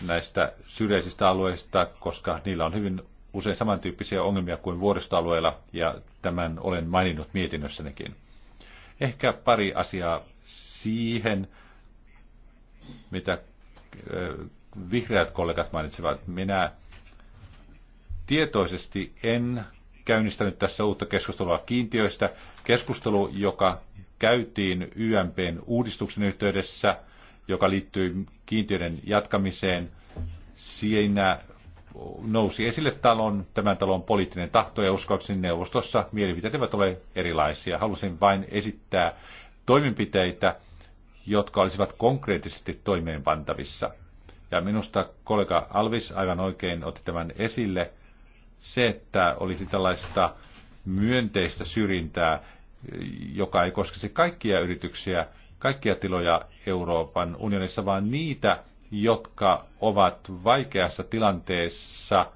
näistä syrjäisistä alueista, koska niillä on hyvin usein samantyyppisiä ongelmia kuin vuoristoalueilla, ja tämän olen maininnut mietinnössänikin. Ehkä pari asiaa siihen, mitä vihreät kollegat mainitsivat. Minä tietoisesti en käynnistänyt tässä uutta keskustelua kiintiöistä. Keskustelu, joka käytiin YMPn uudistuksen yhteydessä, joka liittyy kiintiöiden jatkamiseen, siinä nousi esille talon, tämän talon poliittinen tahto ja uskoakseni neuvostossa mielipiteet eivät ole erilaisia. Halusin vain esittää toimenpiteitä, jotka olisivat konkreettisesti toimeenpantavissa. Ja minusta kollega Alvis aivan oikein otti tämän esille. Se, että olisi tällaista myönteistä syrjintää, joka ei koskisi kaikkia yrityksiä, kaikkia tiloja Euroopan unionissa, vaan niitä, jotka ovat vaikeassa tilanteessa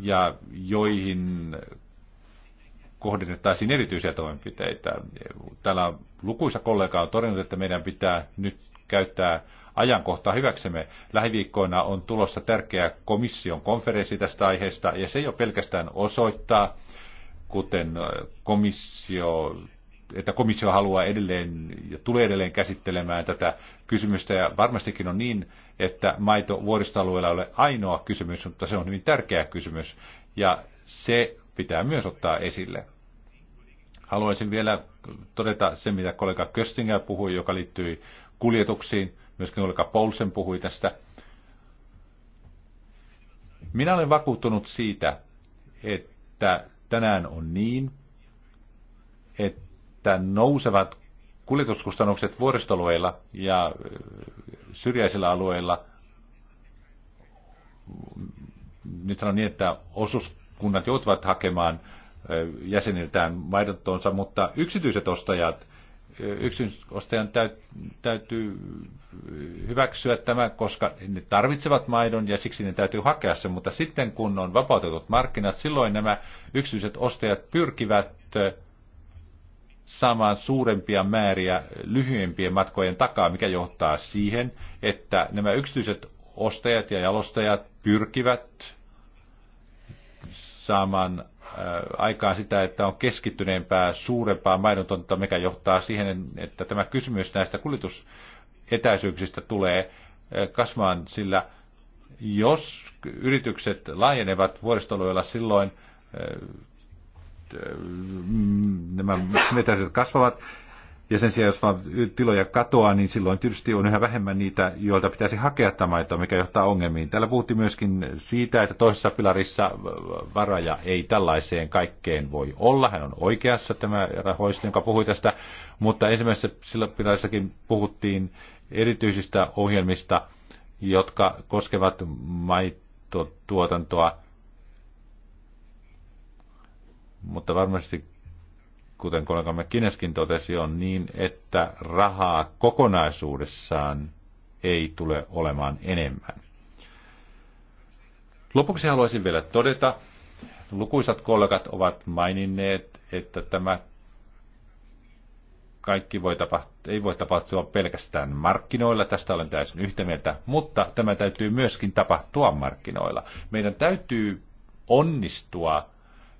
ja joihin kohdennettaisiin erityisiä toimenpiteitä. Täällä lukuisa kollega on todennut, että meidän pitää nyt käyttää ajankohtaa hyväksemme. Lähiviikkoina on tulossa tärkeä komission konferenssi tästä aiheesta, ja se jo pelkästään osoittaa, kuten komissio että komissio haluaa edelleen ja tulee edelleen käsittelemään tätä kysymystä. Ja varmastikin on niin, että maito vuoristoalueella ei ole ainoa kysymys, mutta se on hyvin tärkeä kysymys. Ja se pitää myös ottaa esille. Haluaisin vielä todeta sen, mitä kollega Köstinger puhui, joka liittyi kuljetuksiin. Myöskin kollega Paulsen puhui tästä. Minä olen vakuuttunut siitä, että tänään on niin, että että nousevat kuljetuskustannukset vuoristolueilla ja äh, syrjäisillä alueilla, nyt sanon niin, että osuuskunnat joutuvat hakemaan äh, jäseniltään maidottoonsa, mutta yksityiset ostajat, äh, yksityisostajan täytyy hyväksyä tämä, koska ne tarvitsevat maidon ja siksi ne täytyy hakea sen, mutta sitten kun on vapautetut markkinat, silloin nämä yksityiset ostajat pyrkivät saamaan suurempia määriä lyhyempien matkojen takaa, mikä johtaa siihen, että nämä yksityiset ostajat ja jalostajat pyrkivät saamaan äh, aikaan sitä, että on keskittyneempää, suurempaa maidontonta, mikä johtaa siihen, että tämä kysymys näistä kuljetusetäisyyksistä tulee äh, kasvamaan, sillä jos yritykset laajenevat vuoristoluilla silloin äh, Äh, nämä metäisyydet kasvavat. Ja sen sijaan, jos vaan tiloja katoaa, niin silloin tietysti on yhä vähemmän niitä, joilta pitäisi hakea tämä maito, mikä johtaa ongelmiin. Täällä puhuttiin myöskin siitä, että toisessa pilarissa varaja ei tällaiseen kaikkeen voi olla. Hän on oikeassa tämä rahoista, joka puhui tästä, mutta ensimmäisessä sillä pilarissakin puhuttiin erityisistä ohjelmista, jotka koskevat maitotuotantoa mutta varmasti, kuten kollegamme Kineskin totesi, on niin, että rahaa kokonaisuudessaan ei tule olemaan enemmän. Lopuksi haluaisin vielä todeta, lukuisat kollegat ovat maininneet, että tämä kaikki voi tapahtua, ei voi tapahtua pelkästään markkinoilla, tästä olen täysin yhtä mieltä, mutta tämä täytyy myöskin tapahtua markkinoilla. Meidän täytyy onnistua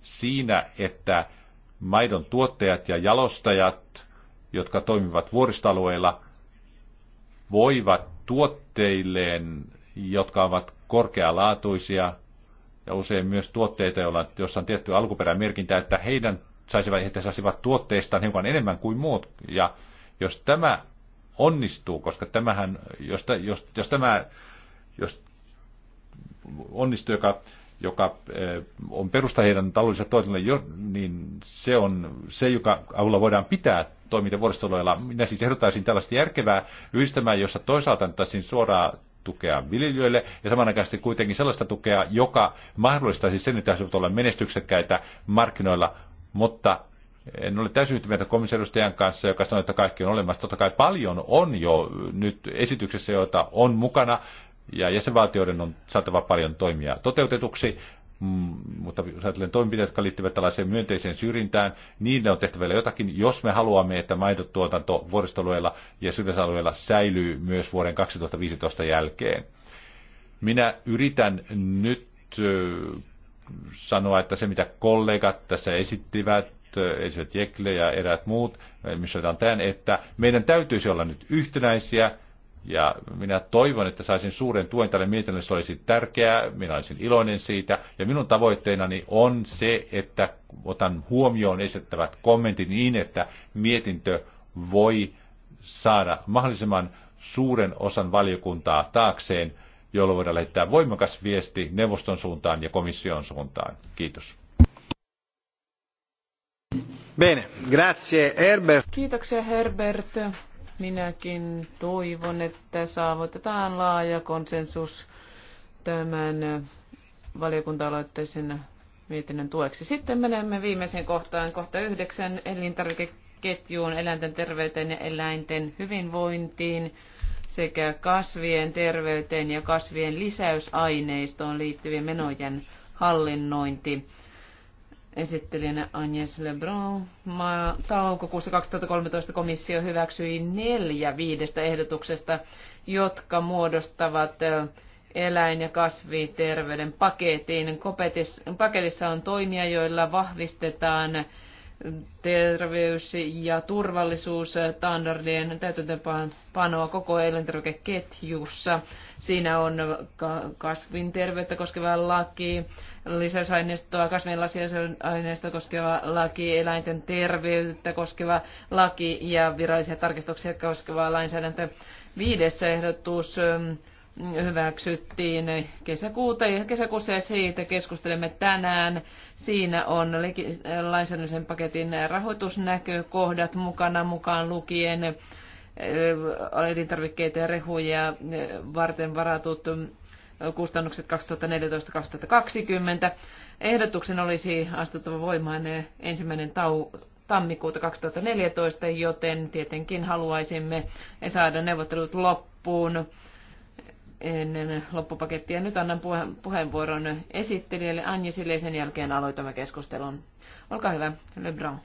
siinä, että maidon tuottajat ja jalostajat, jotka toimivat vuoristoalueilla, voivat tuotteilleen, jotka ovat korkealaatuisia ja usein myös tuotteita, joilla, jossa on tietty alkuperämerkintä, että heidän saisivat, että saisivat tuotteistaan hiukan enemmän kuin muut. Ja jos tämä onnistuu, koska tämähän, jos, jos, jos tämä jos onnistuu, joka joka eh, on perusta heidän taloudelliselle toiminnalle, niin se on se, joka avulla voidaan pitää toiminta vuoristoloilla. Minä siis ehdottaisin tällaista järkevää yhdistämää, jossa toisaalta antaisin suoraa tukea viljelijöille ja samanaikaisesti kuitenkin sellaista tukea, joka mahdollistaisi sen, että he olla menestyksekkäitä markkinoilla, mutta en ole täysin yhtä mieltä komissaaristajan kanssa, joka sanoi, että kaikki on olemassa. Totta kai paljon on jo nyt esityksessä, joita on mukana, ja jäsenvaltioiden on saatava paljon toimia toteutetuksi, mm, mutta jos ajatellaan toimenpiteitä, jotka liittyvät tällaiseen myönteiseen syrjintään, ne on tehtävä vielä jotakin, jos me haluamme, että maitotuotanto vuoristoalueella ja syrjäisalueilla säilyy myös vuoden 2015 jälkeen. Minä yritän nyt sanoa, että se mitä kollegat tässä esittivät, esimerkiksi Jekle ja eräät muut, missä tämän, että meidän täytyisi olla nyt yhtenäisiä, ja minä toivon, että saisin suuren tuen tälle mietinnölle, se olisi tärkeää, minä olisin iloinen siitä. Ja minun tavoitteenani on se, että otan huomioon esittävät kommentit niin, että mietintö voi saada mahdollisimman suuren osan valiokuntaa taakseen, jolloin voidaan lähettää voimakas viesti neuvoston suuntaan ja komission suuntaan. Kiitos. Bene, grazie Herbert. Kiitoksia Herbert. Minäkin toivon, että saavutetaan laaja konsensus tämän valiokunta-aloitteisen mietinnön tueksi. Sitten menemme viimeiseen kohtaan, kohta yhdeksän, elintarvikeketjuun, eläinten terveyteen ja eläinten hyvinvointiin sekä kasvien terveyteen ja kasvien lisäysaineistoon liittyvien menojen hallinnointi. Esittelijänä Agnes Lebrun. Ma- toukokuussa 2013 komissio hyväksyi neljä viidestä ehdotuksesta, jotka muodostavat eläin- ja kasviterveyden paketin. Paketissa on toimia, joilla vahvistetaan terveys- ja turvallisuusstandardien täytäntöönpanoa koko elintarvikeketjussa. Siinä on kasvin terveyttä koskeva laki, lisäysaineistoa, kasvien lasiaineistoa koskeva laki, eläinten terveyttä koskeva laki ja virallisia tarkistuksia koskeva lainsäädäntö. Viides ehdotus hyväksyttiin kesäkuuta ja kesäkuussa ja siitä keskustelemme tänään. Siinä on lainsäädännöllisen paketin rahoitusnäkökohdat mukana mukaan lukien elintarvikkeita ja rehuja varten varatut kustannukset 2014-2020. Ehdotuksen olisi astuttava voimaan ensimmäinen tau tammikuuta 2014, joten tietenkin haluaisimme saada neuvottelut loppuun ennen loppupakettia. Nyt annan puheenvuoron esittelijälle Anjesille ja sen jälkeen aloitamme keskustelun. Olkaa hyvä, Lebron.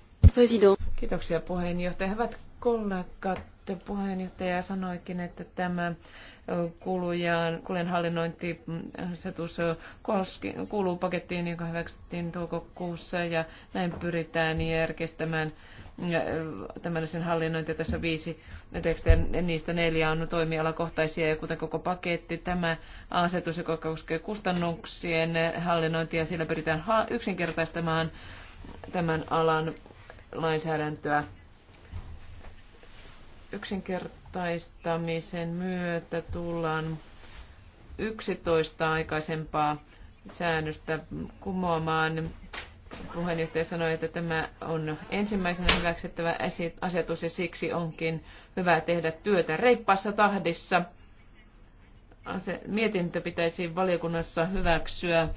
Kiitoksia puheenjohtaja. Hyvät kollegat, sitten puheenjohtaja sanoikin, että tämä kulujen hallinnointiasetus kuuluu pakettiin, joka hyväksyttiin toukokuussa ja näin pyritään järkestämään tämmöisen hallinnointi tässä viisi tekstiä, niistä neljä on toimialakohtaisia ja kuten koko paketti, tämä asetus, joka koskee kustannuksien hallinnointia, sillä pyritään yksinkertaistamaan tämän alan lainsäädäntöä yksinkertaistamisen myötä tullaan 11 aikaisempaa säännöstä kumoamaan. Puheenjohtaja sanoi, että tämä on ensimmäisenä hyväksyttävä asetus ja siksi onkin hyvä tehdä työtä reippaassa tahdissa. Mietintö pitäisi valiokunnassa hyväksyä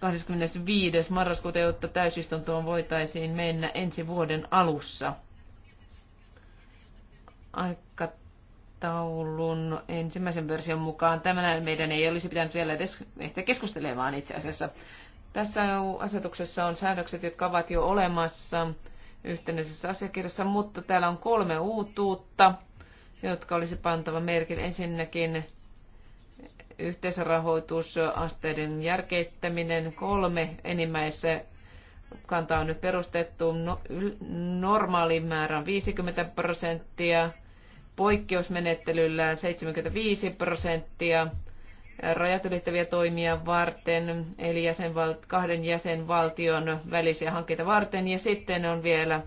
25. marraskuuta, jotta täysistuntoon voitaisiin mennä ensi vuoden alussa aikataulun ensimmäisen version mukaan. Tämän meidän ei olisi pitänyt vielä edes ehtiä keskustelemaan itse asiassa. Tässä asetuksessa on säädökset, jotka ovat jo olemassa yhtenäisessä asiakirjassa, mutta täällä on kolme uutuutta, jotka olisi pantava merkin. Ensinnäkin yhteisrahoitusasteiden järkeistäminen, kolme enimmäisessä kanta on nyt perustettu. No, normaali määrä on 50 prosenttia, poikkeusmenettelyllä 75 prosenttia rajat ylittäviä toimia varten, eli jäsenval- kahden jäsenvaltion välisiä hankkeita varten. Ja sitten on vielä,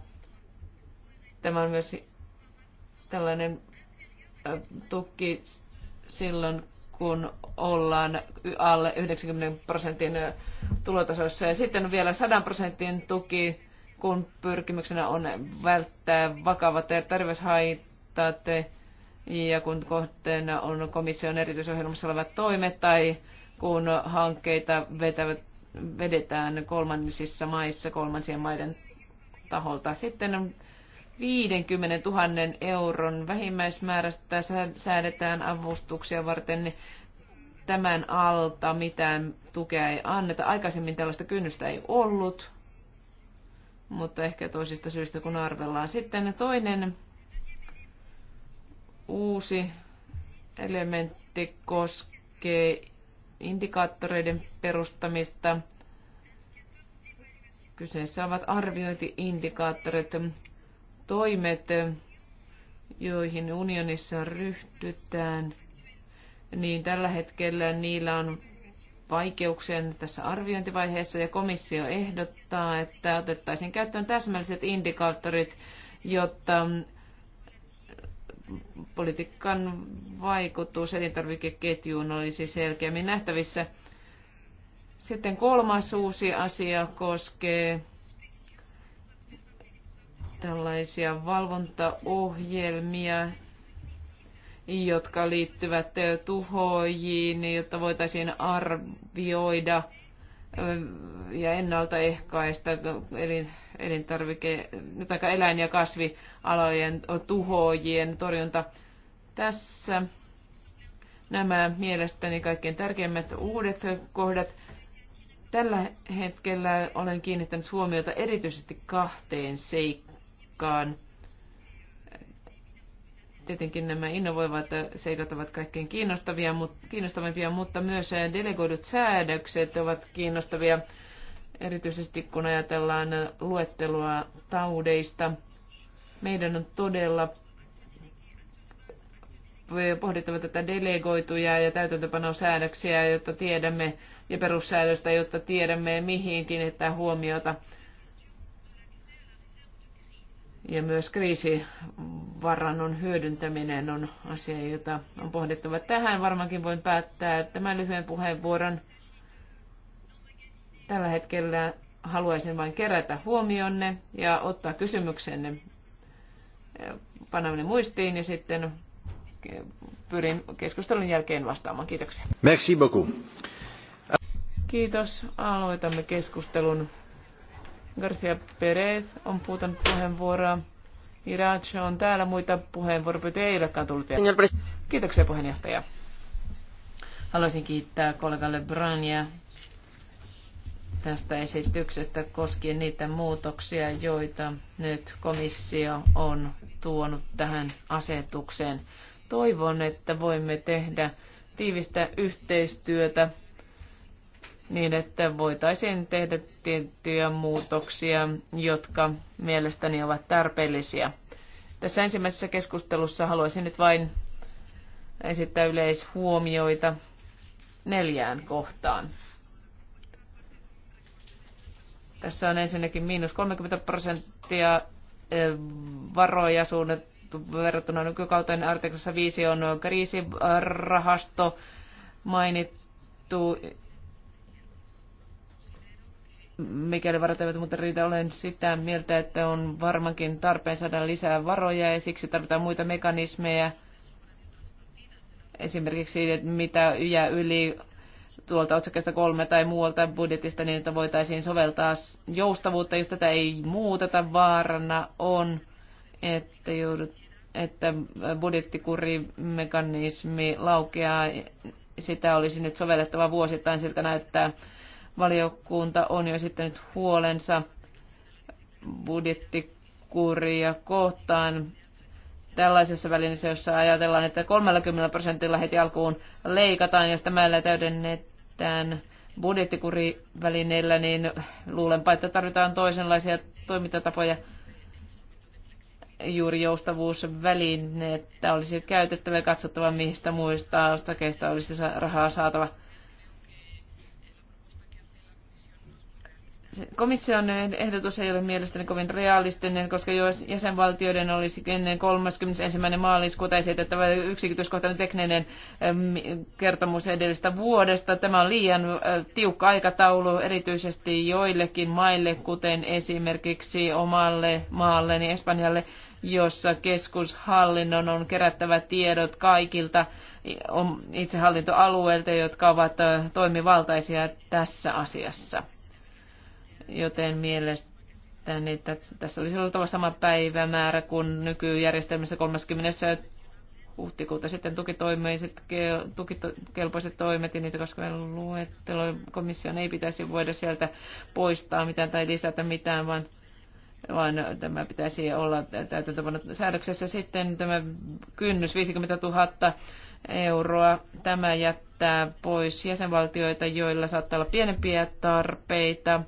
tämä on myös tällainen tukki silloin, kun ollaan alle 90 prosentin tulotasossa. Ja sitten on vielä 100 prosentin tuki, kun pyrkimyksenä on välttää vakavat terveyshaitta ehdottaatte ja kun kohteena on komission erityisohjelmassa olevat toimet tai kun hankkeita vetävät, vedetään kolmansissa maissa kolmansien maiden taholta. Sitten 50 000 euron vähimmäismäärästä säädetään avustuksia varten tämän alta mitään tukea ei anneta. Aikaisemmin tällaista kynnystä ei ollut, mutta ehkä toisista syistä kun arvellaan. Sitten toinen Uusi elementti koskee indikaattoreiden perustamista. Kyseessä ovat arviointiindikaattorit, toimet, joihin unionissa ryhtytään, niin tällä hetkellä niillä on vaikeuksia tässä arviointivaiheessa ja komissio ehdottaa, että otettaisiin käyttöön täsmälliset indikaattorit, jotta politiikan vaikutus elintarvikeketjuun olisi selkeämmin nähtävissä. Sitten kolmas uusi asia koskee tällaisia valvontaohjelmia, jotka liittyvät tuhojiin, jotta voitaisiin arvioida ja ennaltaehkäistä eli elintarvike- tai eläin- ja kasvialojen tuhoojien torjunta. Tässä nämä mielestäni kaikkein tärkeimmät uudet kohdat. Tällä hetkellä olen kiinnittänyt huomiota erityisesti kahteen seikkaan. Tietenkin nämä innovoivat seikat ovat kaikkein kiinnostavia, mutta, kiinnostavimpia, mutta myös delegoidut säädökset ovat kiinnostavia erityisesti kun ajatellaan luettelua taudeista. Meidän on todella pohdittava tätä delegoituja ja täytäntöpanosäädöksiä, jotta tiedämme, ja perussäädöstä, jotta tiedämme, mihin kiinnittää huomiota. Ja myös kriisivarannon hyödyntäminen on asia, jota on pohdittava. Tähän varmaankin voin päättää tämän lyhyen puheenvuoron. Tällä hetkellä haluaisin vain kerätä huomionne ja ottaa kysymyksenne panemme muistiin ja sitten pyrin keskustelun jälkeen vastaamaan. Kiitoksia. Merci beaucoup. Kiitos. Aloitamme keskustelun. Garcia Perez on puutanut puheenvuoroa. Irache on täällä. Muita puheenvuoropyyntöjä ei olekaan tullut vielä. Kiitoksia puheenjohtaja. Haluaisin kiittää kollegalle Brania tästä esityksestä koskien niitä muutoksia, joita nyt komissio on tuonut tähän asetukseen. Toivon, että voimme tehdä tiivistä yhteistyötä niin, että voitaisiin tehdä tiettyjä muutoksia, jotka mielestäni ovat tarpeellisia. Tässä ensimmäisessä keskustelussa haluaisin nyt vain esittää yleishuomioita neljään kohtaan. Tässä on ensinnäkin miinus 30 prosenttia eh, varoja suunnattu verrattuna nykykauteen. Artiklassa 5 on kriisirahasto mainittu. Mikäli varat eivät muuten riitä, olen sitä mieltä, että on varmankin tarpeen saada lisää varoja ja siksi tarvitaan muita mekanismeja. Esimerkiksi, että mitä yjä yli tuolta otsakkeesta kolme tai muualta budjetista niin, että voitaisiin soveltaa joustavuutta, jos tätä ei muuteta. Vaarana on, että joudut että budjettikurimekanismi laukeaa, sitä olisi nyt sovellettava vuosittain, siltä näyttää. Valiokunta on jo nyt huolensa budjettikuria kohtaan tällaisessa välineessä, jossa ajatellaan, että 30 prosentilla heti alkuun leikataan, jos tämä täydennet, tämän budjettikurivälineillä, niin luulenpa, että tarvitaan toisenlaisia toimintatapoja juuri joustavuusvälineet, että olisi käytettävä ja katsottava, mistä muista osakeista olisi rahaa saatava. Komission ehdotus ei ole mielestäni kovin realistinen, koska jos jäsenvaltioiden olisi ennen 31. maaliskuuta esitettävä yksityiskohtainen tekninen kertomus edellisestä vuodesta. Tämä on liian tiukka aikataulu erityisesti joillekin maille, kuten esimerkiksi omalle maalleni niin Espanjalle, jossa keskushallinnon on kerättävä tiedot kaikilta itsehallintoalueilta, jotka ovat toimivaltaisia tässä asiassa joten mielestäni tässä olisi oltava sama päivämäärä kuin nykyjärjestelmässä 30. huhtikuuta sitten tukitoimiset, tukikelpoiset toimet ja niitä koskevan luettelo. Komission ei pitäisi voida sieltä poistaa mitään tai lisätä mitään, vaan vaan tämä pitäisi olla täytäntöpano säädöksessä sitten tämä kynnys 50 000 euroa. Tämä jättää pois jäsenvaltioita, joilla saattaa olla pienempiä tarpeita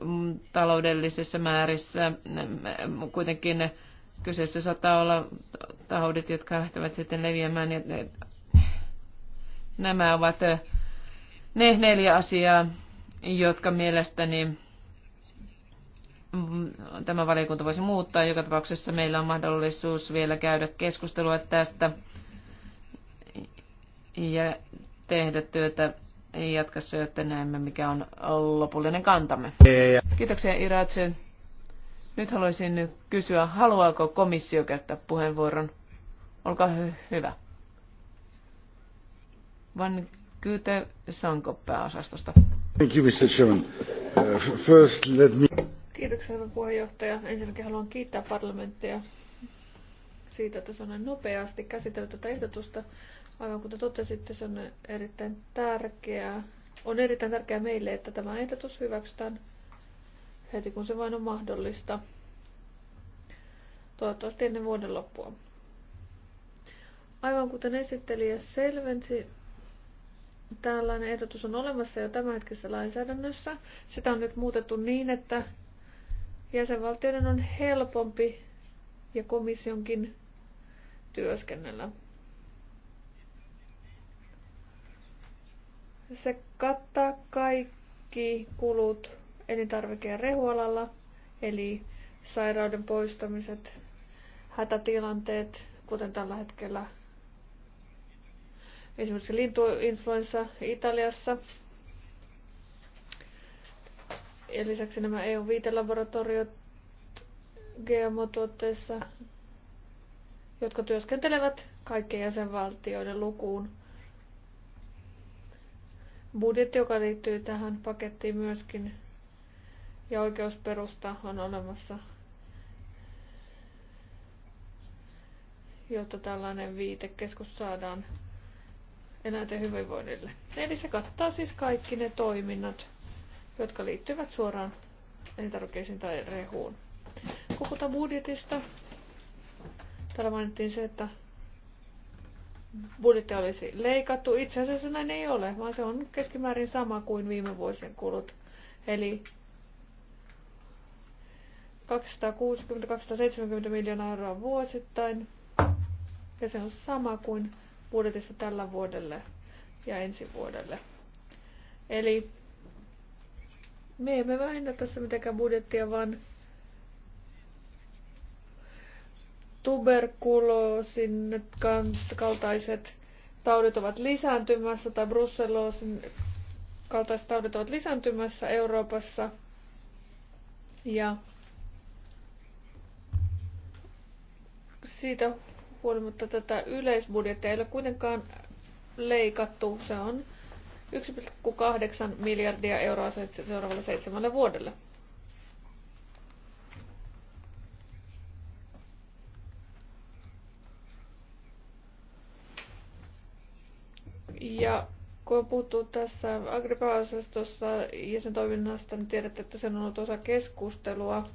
Mm, taloudellisessa määrissä. Mm, kuitenkin kyseessä saattaa olla taudit, jotka lähtevät sitten leviämään. Ja nämä ovat ne neljä asiaa, jotka mielestäni mm, tämä valiokunta voisi muuttaa. Joka tapauksessa meillä on mahdollisuus vielä käydä keskustelua tästä ja tehdä työtä se, että näemme, mikä on lopullinen kantamme. Kiitoksia Iratse. Nyt haluaisin kysyä, haluaako komissio käyttää puheenvuoron? Olkaa hy- hyvä. Van Kyte Sanko pääosastosta. Thank you, Mr. Chairman. Uh, first, let me... Kiitoksia, hyvä puheenjohtaja. Ensinnäkin haluan kiittää parlamenttia siitä, että se on nopeasti käsitellyt tätä ehdotusta. Aivan kuten totesitte, se on erittäin tärkeää. On erittäin tärkeää meille, että tämä ehdotus hyväksytään heti kun se vain on mahdollista. Toivottavasti ennen vuoden loppua. Aivan kuten esittelijä selvensi, tällainen ehdotus on olemassa jo tämänhetkisessä lainsäädännössä. Sitä on nyt muutettu niin, että jäsenvaltioiden on helpompi ja komissionkin työskennellä Se kattaa kaikki kulut elintarvike- ja rehualalla, eli sairauden poistamiset, hätätilanteet, kuten tällä hetkellä esimerkiksi lintuinfluenssa Italiassa. Ja lisäksi nämä EU-viitelaboratoriot GMO-tuotteissa, jotka työskentelevät kaikkien jäsenvaltioiden lukuun budjetti, joka liittyy tähän pakettiin myöskin, ja oikeusperusta on olemassa, jotta tällainen viitekeskus saadaan eläinten hyvinvoinnille. Eli se kattaa siis kaikki ne toiminnot, jotka liittyvät suoraan elintarvikkeisiin tai rehuun. Koko budjetista, täällä mainittiin se, että budjetti olisi leikattu. Itse asiassa näin ei ole, vaan se on keskimäärin sama kuin viime vuosien kulut. Eli 260-270 miljoonaa euroa vuosittain. Ja se on sama kuin budjetissa tällä vuodelle ja ensi vuodelle. Eli me emme vähennä tässä mitenkään budjettia, vaan tuberkuloosin kaltaiset taudit ovat lisääntymässä tai brusseloosin kaltaiset taudit ovat lisääntymässä Euroopassa. Ja siitä huolimatta tätä yleisbudjettia ei ole kuitenkaan leikattu. Se on 1,8 miljardia euroa seuraavalle seitsemälle vuodelle. Ja kun on puhuttu tässä Agrippa-osastossa ja sen toiminnasta, niin tiedätte, että se on ollut osa keskustelua.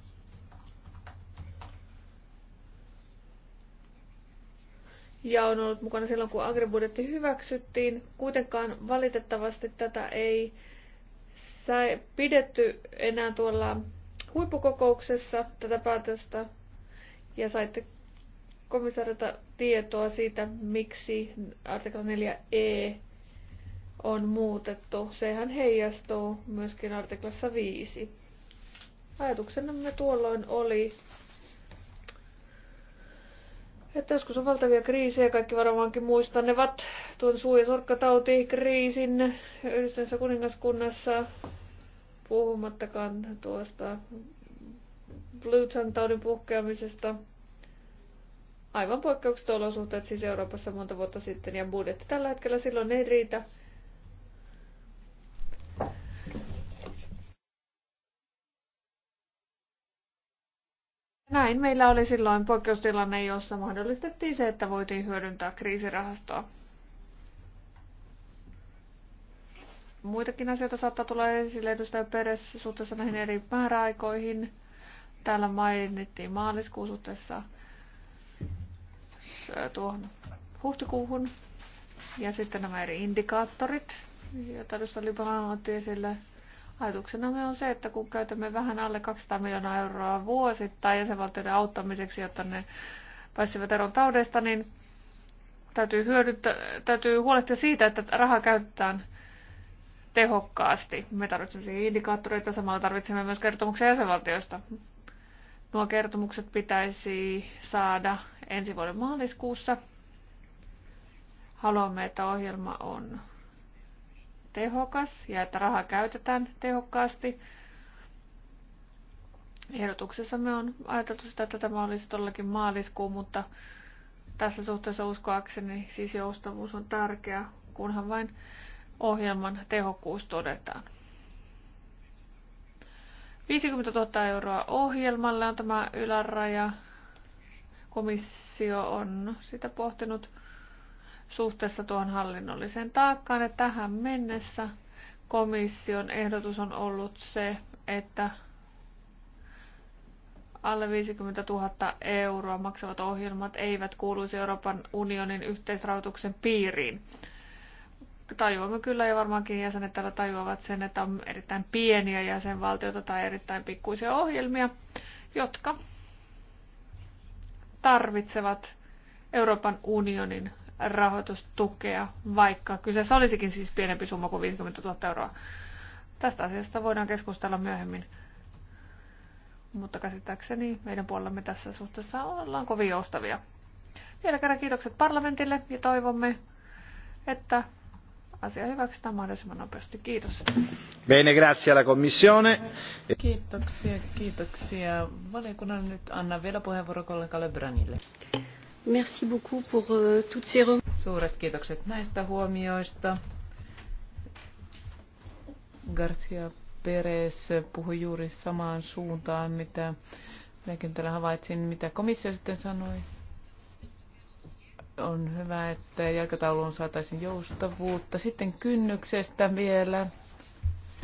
Ja on ollut mukana silloin, kun agribudjetti hyväksyttiin. Kuitenkaan valitettavasti tätä ei sai pidetty enää tuolla huippukokouksessa tätä päätöstä. Ja saitte komissaarilta tietoa siitä, miksi artikla 4e on muutettu. Sehän heijastuu myöskin artiklassa 5. Ajatuksenamme tuolloin oli, että joskus on valtavia kriisejä, kaikki varmaankin muistanevat tuon suu- ja sorkkatauti kriisin yhdistyneessä kuningaskunnassa, puhumattakaan tuosta Blutan taudin puhkeamisesta. Aivan poikkeukset olosuhteet siis Euroopassa monta vuotta sitten ja budjetti tällä hetkellä silloin ei riitä Näin meillä oli silloin poikkeustilanne, jossa mahdollistettiin se, että voitiin hyödyntää kriisirahastoa. Muitakin asioita saattaa tulla esille edustaja Peres suhteessa näihin eri määräaikoihin. Täällä mainittiin maaliskuun suhteessa äh, tuohon huhtikuuhun. Ja sitten nämä eri indikaattorit, joita edustaja Libanon esille Ajatuksenamme on se, että kun käytämme vähän alle 200 miljoonaa euroa vuosittain jäsenvaltioiden auttamiseksi, jotta ne pääsivät eroon taudeista, niin täytyy, hyödyttää, täytyy huolehtia siitä, että rahaa käytetään tehokkaasti. Me tarvitsemme indikaattoreita, samalla tarvitsemme myös kertomuksia jäsenvaltioista. Nuo kertomukset pitäisi saada ensi vuoden maaliskuussa. Haluamme, että ohjelma on tehokas ja että raha käytetään tehokkaasti. Ehdotuksessamme on ajateltu sitä, että tämä olisi todellakin maaliskuu, mutta tässä suhteessa uskoakseni siis joustavuus on tärkeä, kunhan vain ohjelman tehokkuus todetaan. 50 000 euroa ohjelmalle on tämä yläraja. Komissio on sitä pohtinut suhteessa tuohon hallinnolliseen taakkaan. Ja tähän mennessä komission ehdotus on ollut se, että alle 50 000 euroa maksavat ohjelmat eivät kuuluisi Euroopan unionin yhteisrahoituksen piiriin. Tajuamme kyllä ja varmaankin jäsenet täällä tajuavat sen, että on erittäin pieniä jäsenvaltioita tai erittäin pikkuisia ohjelmia, jotka tarvitsevat Euroopan unionin rahoitustukea, vaikka kyseessä olisikin siis pienempi summa kuin 50 000 euroa. Tästä asiasta voidaan keskustella myöhemmin. Mutta käsittääkseni meidän puolellamme tässä suhteessa ollaan kovin joustavia. Vielä kerran kiitokset parlamentille ja toivomme, että asia hyväksytään mahdollisimman nopeasti. Kiitos. Bene, grazie alla commissione. Kiitoksia, kiitoksia Valiokunnan Nyt annan vielä puheenvuoro kollegalle Branille. Merci beaucoup pour euh, toutes ces Suuret kiitokset näistä huomioista. Garcia Perez puhui juuri samaan suuntaan, mitä minäkin täällä havaitsin, mitä komissio sitten sanoi. On hyvä, että jalkatauluun saataisiin joustavuutta. Sitten kynnyksestä vielä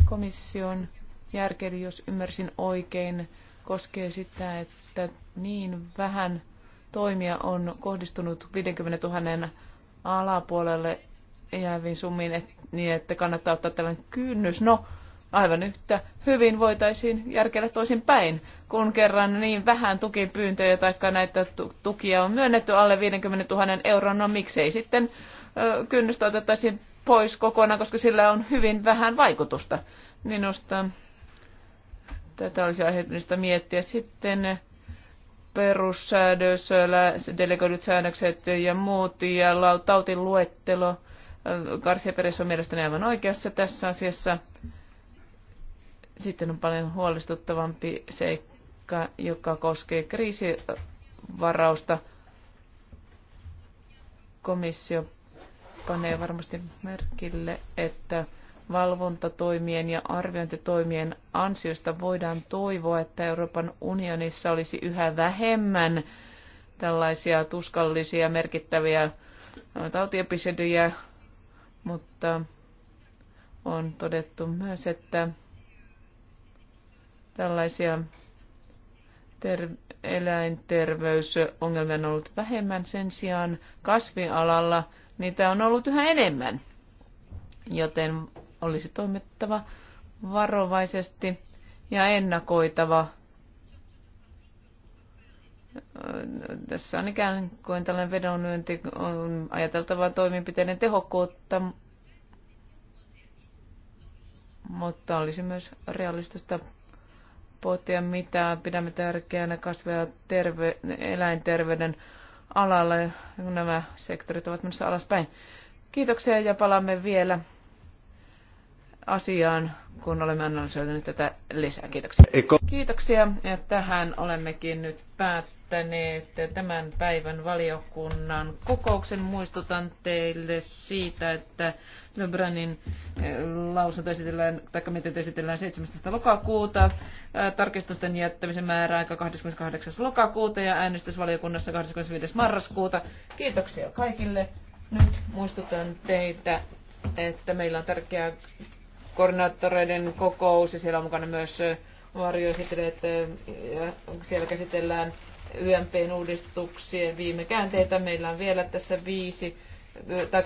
komission järkeli, jos ymmärsin oikein, koskee sitä, että niin vähän – toimia on kohdistunut 50 000 alapuolelle jääviin summiin niin, että kannattaa ottaa tällainen kynnys. No, aivan yhtä hyvin voitaisiin järkeillä toisin päin, kun kerran niin vähän tukipyyntöjä tai näitä tukia on myönnetty alle 50 000 euron, no miksei sitten kynnystä otettaisiin pois kokonaan, koska sillä on hyvin vähän vaikutusta. Minusta tätä olisi aiheellista miettiä. Sitten perussäädös, delegoidut säännökset ja muut ja tautin luettelo. Äh, Garcia Peres on mielestäni aivan oikeassa tässä asiassa. Sitten on paljon huolestuttavampi seikka, joka koskee kriisivarausta. Komissio panee varmasti merkille, että valvontatoimien ja arviointitoimien ansiosta voidaan toivoa, että Euroopan unionissa olisi yhä vähemmän tällaisia tuskallisia merkittäviä äh, tautiepisodiä, mutta on todettu myös, että tällaisia ter- eläinterveysongelmia on ollut vähemmän. Sen sijaan kasvialalla niitä on ollut yhä enemmän, joten olisi toimittava varovaisesti ja ennakoitava. Tässä on ikään kuin tällainen vedonlyönti, on ajateltava toimenpiteiden tehokkuutta, mutta olisi myös realistista pohtia, mitä pidämme tärkeänä kasve- ja terve- eläinterveyden alalla kun nämä sektorit ovat menossa alaspäin. Kiitoksia ja palaamme vielä asiaan, kun olemme analysoineet tätä lisää. Kiitoksia. Kiitoksia. Ja tähän olemmekin nyt päättäneet tämän päivän valiokunnan kokouksen. Muistutan teille siitä, että Lebranin eh, lausunto esitellään, tai miten esitellään 17. lokakuuta, eh, tarkistusten jättämisen aika 28. lokakuuta ja äänestysvaliokunnassa 25. marraskuuta. Kiitoksia kaikille. Nyt muistutan teitä, että meillä on tärkeää koordinaattoreiden kokous ja siellä on mukana myös ja Siellä käsitellään YMPn uudistuksien viime käänteitä. Meillä on vielä tässä viisi tai 10-15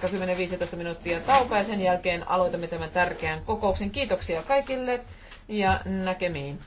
minuuttia taukoa ja sen jälkeen aloitamme tämän tärkeän kokouksen. Kiitoksia kaikille ja näkemiin.